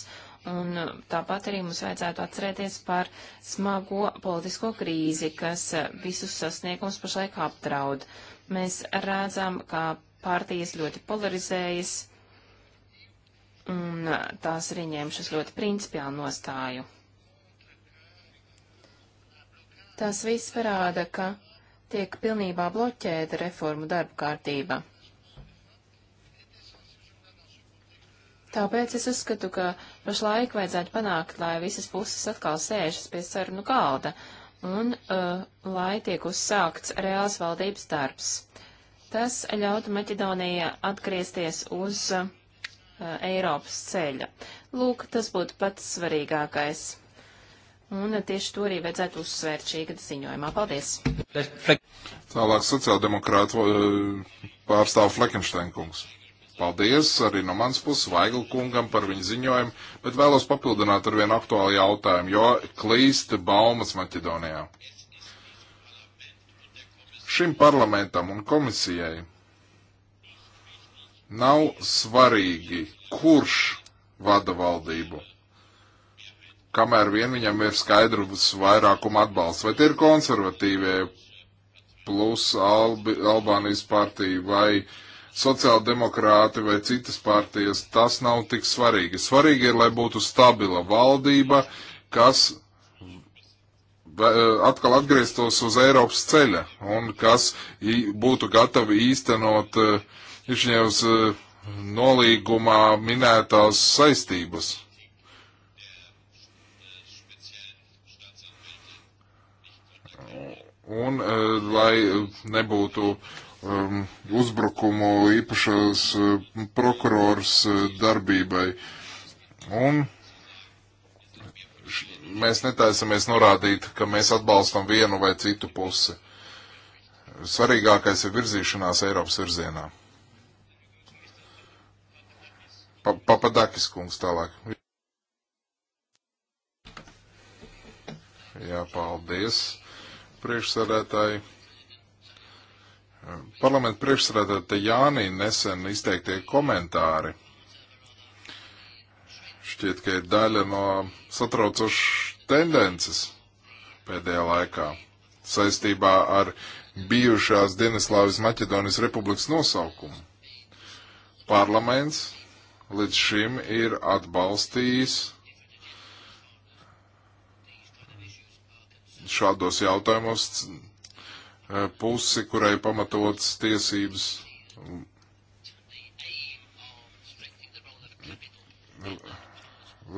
S2: un tāpat arī mums vajadzētu atcerēties par smago politisko krīzi, kas visus sasniegums pašlaik apdraud. Mēs redzam, ka partijas ļoti polarizējas, un tās arī ņemšas ļoti principiālu nostāju. Tas viss parāda, ka tiek pilnībā bloķēta reformu darba kārtība. Tāpēc es uzskatu, ka pašlaik vajadzētu panākt, lai visas puses atkal sēžas pie sarunu galda un uh, lai tiek uzsākts reāls valdības darbs. Tas ļautu Maķedonijai atgriezties uz uh, Eiropas ceļa. Lūk, tas būtu pats svarīgākais. Un uh, tieši to arī vajadzētu uzsvērt šī gada ziņojumā. Paldies!
S1: Tālāk sociāldemokrātu uh, pārstāv Fleckensteinkungs. Paldies arī no mans puses Vaigla kungam par viņu ziņojumu, bet vēlos papildināt ar vienu aktuālu jautājumu, jo klīst baumas Maķedonijā. Šim parlamentam un komisijai nav svarīgi, kurš vada valdību, kamēr vien viņam ir skaidrs vairākuma atbalsts. Vai tie ir konservatīvie plus Albi, Albānijas partija vai uh, sociāldemokrāti vai citas partijas, tas nav tik svarīgi. Svarīgi ir, lai būtu stabila valdība, kas atkal atgrieztos uz Eiropas ceļa un kas būtu gatavi īstenot eh, Išņevs eh, nolīgumā minētās saistības. Un, eh, lai nebūtu uh, um, uzbrukumu īpašās uh, prokurors uh, darbībai. Un mēs netaisamies norādīt, ka mēs atbalstam vienu vai citu pusi. Svarīgākais ir virzīšanās Eiropas virzienā. Pa, papadakis kungs tālāk. Jā, paldies, priekšsarētāji parlamenta priekšsēdētāja Jānī nesen izteiktie komentāri. Šķiet, ka ir daļa no satraucošas tendences pēdējā laikā saistībā ar bijušās Dienaslāvijas Maķedonijas republikas nosaukumu. Parlaments līdz šim ir atbalstījis šādos jautājumos Eh, pusi, kurai pamatots tiesības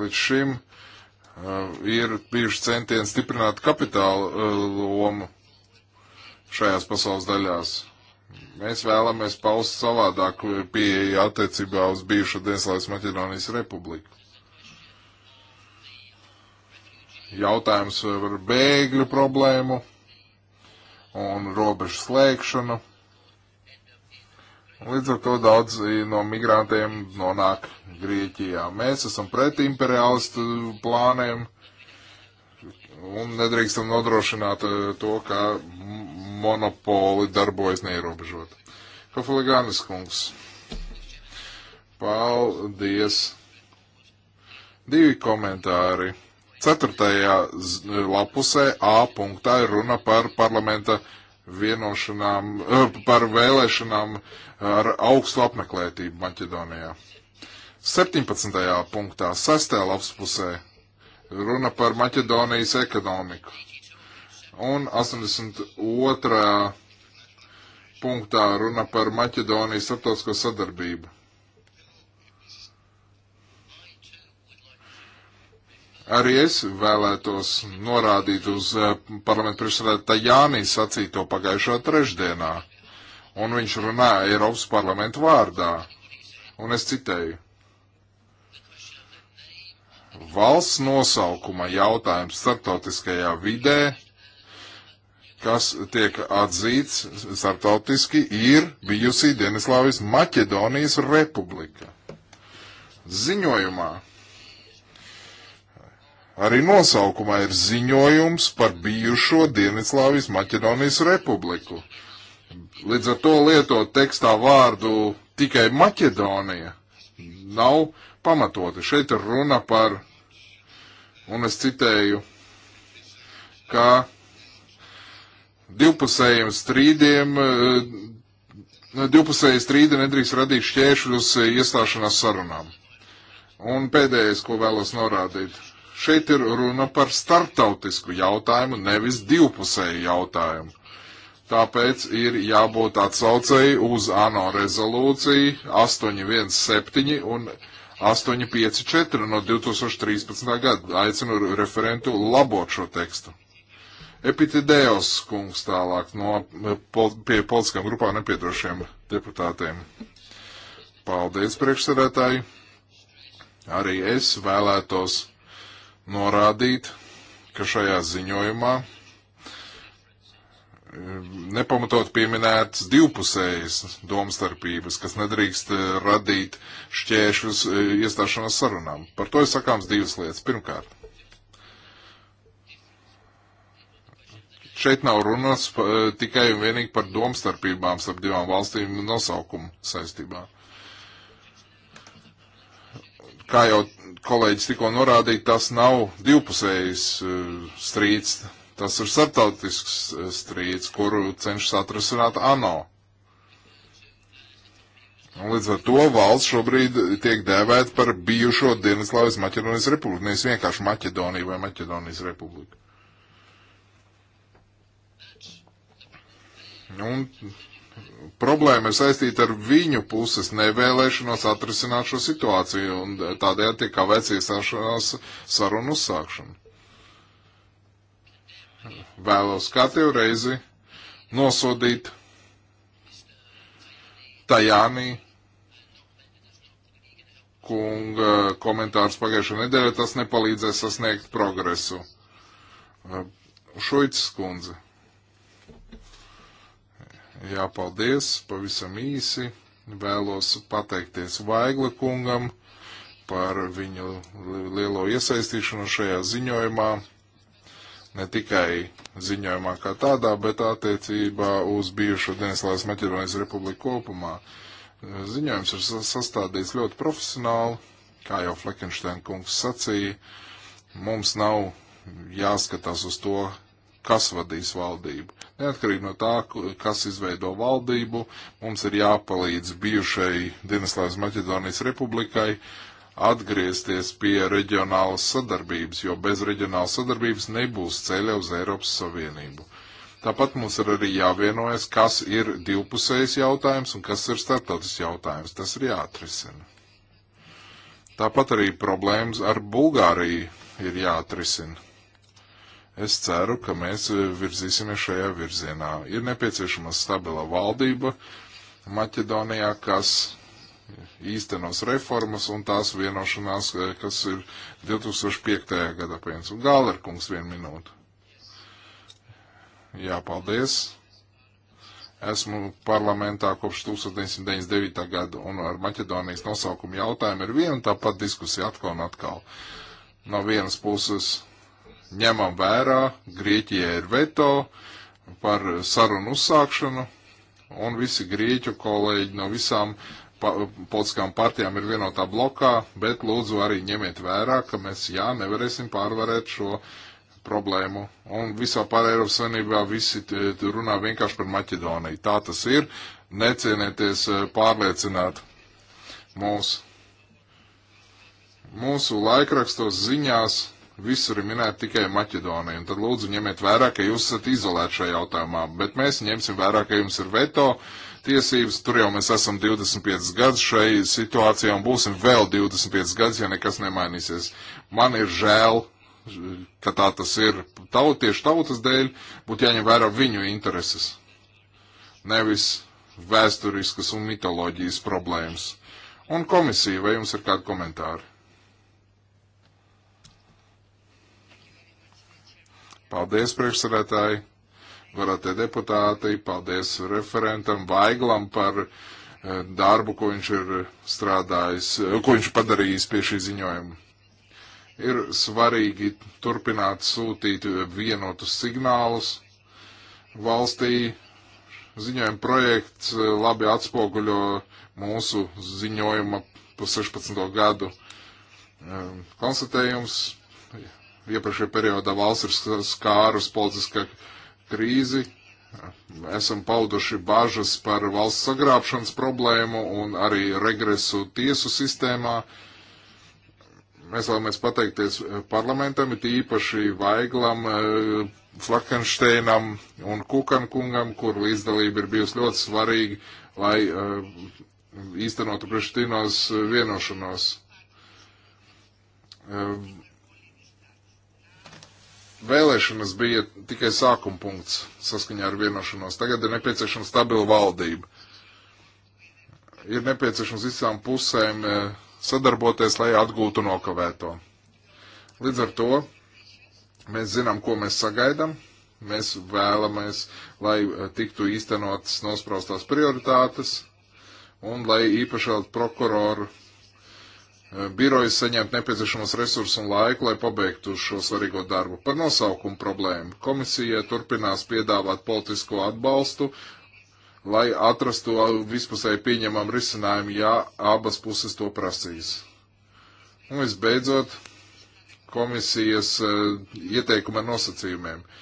S1: līdz šim eh, ir bijuši centieni stiprināt kapitāla eh, lomu šajās pasaules daļās. Mēs vēlamies paust savādāku pieeju attiecībā uz bijušo Dienaslāvijas Maķedonijas republiku. Jautājums par bēgļu problēmu un robežu slēgšanu. Līdz ar to daudz no migrantiem nonāk Grieķijā. Mēs esam pret imperialistu plāniem un nedrīkstam nodrošināt eh, to, ka monopoli darbojas neierobežot. Kofligānis kungs. Paldies. Divi komentāri Ceturtajā e, lapusē A punktā ir runa par parlamenta vienošanām, e, par vēlēšanām ar augstu apmeklētību Maķedonijā. 17. punktā, 6. lapspusē, runa par Maķedonijas ekonomiku. Un 82. punktā runa par Maķedonijas starptautisko sadarbību. Arī es vēlētos norādīt uz eh, parlamentu priekšsēdētāju Jānis sacīto pagājušā trešdienā, un viņš runāja Eiropas parlamentu vārdā, un es citēju. Valsts nosaukuma jautājums starptautiskajā vidē, kas tiek atzīts starptautiski, ir bijusi Denislāvis Maķedonijas republika. Ziņojumā Arī nosaukumā ir ziņojums par bijušo Dienvidslāvijas Maķedonijas republiku. Līdz ar to lietot tekstā vārdu tikai Maķedonija nav pamatoti. Šeit ir runa par, un es citēju, ka divpusējiem strīdiem, eh, divpusēji strīdi nedrīkst radīt šķēršļus iestāšanās sarunām. Un pēdējais, ko vēlos norādīt Šeit ir runa par startautisku jautājumu, nevis divpusēju jautājumu. Tāpēc ir jābūt atsaucēji uz ANO rezolūciju 817 un 854 no 2013. gada. Aicinu referentu labot šo tekstu. Epitidējos kungs tālāk no pol, pie politiskām grupām nepiedrošiem deputātiem. Paldies, priekšsēdētāji! Arī es vēlētos norādīt, ka šajā ziņojumā eh, nepamatot pieminētas divpusējas domstarpības, kas nedrīkst eh, radīt šķēršļus eh, iestāšanās sarunām. Par to ir sakāms divas lietas. Pirmkārt, šeit nav runas tikai un vienīgi par domstarpībām starp divām valstīm nosaukumu saistībā. Kā jau kolēģis tikko norādīja, tas nav divpusējs e, strīds, tas ir starptautisks e, strīds, kuru cenšas atrasināt ANO. Un līdz ar to valsts šobrīd tiek dēvēta par bijušo Dienvidslāvijas Maķedonijas republiku, nevis vienkārši Maķedoniju vai Maķedonijas republiku. Un problēma ir saistīta ar viņu puses nevēlēšanos atrisināt šo situāciju, un tādējādi tiek kavēts iestāšanās sarunu uzsākšanu. Vēlos katru reizi nosodīt Tajānī kunga komentārs pagājušajā nedēļā, tas nepalīdzēs sasniegt progresu. Šuicis kundze jāpaldies pavisam īsi. Vēlos pateikties Vaigla kungam par viņu lielo iesaistīšanu šajā ziņojumā. Ne tikai ziņojumā kā tādā, bet attiecībā uz bijušo Dienaslāvas Maķedonijas republiku kopumā. Ziņojums ir sastādīts ļoti profesionāli, kā jau Fleckensteina kungs sacīja. Mums nav jāskatās uz to, kas vadīs valdību. Neatkarīgi no tā, kas izveido valdību, mums ir jāpalīdz bijušai Dienaslāvas Maķedonijas republikai atgriezties pie reģionālas sadarbības, jo bez reģionālas sadarbības nebūs ceļa uz Eiropas Savienību. Tāpat mums ir arī jāvienojas, kas ir divpusējs jautājums un kas ir starptautis jautājums. Tas ir jāatrisina. Tāpat arī problēmas ar Bulgāriju ir jāatrisina Es ceru, ka mēs virzīsimies šajā virzienā. Ir nepieciešama stabila valdība Maķedonijā, kas īstenos reformas un tās vienošanās, eh, kas ir 2005. gada pēc. Un Gālerkungs vienu minūtu. Jā, paldies. Esmu parlamentā kopš 1999. gada un ar Maķedonijas nosaukumu jautājumu ir viena tā pati diskusija atkal un atkal. No vienas puses ņemam vērā, Grieķijai ir veto par sarunu uzsākšanu, un visi Grieķu kolēģi no visām pa politiskām partijām ir vienotā blokā, bet lūdzu arī ņemiet vērā, ka mēs jā, nevarēsim pārvarēt šo problēmu. Un visā pārējā Eiropas Savienībā visi runā vienkārši par Maķedoniju. Tā tas ir. Necienieties e, pārliecināt mūs. Mūsu laikrakstos ziņās Visur ir minēta tikai Maķedonija. Un tad lūdzu ņemiet vērā, ka jūs esat izolēti šajā jautājumā. Bet mēs ņemsim vērā, ka jums ir veto tiesības. Tur jau mēs esam 25 gadus šai situācijā un būsim vēl 25 gadus, ja nekas nemainīsies. Man ir žēl, ka tā tas ir taut, tieši tautas dēļ, būtu jāņem vērā viņu intereses. Nevis vēsturiskas un mitoloģijas problēmas. Un komisija, vai jums ir kādi komentāri? Paldies, priekšsarētāji, varētie deputāti, paldies referentam Vaiglam par eh, darbu, ko viņš ir strādājis, eh, ko viņš padarījis pie šī ziņojuma. Ir svarīgi turpināt sūtīt vienotus signālus valstī. Ziņojuma projekts eh, labi atspoguļo mūsu ziņojuma pa 16. gadu konstatējums Iepriekšējā periodā valsts ir skārus politiskā krīzi. Esam pauduši bažas par valsts sagrābšanas problēmu un arī regresu tiesu sistēmā. Mēs vēlamies pateikties parlamentam, it īpaši Vaiglam, Flakenšteinam un Kukankungam, kur līdzdalība ir bijusi ļoti svarīga, lai eh, īstenotu Prištinos vienošanos. Eh, Vēlēšanas bija tikai sākuma punkts saskaņā ar vienošanos. Tagad ir nepieciešama stabila valdība. Ir nepieciešams visām pusēm e, sadarboties, lai atgūtu nokavēto. Līdz ar to mēs zinām, ko mēs sagaidām. Mēs vēlamies, lai e, tiktu īstenotas nospraustās prioritātes un lai īpašā prokuroru Eh, birojas saņemt nepieciešamos resursus un laiku, lai pabeigtu šo svarīgo darbu. Par nosaukumu problēmu komisija turpinās piedāvāt politisko atbalstu, lai atrastu vispusēji pieņemam risinājumu, ja abas puses to prasīs. Un visbeidzot, komisijas uh, ieteikuma nosacījumiem. Uh,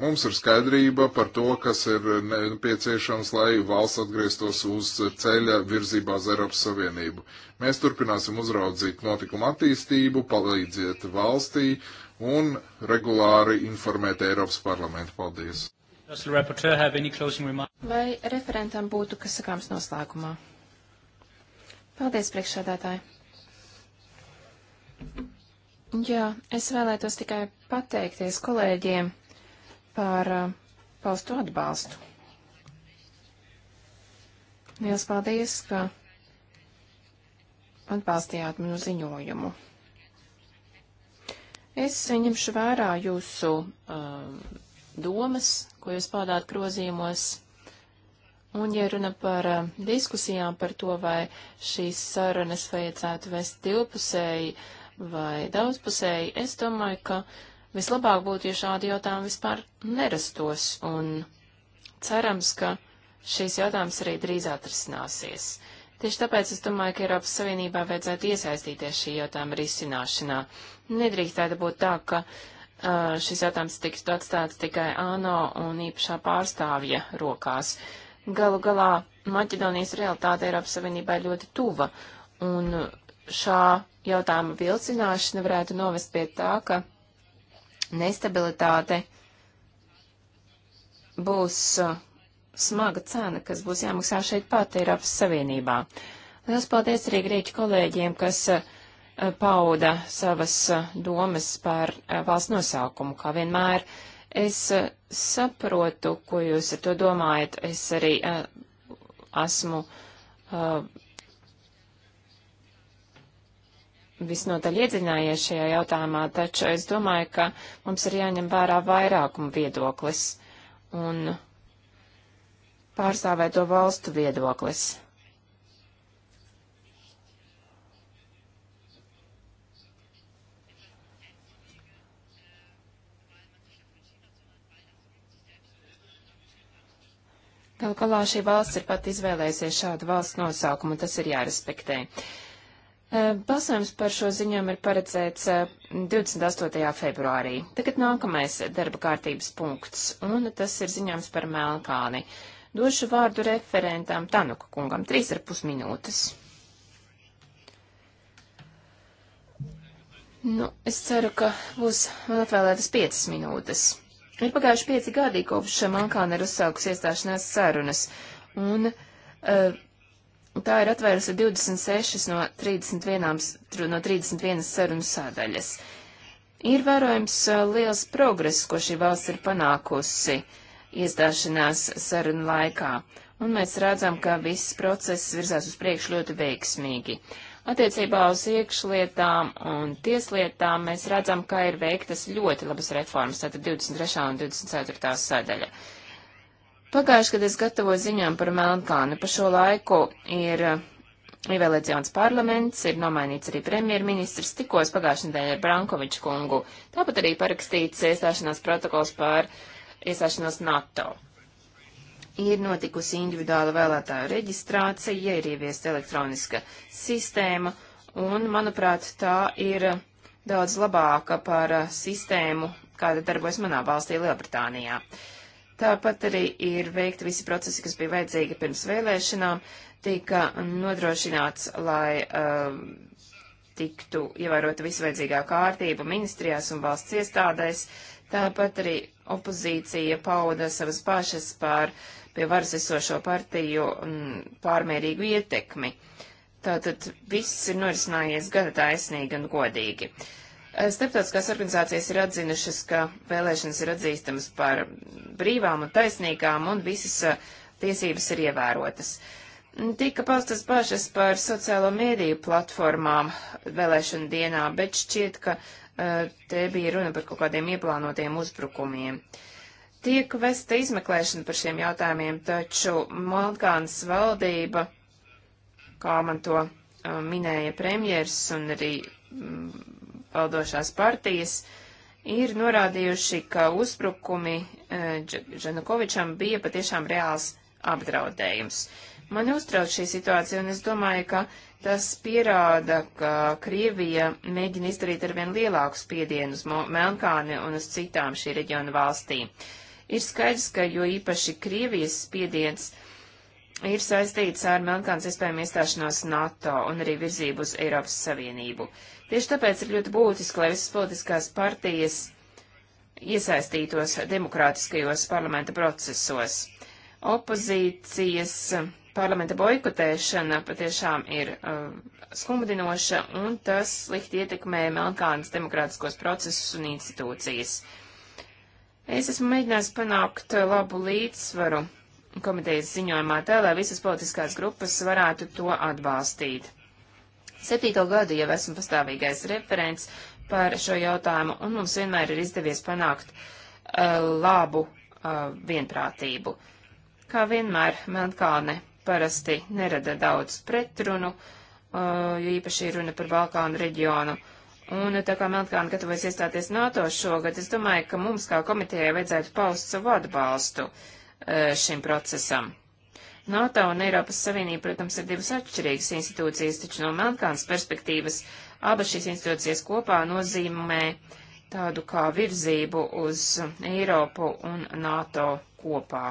S1: Mums ir skaidrība par to, kas ir nepieciešams, lai valsts atgrieztos uz ceļa virzībā uz Eiropas Savienību. Mēs turpināsim uzraudzīt notikumu attīstību, palīdziet valstī un regulāri informēt Eiropas parlamentu. Paldies!
S2: Vai referentam būtu kas sakāms noslēgumā? Paldies, priekšsādātāji! Jā, es vēlētos tikai pateikties kolēģiem par uh, paustu atbalstu. Liels paldies, ka atbalstījāt manu ziņojumu. Es ņemšu vērā jūsu um, domas, ko jūs pārdāt grozījumos. Un, ja runa par uh, diskusijām par to, vai šīs sarunas vajadzētu vest divpusēji vai daudzpusēji, es domāju, ka uh, Vislabāk būtu, ja šādi jautājumi vispār nerastos, un cerams, ka šīs jautājums arī drīz atrisināsies. Tieši tāpēc es domāju, ka Eiropas Savienībā vajadzētu iesaistīties šī jautājuma risināšanā. Nedrīkstētu būt tā, ka uh, šis jautājums tiks atstāts tikai ANO un īpašā pārstāvja rokās. Galu galā Maķedonijas realitāte Eiropas Savienībā ir ļoti tuva, un šā jautājuma vilcināšana varētu novest pie tā, ka Nestabilitāte būs uh, smaga cena, kas būs jāmaksā šeit pat Eiropas Savienībā. Lielas paldies arī grieķu kolēģiem, kas uh, pauda savas uh, domas par valsts nosaukumu, kā vienmēr. Es saprotu, ko jūs ar to domājat. Es arī esmu visnotaļ iedziļinājies šajā jautājumā, taču es domāju, ka mums ir jāņem vērā vairākuma viedoklis un pārstāvēto valstu viedoklis. Galu galā šī valsts ir pat izvēlējusies šādu valsts nosaukumu, tas ir jārespektē. Uh, Balsojums par šo ziņojumu ir paredzēts 28. februārī. Tagad nākamais darba kārtības punkts, un tas ir ziņojums par Melkāni. Došu vārdu referentām Tanuka kungam, trīs ar pus minūtes. Nu, es ceru, ka būs man atvēlētas piecas minūtes. Ir pagājuši pieci gadi, kopš Melkāna ir uzsākusi iestāšanās sarunas, un uh, tā ir atvērusi 26 no 31, no 31 sarunu sādaļas. Ir vērojams liels progress, ko šī valsts ir panākusi iestāšanās sarunu laikā, un mēs redzam, ka viss process virzās uz priekšu ļoti veiksmīgi. Attiecībā uz iekšlietām un tieslietām mēs redzam, ka ir veiktas ļoti labas reformas, tātad 23. un 24. sadaļa. Pagājuši, kad es gatavoju ziņām par Melnkalni, pa šo laiku ir uh, ievēlēts jauns parlaments, ir nomainīts arī premjerministrs, tikos pagājušajā nedēļā ar Brankoviču kungu. Tāpat arī parakstīts iestāšanās protokols par iestāšanos NATO ir notikusi individuāla vēlētāju reģistrācija, ir ieviesta elektroniska sistēma, un, manuprāt, tā ir daudz labāka par uh, sistēmu, kāda darbojas manā valstī Lielbritānijā. Tāpat arī ir veikti visi procesi, kas bija vajadzīgi pirms vēlēšanām, tika nodrošināts, lai um, tiktu ievērota visvajadzīgā kārtība ministrijās un valsts iestādēs. Tāpat arī opozīcija pauda savas pašas pār pie varas esošo partiju mm, pārmērīgu ietekmi. Tātad viss ir norisinājies gana taisnīgi un godīgi. Uh, Starptautiskās organizācijas ir atzinušas, ka vēlēšanas ir atzīstamas par brīvām un taisnīgām, un visas uh, tiesības ir ievērotas. Tika paustas bažas par sociālo mēdīju platformām vēlēšana dienā, bet šķiet, ka uh, te bija runa par kaut kādiem ieplānotiem uzbrukumiem. Tiek vesta izmeklēšana par šiem jautājumiem, taču Malkānas valdība, kā man to uh, minēja premjers un arī
S3: mm,
S2: valdošās partijas ir norādījuši, ka uzbrukumi e, Džanukovičam bija patiešām reāls apdraudējums. Man uztrauc šī situācija, un es domāju, ka tas pierāda, ka Krievija mēģina izdarīt arvien lielāku spiedienu uz Melnkāni un uz citām šī reģiona valstīm. Ir skaidrs, ka jo īpaši Krievijas spiediens ir saistīts ar Melnkānas iespējamu iestāšanos NATO un arī virzību uz Eiropas Savienību. Uh, Tieši tāpēc ir ļoti būtiski, lai visas politiskās partijas iesaistītos demokrātiskajos parlamenta procesos. Opozīcijas parlamenta boikotēšana patiešām ir uh, skumdinoša, un tas slikti ietekmē Melkānas demokrātiskos procesus un institūcijas. Es esmu mēģinājis panākt uh, labu līdzsvaru komitejas ziņojumā tā, lai visas politiskās grupas varētu to atbalstīt. Septīto gadu jau esmu pastāvīgais referents par šo jautājumu, un mums vienmēr ir izdevies panākt uh, labu uh, vienprātību. Kā vienmēr, Melnkalne parasti nerada daudz pretrunu, uh, jo īpaši runa par Balkānu reģionu. Un tā kā Melnkalna gatavojas iestāties NATO šogad, es domāju, ka mums kā komitejai vajadzētu paust savu atbalstu uh, šim procesam. NATO un Eiropas Savienība, protams, ir divas atšķirīgas institūcijas, taču no Melnkalnas perspektīvas abas šīs institūcijas kopā nozīmē tādu kā virzību uz Eiropu un NATO kopā.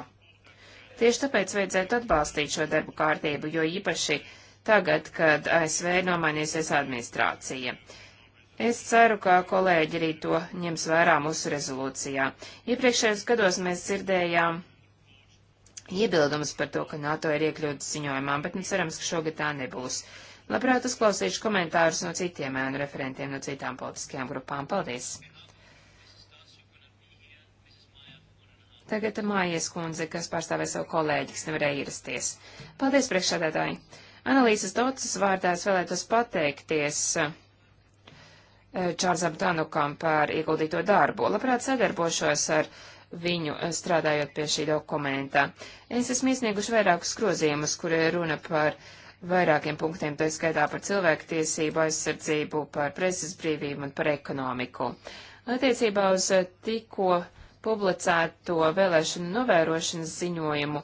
S2: Tieši tāpēc vajadzētu atbalstīt šo darbu kārtību, jo īpaši tagad, kad ASV ir nomainījusies administrācija. Es ceru, ka kolēģi arī to ņems vērā mūsu rezolūcijā. Iepriekšējos gados mēs dzirdējām iebildumus par to, ka NATO ir iekļūtas ziņojumā, bet nu cerams, ka šogad tā nebūs. Labprāt uzklausīšu komentārus no citiem ēnu referentiem no citām politiskajām grupām. Paldies! Tagad mājies kundze, kas pārstāvē savu kolēģi, kas nevarēja ierasties. Paldies, priekšsādātāji! Analīzes docas vārdās vēlētos pateikties eh, Čārzam Tanukam par ieguldīto darbu. Labprāt sadarbošos ar uh, viņu eh, strādājot pie šī dokumenta. Es esmu iesnieguši vairākus grozījumus, kur runa par vairākiem punktiem, tā skaitā par cilvēktiesību aizsardzību, par preses brīvību un par ekonomiku. Attiecībā uz eh, tikko publicēto vēlēšanu novērošanas ziņojumu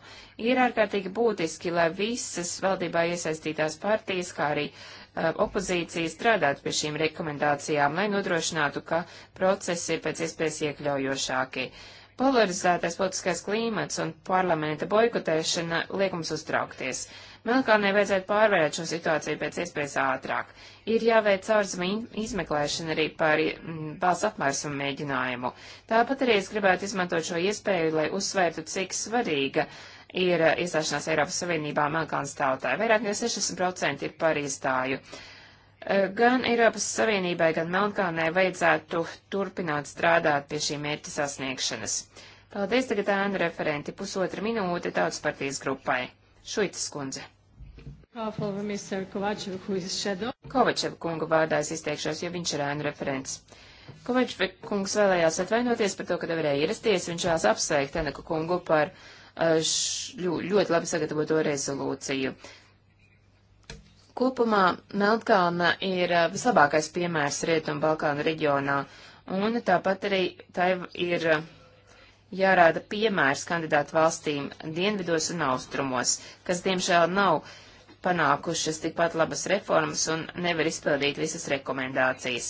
S2: ir ārkārtīgi būtiski, lai visas valdībā iesaistītās partijas, kā arī uh, opozīcija strādātu pie šīm rekomendācijām, lai nodrošinātu, ka procesi ir pēc iespējas iekļaujošāki. Polarizētais politiskais klīmats un parlamenta boikotēšana liek mums uztraukties. Melnkalnē vajadzētu pārvarēt šo situāciju pēc iespējas ātrāk. Ir jāveic caurzemi izmeklēšana arī par balsu mm, apmērsumu mēģinājumu. Tāpat arī es gribētu izmantot šo iespēju, lai uzsvērtu, cik svarīga ir uh, iestāšanās Eiropas Savienībā Melnkalnas tautai. Vairāk nekā 60% ir par iestāju. Uh, Eh, gan Eiropas Savienībai, gan Melnkalnē vajadzētu turpināt strādāt pie šī mērķa sasniegšanas. Paldies tagad ēnu referenti pusotra minūte tautas partijas grupai. Šuitas kundze. Kovačeva kungu vārdā es izteikšos, jo viņš ir ēnu referents. Kovačeva kungs vēlējās atvainoties par to, ka nevarēja ierasties, viņš vēlas apsveikt Teneku kungu par eh, š, ļu, ļoti labi sagatavoto rezolūciju. Kopumā Meltkalna ir vislabākais piemērs Rietumu Balkānu reģionā, un tāpat arī tai ir jārāda piemērs kandidātu valstīm dienvidos un austrumos, kas diemžēl nav panākušas tikpat labas reformas un nevar izpildīt visas rekomendācijas.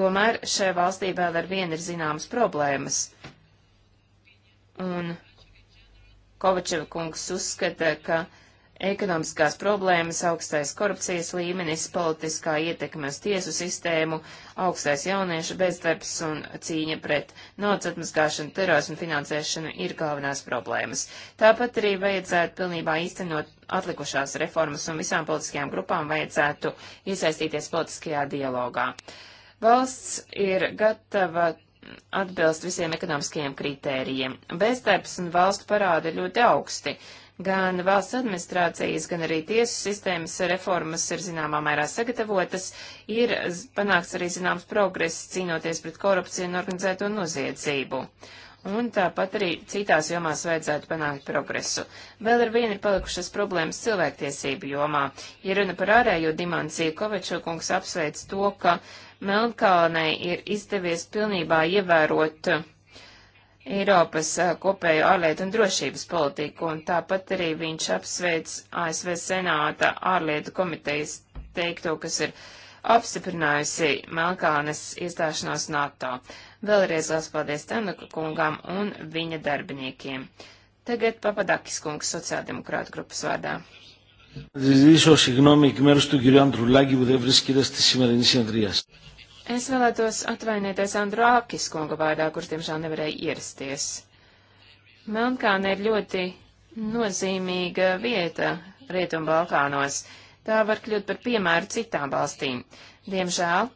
S2: Tomēr šai valstī vēl ar vienu ir zināmas problēmas. Un Kovačeva kungs uzskata, ka ekonomiskās problēmas, augstais korupcijas līmenis, politiskā ietekme uz tiesu sistēmu, augstais jauniešu bezdarbs un cīņa pret naudas atmaskāšanu, terorismu finansēšanu ir galvenās problēmas. Tāpat arī vajadzētu pilnībā īstenot atlikušās reformas un visām politiskajām grupām vajadzētu iesaistīties politiskajā dialogā. Valsts ir gatava atbilst visiem ekonomiskajiem kritērijiem. Bezdarbs un valstu parādi ir ļoti augsti Gan valsts administrācijas, gan arī tiesu sistēmas reformas ir zināmā mērā sagatavotas, ir panāks arī zināms progress cīnoties pret korupciju un organizēto noziedzību. Un tāpat arī citās jomās vajadzētu panākt progresu. Vēl ar vienu ir palikušas problēmas cilvēktiesību jomā. Ja runa par ārējo dimensiju, Kovečokungs apsveic to, ka Melnkalnei ir izdevies pilnībā ievērot uh, Eiropas kopējo ārlietu un drošības politiku, un tāpat arī viņš apsveic ASV Senāta ārlietu komitejas teikto, kas ir apstiprinājusi Melkānes iestāšanos NATO. Vēlreiz liels paldies Tanuka kungam un viņa darbiniekiem. Tagad Papadakis kungs sociāldemokrāta grupas vārdā.
S3: Ζητήσω συγγνώμη εκ μέρους του κυρίου Αντρουλάκη που δεν βρίσκεται στη σημερινή συνεδρίαση.
S2: Es vēlētos atvainēties Andrākis kunga vārdā, kurš tiemžēl nevarēja ierasties. Melnkalne ir ļoti nozīmīga vieta Rietumbalkānos. Tā var kļūt par piemēru citām valstīm. Diemžēl.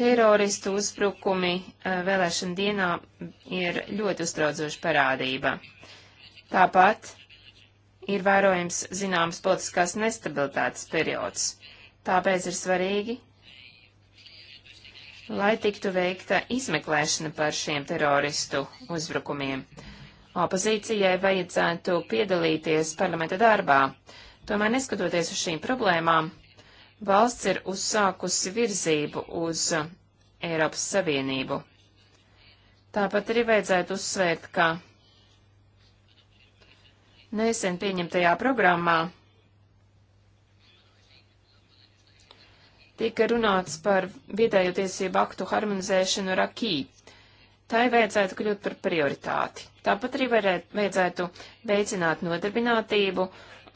S2: Teroristu uzbrukumi eh, vēlēšana dienā ir ļoti uztraucoša parādība. Tāpat ir vērojams zināms politiskās nestabilitātes periods. Tāpēc ir svarīgi, lai tiktu veikta izmeklēšana par šiem teroristu uzbrukumiem. Opozīcijai vajadzētu piedalīties parlamenta darbā. Tomēr, neskatoties uz šīm problēmām, valsts ir uzsākusi virzību uz Eiropas Savienību. Tāpat arī vajadzētu uzsvērt, ka nesen pieņemtajā programmā tika runāts par vietējo tiesību aktu harmonizēšanu ar akī. Tai vajadzētu kļūt par prioritāti. Tāpat arī varētu, vajadzētu veicināt nodarbinātību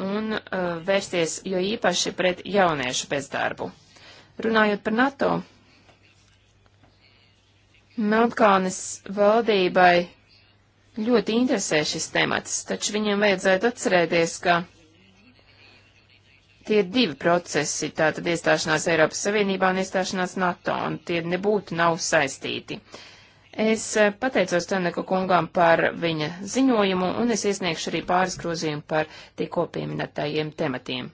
S2: un uh, vērsties jo īpaši pret jauniešu bezdarbu. Runājot par NATO, Melnkalnes valdībai ļoti interesē šis temats, taču viņiem vajadzētu atcerēties, ka tie ir divi procesi, tātad iestāšanās Eiropas Savienībā un iestāšanās NATO, un tie nebūtu nav saistīti. Es eh, pateicos Taneka kungām par viņa ziņojumu, un es iesniegšu arī pāris grozījumu par tikko pieminētajiem tematiem.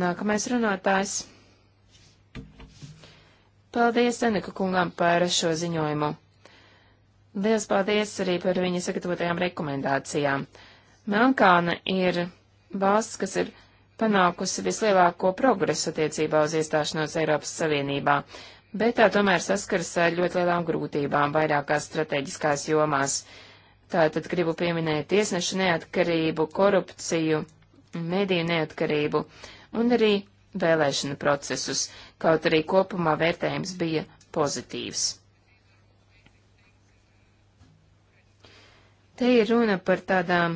S2: Nākamais runātājs. Paldies Taneka kungām par šo ziņojumu. Liels paldies arī par viņa sagatavotajām rekomendācijām. Melnkalna ir valsts, kas ir panākusi vislielāko progresu attiecībā uz iestāšanos Eiropas Savienībā, bet tā tomēr saskaras ar ļoti lielām grūtībām vairākās strateģiskās jomās. Tātad gribu pieminēt tiesnešu neatkarību, korupciju, mediju neatkarību un arī vēlēšana procesus, kaut arī kopumā vērtējums bija pozitīvs. Te ir runa par tādām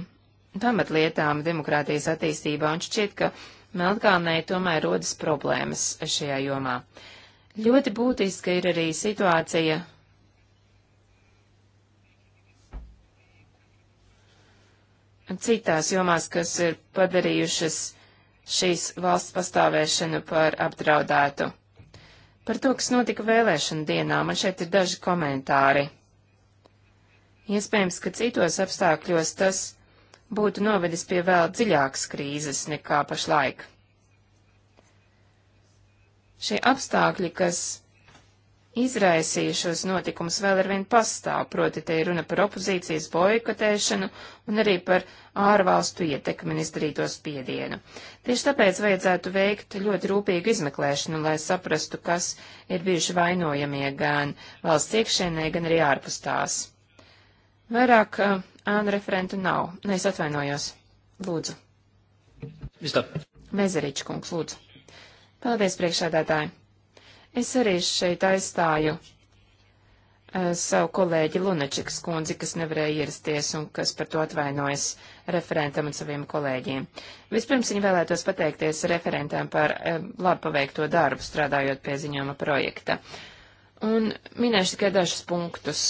S2: pamatlietām demokrātijas attīstībā, un šķiet, ka Meltkalnē tomēr rodas problēmas šajā jomā. Ļoti būtiska ir arī situācija citās jomās, kas ir padarījušas šīs valsts pastāvēšanu par apdraudētu. Par to, kas notika vēlēšana dienā, man šeit ir daži komentāri. Iespējams, ka citos apstākļos tas būtu novedis pie vēl dziļākas krīzes nekā pašlaik. Šie apstākļi, kas izraisīja šos notikumus, vēl ar vien pastāv, proti te ir runa par opozīcijas boikotēšanu un arī par ārvalstu ietekmi un izdarīto spiedienu. Tieši tāpēc vajadzētu veikt ļoti rūpīgu izmeklēšanu, lai saprastu, kas ir bijuši vainojamie gan valsts iekšēnē, gan arī ārpus tās. Vairāk uh, ēnu uh, referentu nav. Nē, nu, es atvainojos. Lūdzu. Vislab. Mezeriča kungs, lūdzu. Paldies, priekšādātāji. Es arī šeit aizstāju uh, savu kolēģi Lunačikas kundzi, kas nevarēja ierasties un kas par to atvainojas referentam un saviem kolēģiem. Vispirms viņa vēlētos pateikties referentam par e, labi paveikto darbu, strādājot pie ziņojuma projekta. Un minēšu tikai dažus punktus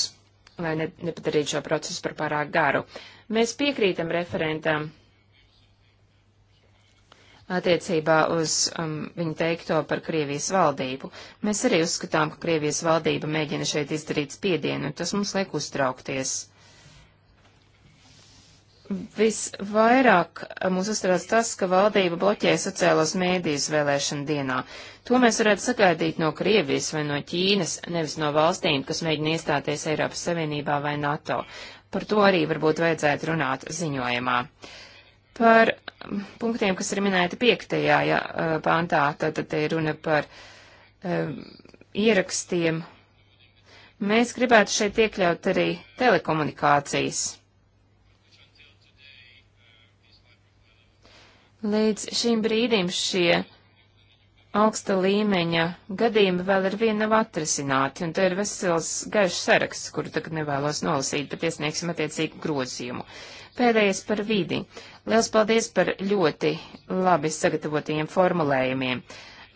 S2: lai ne, nepadarītu šo procesu par pārāk garu. Mēs piekrītam referentam attiecībā uz um, viņu teikto par Krievijas valdību. Mēs arī uzskatām, ka Krievijas valdība mēģina šeit izdarīt spiedienu, un tas mums liek uztraukties. Visvairāk mūs um, uztrauc tas, ka valdība bloķē sociālos mēdījus vēlēšana dienā. Uh, To mēs varētu sagaidīt no Krievijas vai no Ķīnas, nevis no valstīm, kas mēģina iestāties Eiropas Savienībā vai NATO. Par to arī varbūt vajadzētu runāt ziņojumā. Par mm, punktiem, kas ir minēti piektajā ja, pāntā, tad, tad te ir runa par um, ierakstiem. Mēs gribētu šeit iekļaut arī telekomunikācijas. Līdz šim brīdim šie augsta līmeņa gadījumi vēl ar vienu nav atrisināti, un te ir vesels gaišs saraksts, kuru tagad nevēlos nolasīt, bet iesniegsim attiecīgu grozījumu. Pēdējais par vidi. Liels paldies par ļoti labi sagatavotajiem formulējumiem.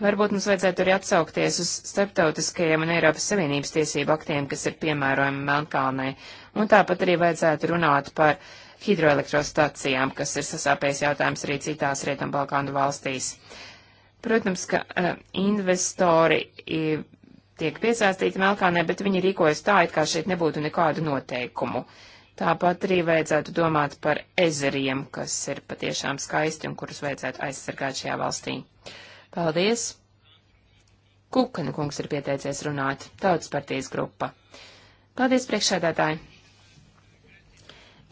S2: Varbūt mums vajadzētu arī atsaukties uz starptautiskajiem un Eiropas Savienības tiesību aktiem, kas ir piemērojami Melnkalnai, un tāpat arī vajadzētu runāt par hidroelektrostacijām, kas ir sasāpējis jautājums arī citās Rietumbalkānu valstīs. Protams, ka uh, investori e, tiek piesaistīti Melkānē, bet viņi rīkojas tā, it kā šeit nebūtu nekādu noteikumu. Tāpat arī vajadzētu domāt par ezeriem, kas ir patiešām skaisti un kurus vajadzētu aizsargāt šajā valstī. Paldies! Kukana kungs ir pieteicies runāt, tautas partijas grupa. Paldies, priekšsēdētāji!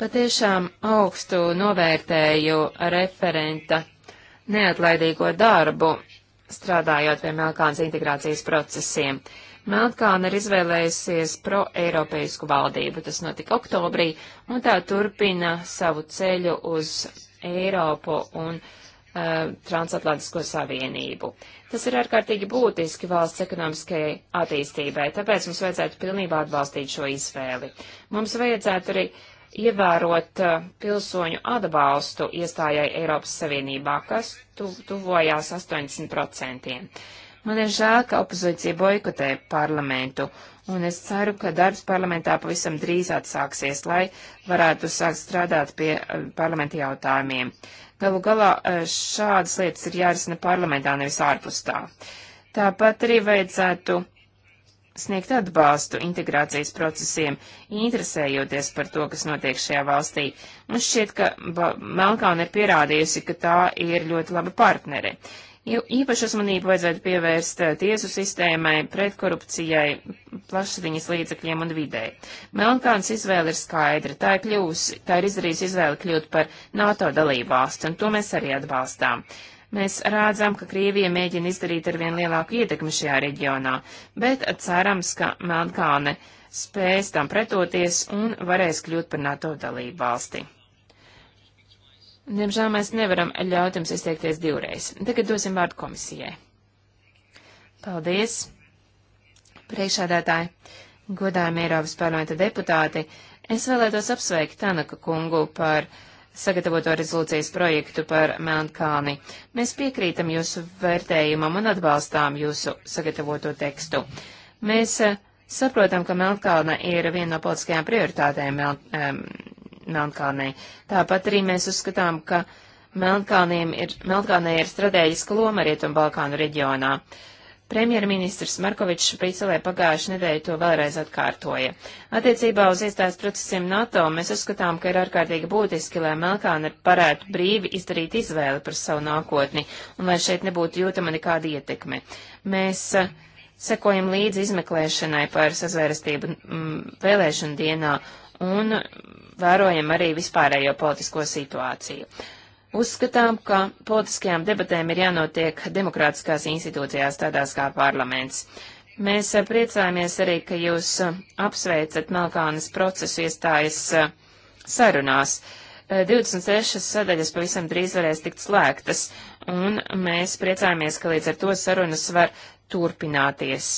S2: Patiešām augstu novērtēju referenta neatlaidīgo darbu, strādājot pie Melkānas integrācijas procesiem. Melkāna ir izvēlējusies pro-eiropeisku valdību, tas notika oktobrī, un tā turpina savu ceļu uz Eiropu un uh, transatlantisko savienību. Tas ir ārkārtīgi būtiski valsts ekonomiskajai attīstībai, tāpēc mums vajadzētu pilnībā atbalstīt šo izvēli. Mums vajadzētu arī uh, ievērot eh, pilsoņu atbalstu iestājai Eiropas Savienībā, kas tu, tuvojās 80%. Man ir žēl, ka opozīcija boikotē parlamentu, un es ceru, ka darbs parlamentā pavisam drīz atsāksies, lai varētu sākt strādāt pie eh, parlamenta jautājumiem. Galu galā eh, šādas lietas ir jārisina parlamentā, nevis ārpus tā. Tāpat arī vajadzētu sniegt atbalstu integrācijas procesiem, interesējoties par to, kas notiek šajā valstī. Mums šķiet, ka Melnkalne ir pierādījusi, ka tā ir ļoti laba partnere. Jo īpašu uzmanību vajadzētu pievērst eh, tiesu sistēmai, pretkorupcijai, plašsaziņas līdzekļiem un vidē. Melnkalns izvēle ir skaidra. Tā ir, kļūs, tā ir izdarījusi izvēli kļūt par NATO dalībvalsti, un to mēs arī atbalstām. Mēs rādzam, ka Krievija mēģina izdarīt arvien lielāku ietekmi šajā reģionā, bet cerams, ka Melnkalne spēs tam pretoties un varēs kļūt par NATO dalību valsti. Diemžēl mēs nevaram ļaut jums izteikties divreiz. Tagad dosim vārdu komisijai. Paldies, priekšādātāji, godājumi Eiropas parlamenta deputāti. Es vēlētos apsveikt Tanaka kungu par uh, sagatavoto rezolūcijas projektu par Melnkalni. Mēs piekrītam jūsu vērtējumam un atbalstām jūsu sagatavoto tekstu. Mēs eh, saprotam, ka Melnkalna ir viena no politiskajām prioritātēm Mel, um, Melnkalnē. Tāpat arī mēs uzskatām, ka Melnkalnē ir, Melnkalnē ir strateģiska loma Rietumbalkānu reģionā. Uh, Premjerministrs Markovičs Brīselē pagājuši nedēļu to vēlreiz atkārtoja. Attiecībā uz iestājas procesiem NATO mēs uzskatām, ka ir ārkārtīgi būtiski, lai Melkāna varētu brīvi izdarīt izvēli par savu nākotni un lai šeit nebūtu jūtama nekāda ietekme. Mēs a, eh, sekojam līdzi izmeklēšanai par sazvērestību m, mm, vēlēšanu dienā un vērojam arī vispārējo politisko situāciju. Uzskatām, ka politiskajām debatēm ir jānotiek demokrātiskās institūcijās, tādās kā parlaments. Mēs eh, priecājamies arī, ka jūs eh, apsveicat Melkānas procesu iestājas eh, sarunās. 26 sadaļas pavisam drīz varēs tikt slēgtas, un mēs priecājamies, ka līdz ar to sarunas var turpināties.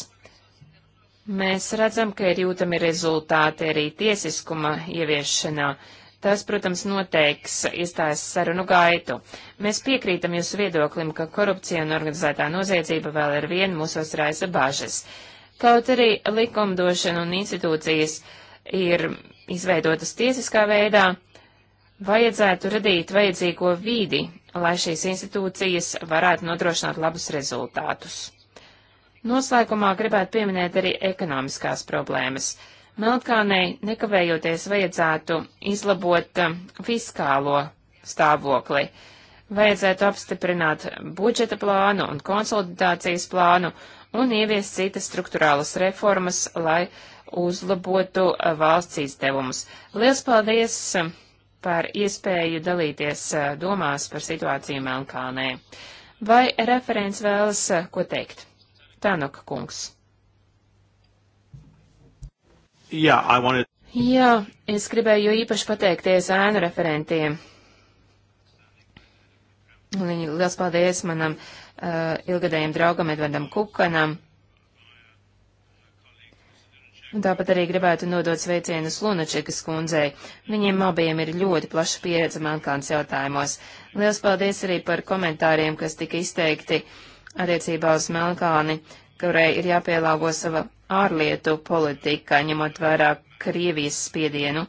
S2: Mēs redzam, ka ir jūtami rezultāti arī tiesiskuma ieviešanā. Tas, protams, noteiks iestājas sarunu gaitu. Mēs piekrītam jūsu viedoklim, ka korupcija un organizētā noziedzība vēl ir viena mūsos raisa bažas. Kaut arī likumdošana un institūcijas ir izveidotas tiesiskā veidā, vajadzētu radīt vajadzīgo vīdi, lai šīs institūcijas varētu nodrošināt labus rezultātus. Noslēgumā gribētu pieminēt arī ekonomiskās problēmas. Melnkalnei nekavējoties vajadzētu izlabot um, fiskālo stāvokli, vajadzētu apstiprināt budžeta plānu un konsolidācijas plānu un ieviest citas struktūrālas reformas, lai uzlabotu uh, valsts izdevumus. Lielas paldies um, par iespēju dalīties uh, domās par situāciju Melnkalnē. Vai referents vēlas uh, ko teikt? Tanaka kungs.
S1: Yeah, wanted...
S2: Jā, es gribēju īpaši pateikties ēnu referentiem. Viņu liels paldies manam uh, ilgadējiem draugam Edvardam Kukanam. Un tāpat arī gribētu nodot sveicienus Lunačekas kundzei. Viņiem abiem ir ļoti plaša pieredze Melnkalns jautājumos. Liels paldies arī par komentāriem, kas tika izteikti attiecībā uz Melnkalni. Uh, kurai ir jāpielāgo sava ārlietu politika, ņemot vērā Krievijas spiedienu.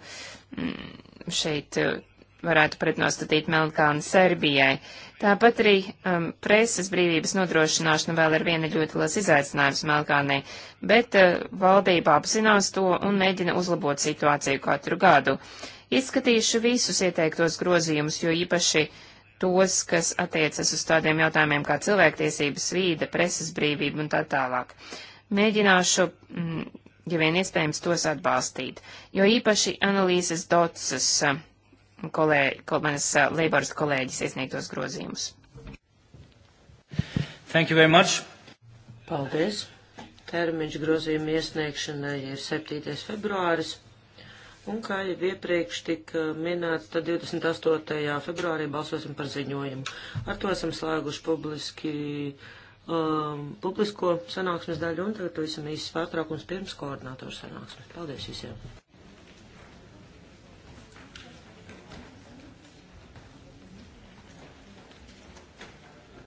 S2: Mm, šeit eh, varētu pretnostatīt Melnkalnu Serbijai. Tāpat arī um, preses brīvības nodrošināšana vēl ir viena ļoti liels izaicinājums Melnkalnē, bet uh, valdība apzinās to un mēģina uzlabot situāciju katru gadu. Izskatīšu visus ieteiktos grozījumus, jo īpaši uh, tos, kas attiecas uz tādiem jautājumiem kā cilvēktiesības, vīde, presas brīvība un tā tālāk. Mēģināšu, mm, ja vien iespējams, tos atbalstīt, jo īpaši analīzes docas mm, kolē, kol, manas eh, leiboristu kolēģis iesniegtos grozījumus.
S3: Thank you very much. Paldies. Termiņš grozījuma iesniegšanai ir 7. februāris. Un, kā jau iepriekš tika minēts, tad 28. februārī balsosim par ziņojumu. Ar to esam slēguši publiski, um, publisko sanāksmes daļu, un tagad pavisam īsts pārtraukums pirms koordinātoru sanāksmes. Paldies visiem!